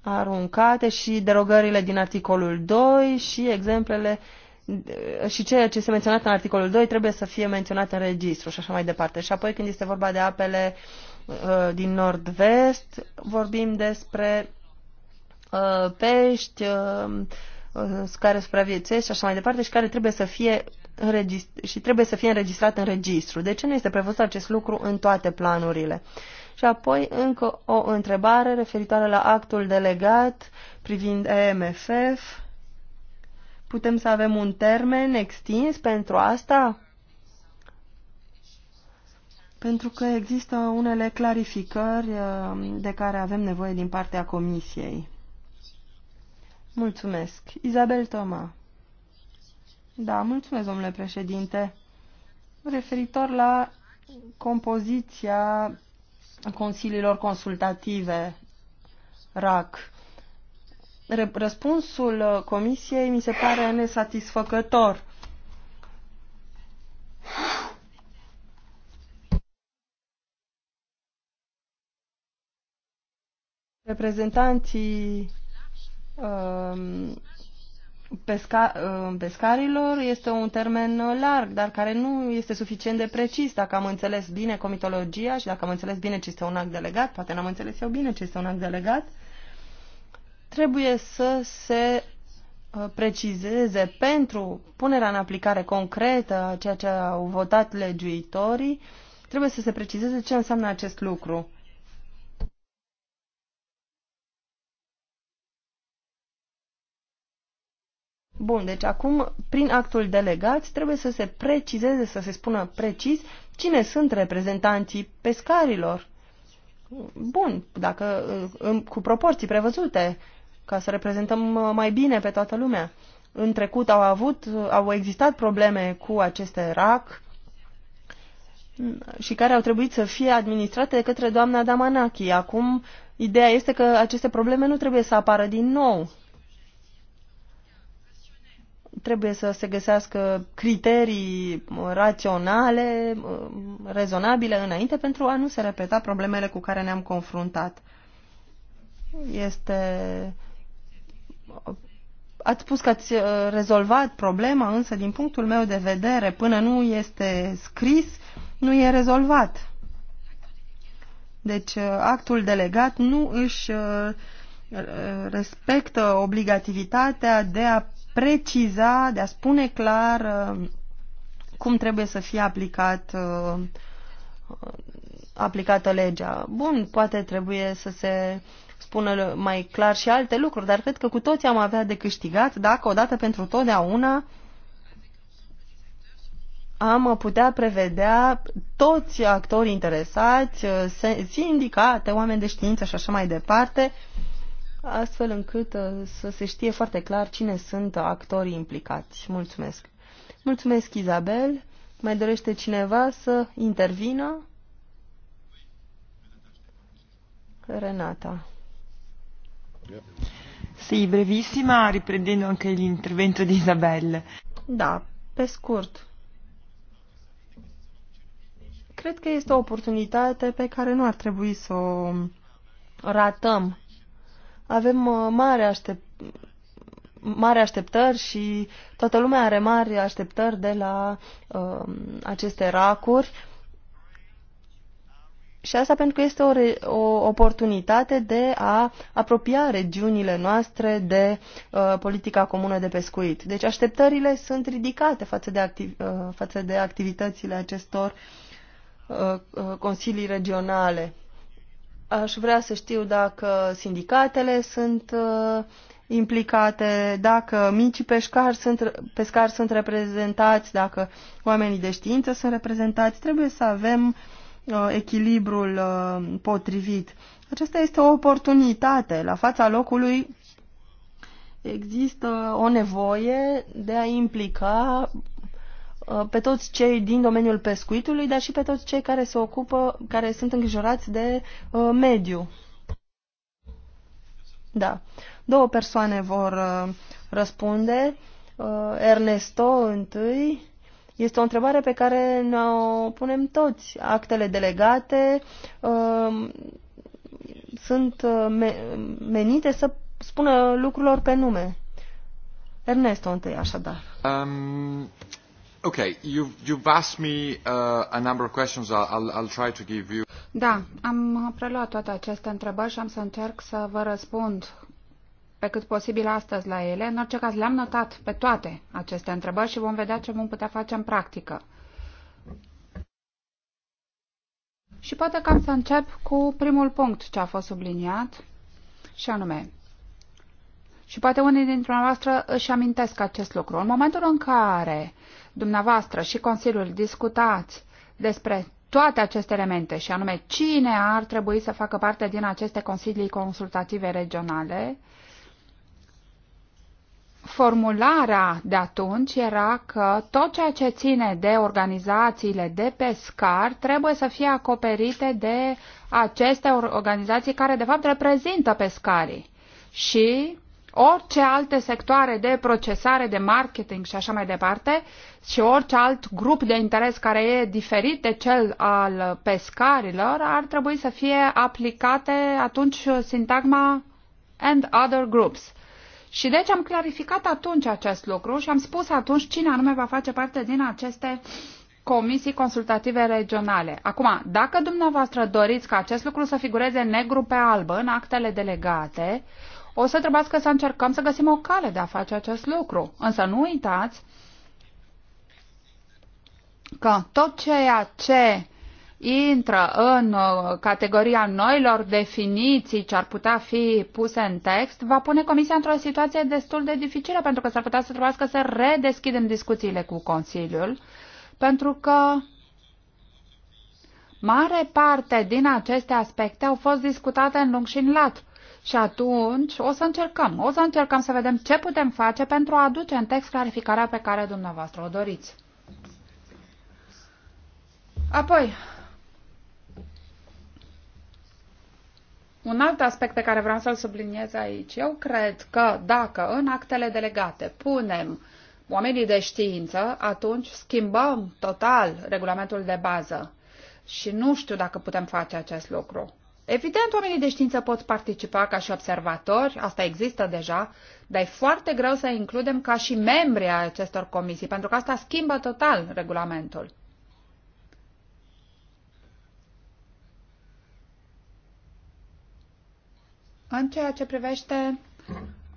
aruncate și derogările din articolul 2 și exemplele eh, și ceea ce este menționat în articolul 2 trebuie să fie menționat în registru și așa mai departe. Și apoi când este vorba de apele uh, din nord-vest, vorbim despre uh, pești uh, care supraviețuiesc și așa mai departe și care trebuie să fie și trebuie să fie înregistrat în registru. De ce nu este prevăzut acest lucru în toate planurile? Și apoi încă o întrebare referitoare la actul delegat privind EMFF. Putem să avem un termen extins pentru asta? Pentru că există unele clarificări uh, de care avem nevoie din partea Comisiei. Mulțumesc. Isabel Toma. Da, mulțumesc, domnule președinte. Referitor la compoziția consiliilor consultative RAC, răspunsul comisiei mi se pare nesatisfăcător. Reprezentanții um, pesca, uh, pescarilor este un termen uh, larg, dar care nu este suficient de precis. Dacă am înțeles bine comitologia și dacă am înțeles bine ce este un act delegat, poate n-am înțeles eu bine ce este un act delegat, trebuie să se uh, precizeze pentru punerea în aplicare concretă a ceea ce au votat legiuitorii, trebuie să se precizeze ce înseamnă acest lucru. Bun, deci acum, prin actul delegat, trebuie să se precizeze, să se spună precis cine sunt reprezentanții pescarilor. Bun, dacă cu proporții prevăzute, ca să reprezentăm uh, mai bine pe toată lumea. În trecut au avut, uh, au existat probleme cu aceste RAC mm, și care au trebuit să fie administrate de către doamna Damanachi. Acum, ideea este că aceste probleme nu trebuie să apară din nou trebuie să se găsească criterii raționale, rezonabile înainte pentru a nu se repeta problemele cu care ne-am confruntat. Este... Ați spus că ați uh, rezolvat problema, însă din punctul meu de vedere, până nu este scris, nu e rezolvat. Deci uh, actul delegat nu își uh, respectă obligativitatea de a preciza, de a spune clar uh, cum trebuie să fie aplicat, uh, uh, aplicată legea. Bun, poate trebuie să se spună mai clar și alte lucruri, dar cred că cu toți am avea de câștigat dacă odată pentru totdeauna am putea prevedea toți actorii interesați, sindicate, oameni de știință și așa mai departe, astfel încât uh, să se știe foarte clar cine sunt actorii implicați. Mulțumesc. Mulțumesc, Izabel. Mai dorește cineva să intervină? Renata. Sì, brevissima, riprendendo anche l'intervento di Isabel. Da, pe scurt. Cred că este o oportunitate pe care nu ar trebui să o ratăm avem uh, mare aștept mari așteptări și toată lumea are mari așteptări de la uh, aceste racuri. Și asta pentru că este o, re, o oportunitate de a apropia regiunile noastre de uh, politica comună de pescuit. Deci așteptările sunt ridicate față de, activ, uh, față de activitățile acestor uh, uh, consilii regionale. Aș vrea să știu dacă sindicatele sunt uh, implicate, dacă micii pescari sunt, pescari sunt reprezentați, dacă oamenii de știință sunt reprezentați. Trebuie să avem uh, echilibrul uh, potrivit. Aceasta este o oportunitate. La fața locului există o nevoie de a implica Uh, pe toți cei din domeniul pescuitului, dar și pe toți cei care se ocupă, care sunt îngrijorați de uh, mediu. Da. Două persoane vor uh, răspunde. Uh, Ernesto întâi. Este o întrebare pe care ne-o punem toți. Actele delegate uh, sunt uh, me menite să spună lucrurilor pe nume. Ernesto întâi, așadar. Um... Okay, you've, you've asked me uh, a number of questions. I'll, I'll try to give you. Da, am preluat toate aceste întrebări și am să încerc să vă răspund pe cât posibil astăzi la ele. În orice caz, le-am notat pe toate aceste întrebări și vom vedea ce vom putea face în practică. Și poate că am să încep cu primul punct ce a fost subliniat, și anume, și poate unii dintre noastre își amintesc acest lucru. În momentul în care dumneavoastră și Consiliul discutați despre toate aceste elemente și anume cine ar trebui să facă parte din aceste consilii consultative regionale, formularea de atunci era că tot ceea ce ține de organizațiile de pescar trebuie să fie acoperite de aceste organizații care de fapt reprezintă pescarii. Și orice alte sectoare de procesare, de marketing și așa mai departe și orice alt grup de interes care e diferit de cel al pescarilor ar trebui să fie aplicate atunci sintagma and other groups. Și deci am clarificat atunci acest lucru și am spus atunci cine anume va face parte din aceste comisii consultative regionale. Acum, dacă dumneavoastră doriți ca acest lucru să figureze negru pe albă în actele delegate, uh, o să trebuiască să încercăm să găsim o cale de a face acest lucru. Însă nu uitați că tot ceea ce intră în uh, categoria noilor definiții ce ar putea fi puse în text, va pune Comisia într-o situație destul de dificilă, pentru că s-ar putea să trebuiască să redeschidem discuțiile cu Consiliul, pentru că mare parte din aceste aspecte au fost discutate în lung și în lat și atunci o să încercăm, o să încercăm să vedem ce putem face pentru a aduce în text clarificarea pe care dumneavoastră o doriți. Apoi, Un alt aspect pe care vreau să-l subliniez aici, eu cred că dacă în actele delegate punem oamenii de știință, atunci schimbăm total regulamentul de bază. Și nu știu dacă putem face acest lucru. Evident, oamenii de știință pot participa ca și observatori, asta există deja, dar e foarte greu să includem ca și membri a acestor comisii, pentru că asta schimbă total regulamentul. În ceea ce privește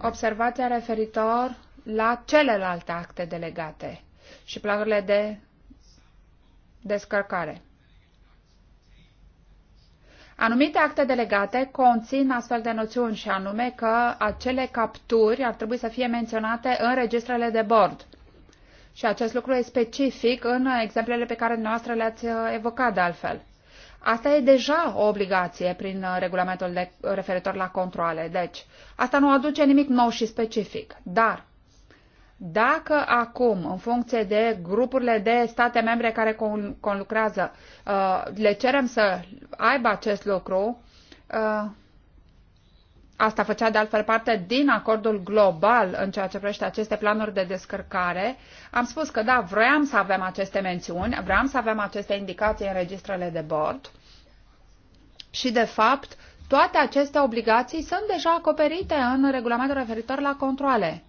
observația referitor la celelalte acte delegate și planurile de descărcare. Anumite acte delegate conțin astfel de noțiuni și anume că acele capturi ar trebui să fie menționate în registrele de bord. Și acest lucru e specific în exemplele pe care dumneavoastră le-ați uh, evocat de altfel. Asta e deja o obligație prin uh, regulamentul de, referitor la controle, deci asta nu aduce nimic nou și specific. Dar dacă acum, în funcție de grupurile de state membre care conlucrează, uh, le cerem să aibă acest lucru, uh, asta făcea de altfel parte din acordul global în ceea ce privește aceste planuri de descărcare, am spus că da, vreau să avem aceste mențiuni, vreau să avem aceste indicații în registrele de bord și, de fapt, toate aceste obligații sunt deja acoperite în regulamentul referitor la controle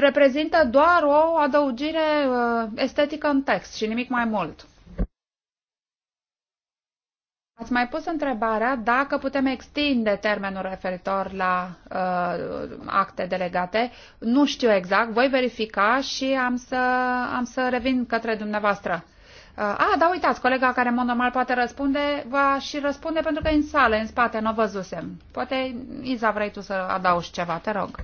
reprezintă doar o adăugire uh, estetică în text și nimic mai mult. Ați mai pus întrebarea dacă putem extinde termenul referitor la uh, acte delegate. Nu știu exact, voi verifica și am să, am să revin către dumneavoastră. Uh, a, da, uitați, colega care, în mod normal, poate răspunde, va și răspunde pentru că e în sală, în spate, nu o văzusem. Poate, Iza, vrei tu să adaugi ceva, te rog.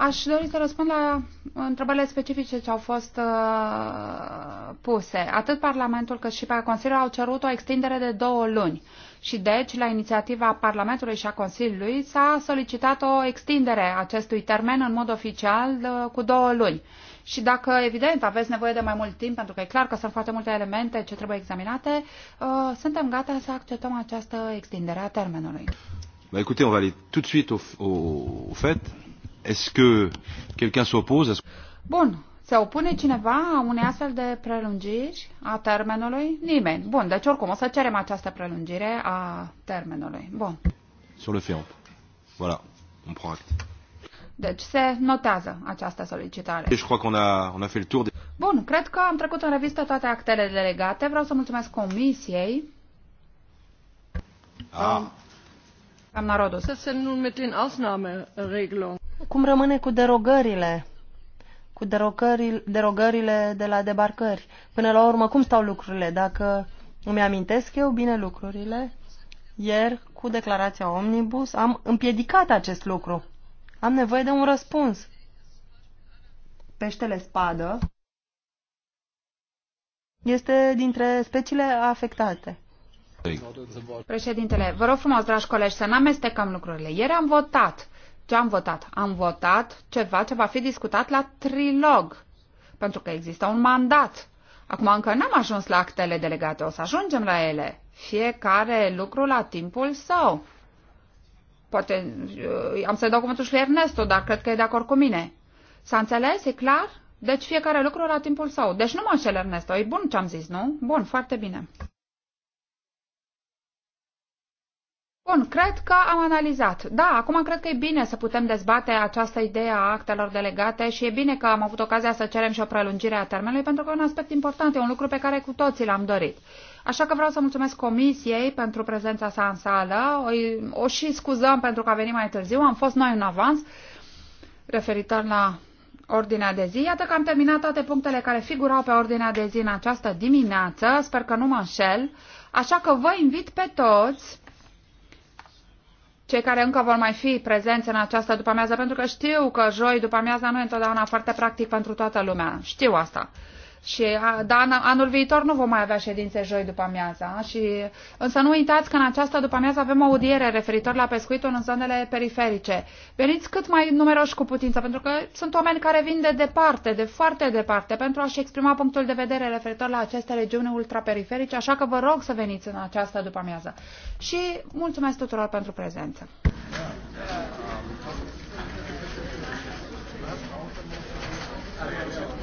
Aș dori să răspund la uh, întrebările specifice ce au fost uh, puse. Atât Parlamentul cât și Consiliul au cerut o extindere de două luni și deci, la inițiativa Parlamentului și a Consiliului, s-a solicitat o extindere a acestui termen în mod oficial uh, cu două luni. Și dacă, evident, aveți nevoie de mai mult timp, pentru că e clar că sunt foarte multe elemente ce trebuie examinate, uh, suntem gata să acceptăm această extindere a termenului. Bah, écoutez, on va aller tout de suite au, au, au fait. Est-ce que quelqu'un s'oppose Bun. Se opune cineva unei astfel de prelungiri a termenului? Nimeni. Bun, deci oricum o să cerem această prelungire a termenului. Bun. Sur le fait. Voilà. On prend acte. Deci se notează această solicitare. Je crois qu'on a, on a fait le tour de... Bun, cred că am trecut în revistă toate actele delegate. Vreau să mulțumesc comisiei. Ah. Am Rodus. Das sind nun în den regulă cum rămâne cu derogările? Cu derogările, derogările de la debarcări. Până la urmă, cum stau lucrurile? Dacă îmi amintesc eu bine lucrurile, ieri, cu declarația Omnibus, am împiedicat acest lucru. Am nevoie de un răspuns. Peștele spadă este dintre speciile afectate. Președintele, vă rog frumos, dragi colegi, să nu amestecăm lucrurile. Ieri am votat ce am votat? Am votat ceva ce va fi discutat la trilog, pentru că există un mandat. Acum încă n-am ajuns la actele delegate, o să ajungem la ele. Fiecare lucru la timpul său. Poate uh, am să-i dau cuvântul și lui Ernesto, dar cred că e de acord cu mine. S-a înțeles? E clar? Deci fiecare lucru la timpul său. Deci nu mă înșel, Ernesto. E bun ce am zis, nu? Bun, foarte bine. Bun, cred că am analizat. Da, acum cred că e bine să putem dezbate această idee a actelor delegate și e bine că am avut ocazia să cerem și o prelungire a termenului pentru că e un aspect important, e un lucru pe care cu toții l-am dorit. Așa că vreau să mulțumesc comisiei pentru prezența sa în sală. O, o și scuzăm pentru că a venit mai târziu. Am fost noi în avans referitor la ordinea de zi. Iată că am terminat toate punctele care figurau pe ordinea de zi în această dimineață. Sper că nu mă înșel. Așa că vă invit pe toți cei care încă vor mai fi prezenți în această după-amiază, pentru că știu că joi după-amiaza nu e întotdeauna foarte practic pentru toată lumea. Știu asta. Și da, anul viitor nu vom mai avea ședințe joi după amiaza. Și, însă nu uitați că în această după amiază avem o audiere referitor la pescuitul în zonele periferice. Veniți cât mai numeroși cu putință, pentru că sunt oameni care vin de departe, de foarte departe, pentru a-și exprima punctul de vedere referitor la aceste regiuni ultraperiferice, așa că vă rog să veniți în această după amiază. Și mulțumesc tuturor pentru prezență. Yeah.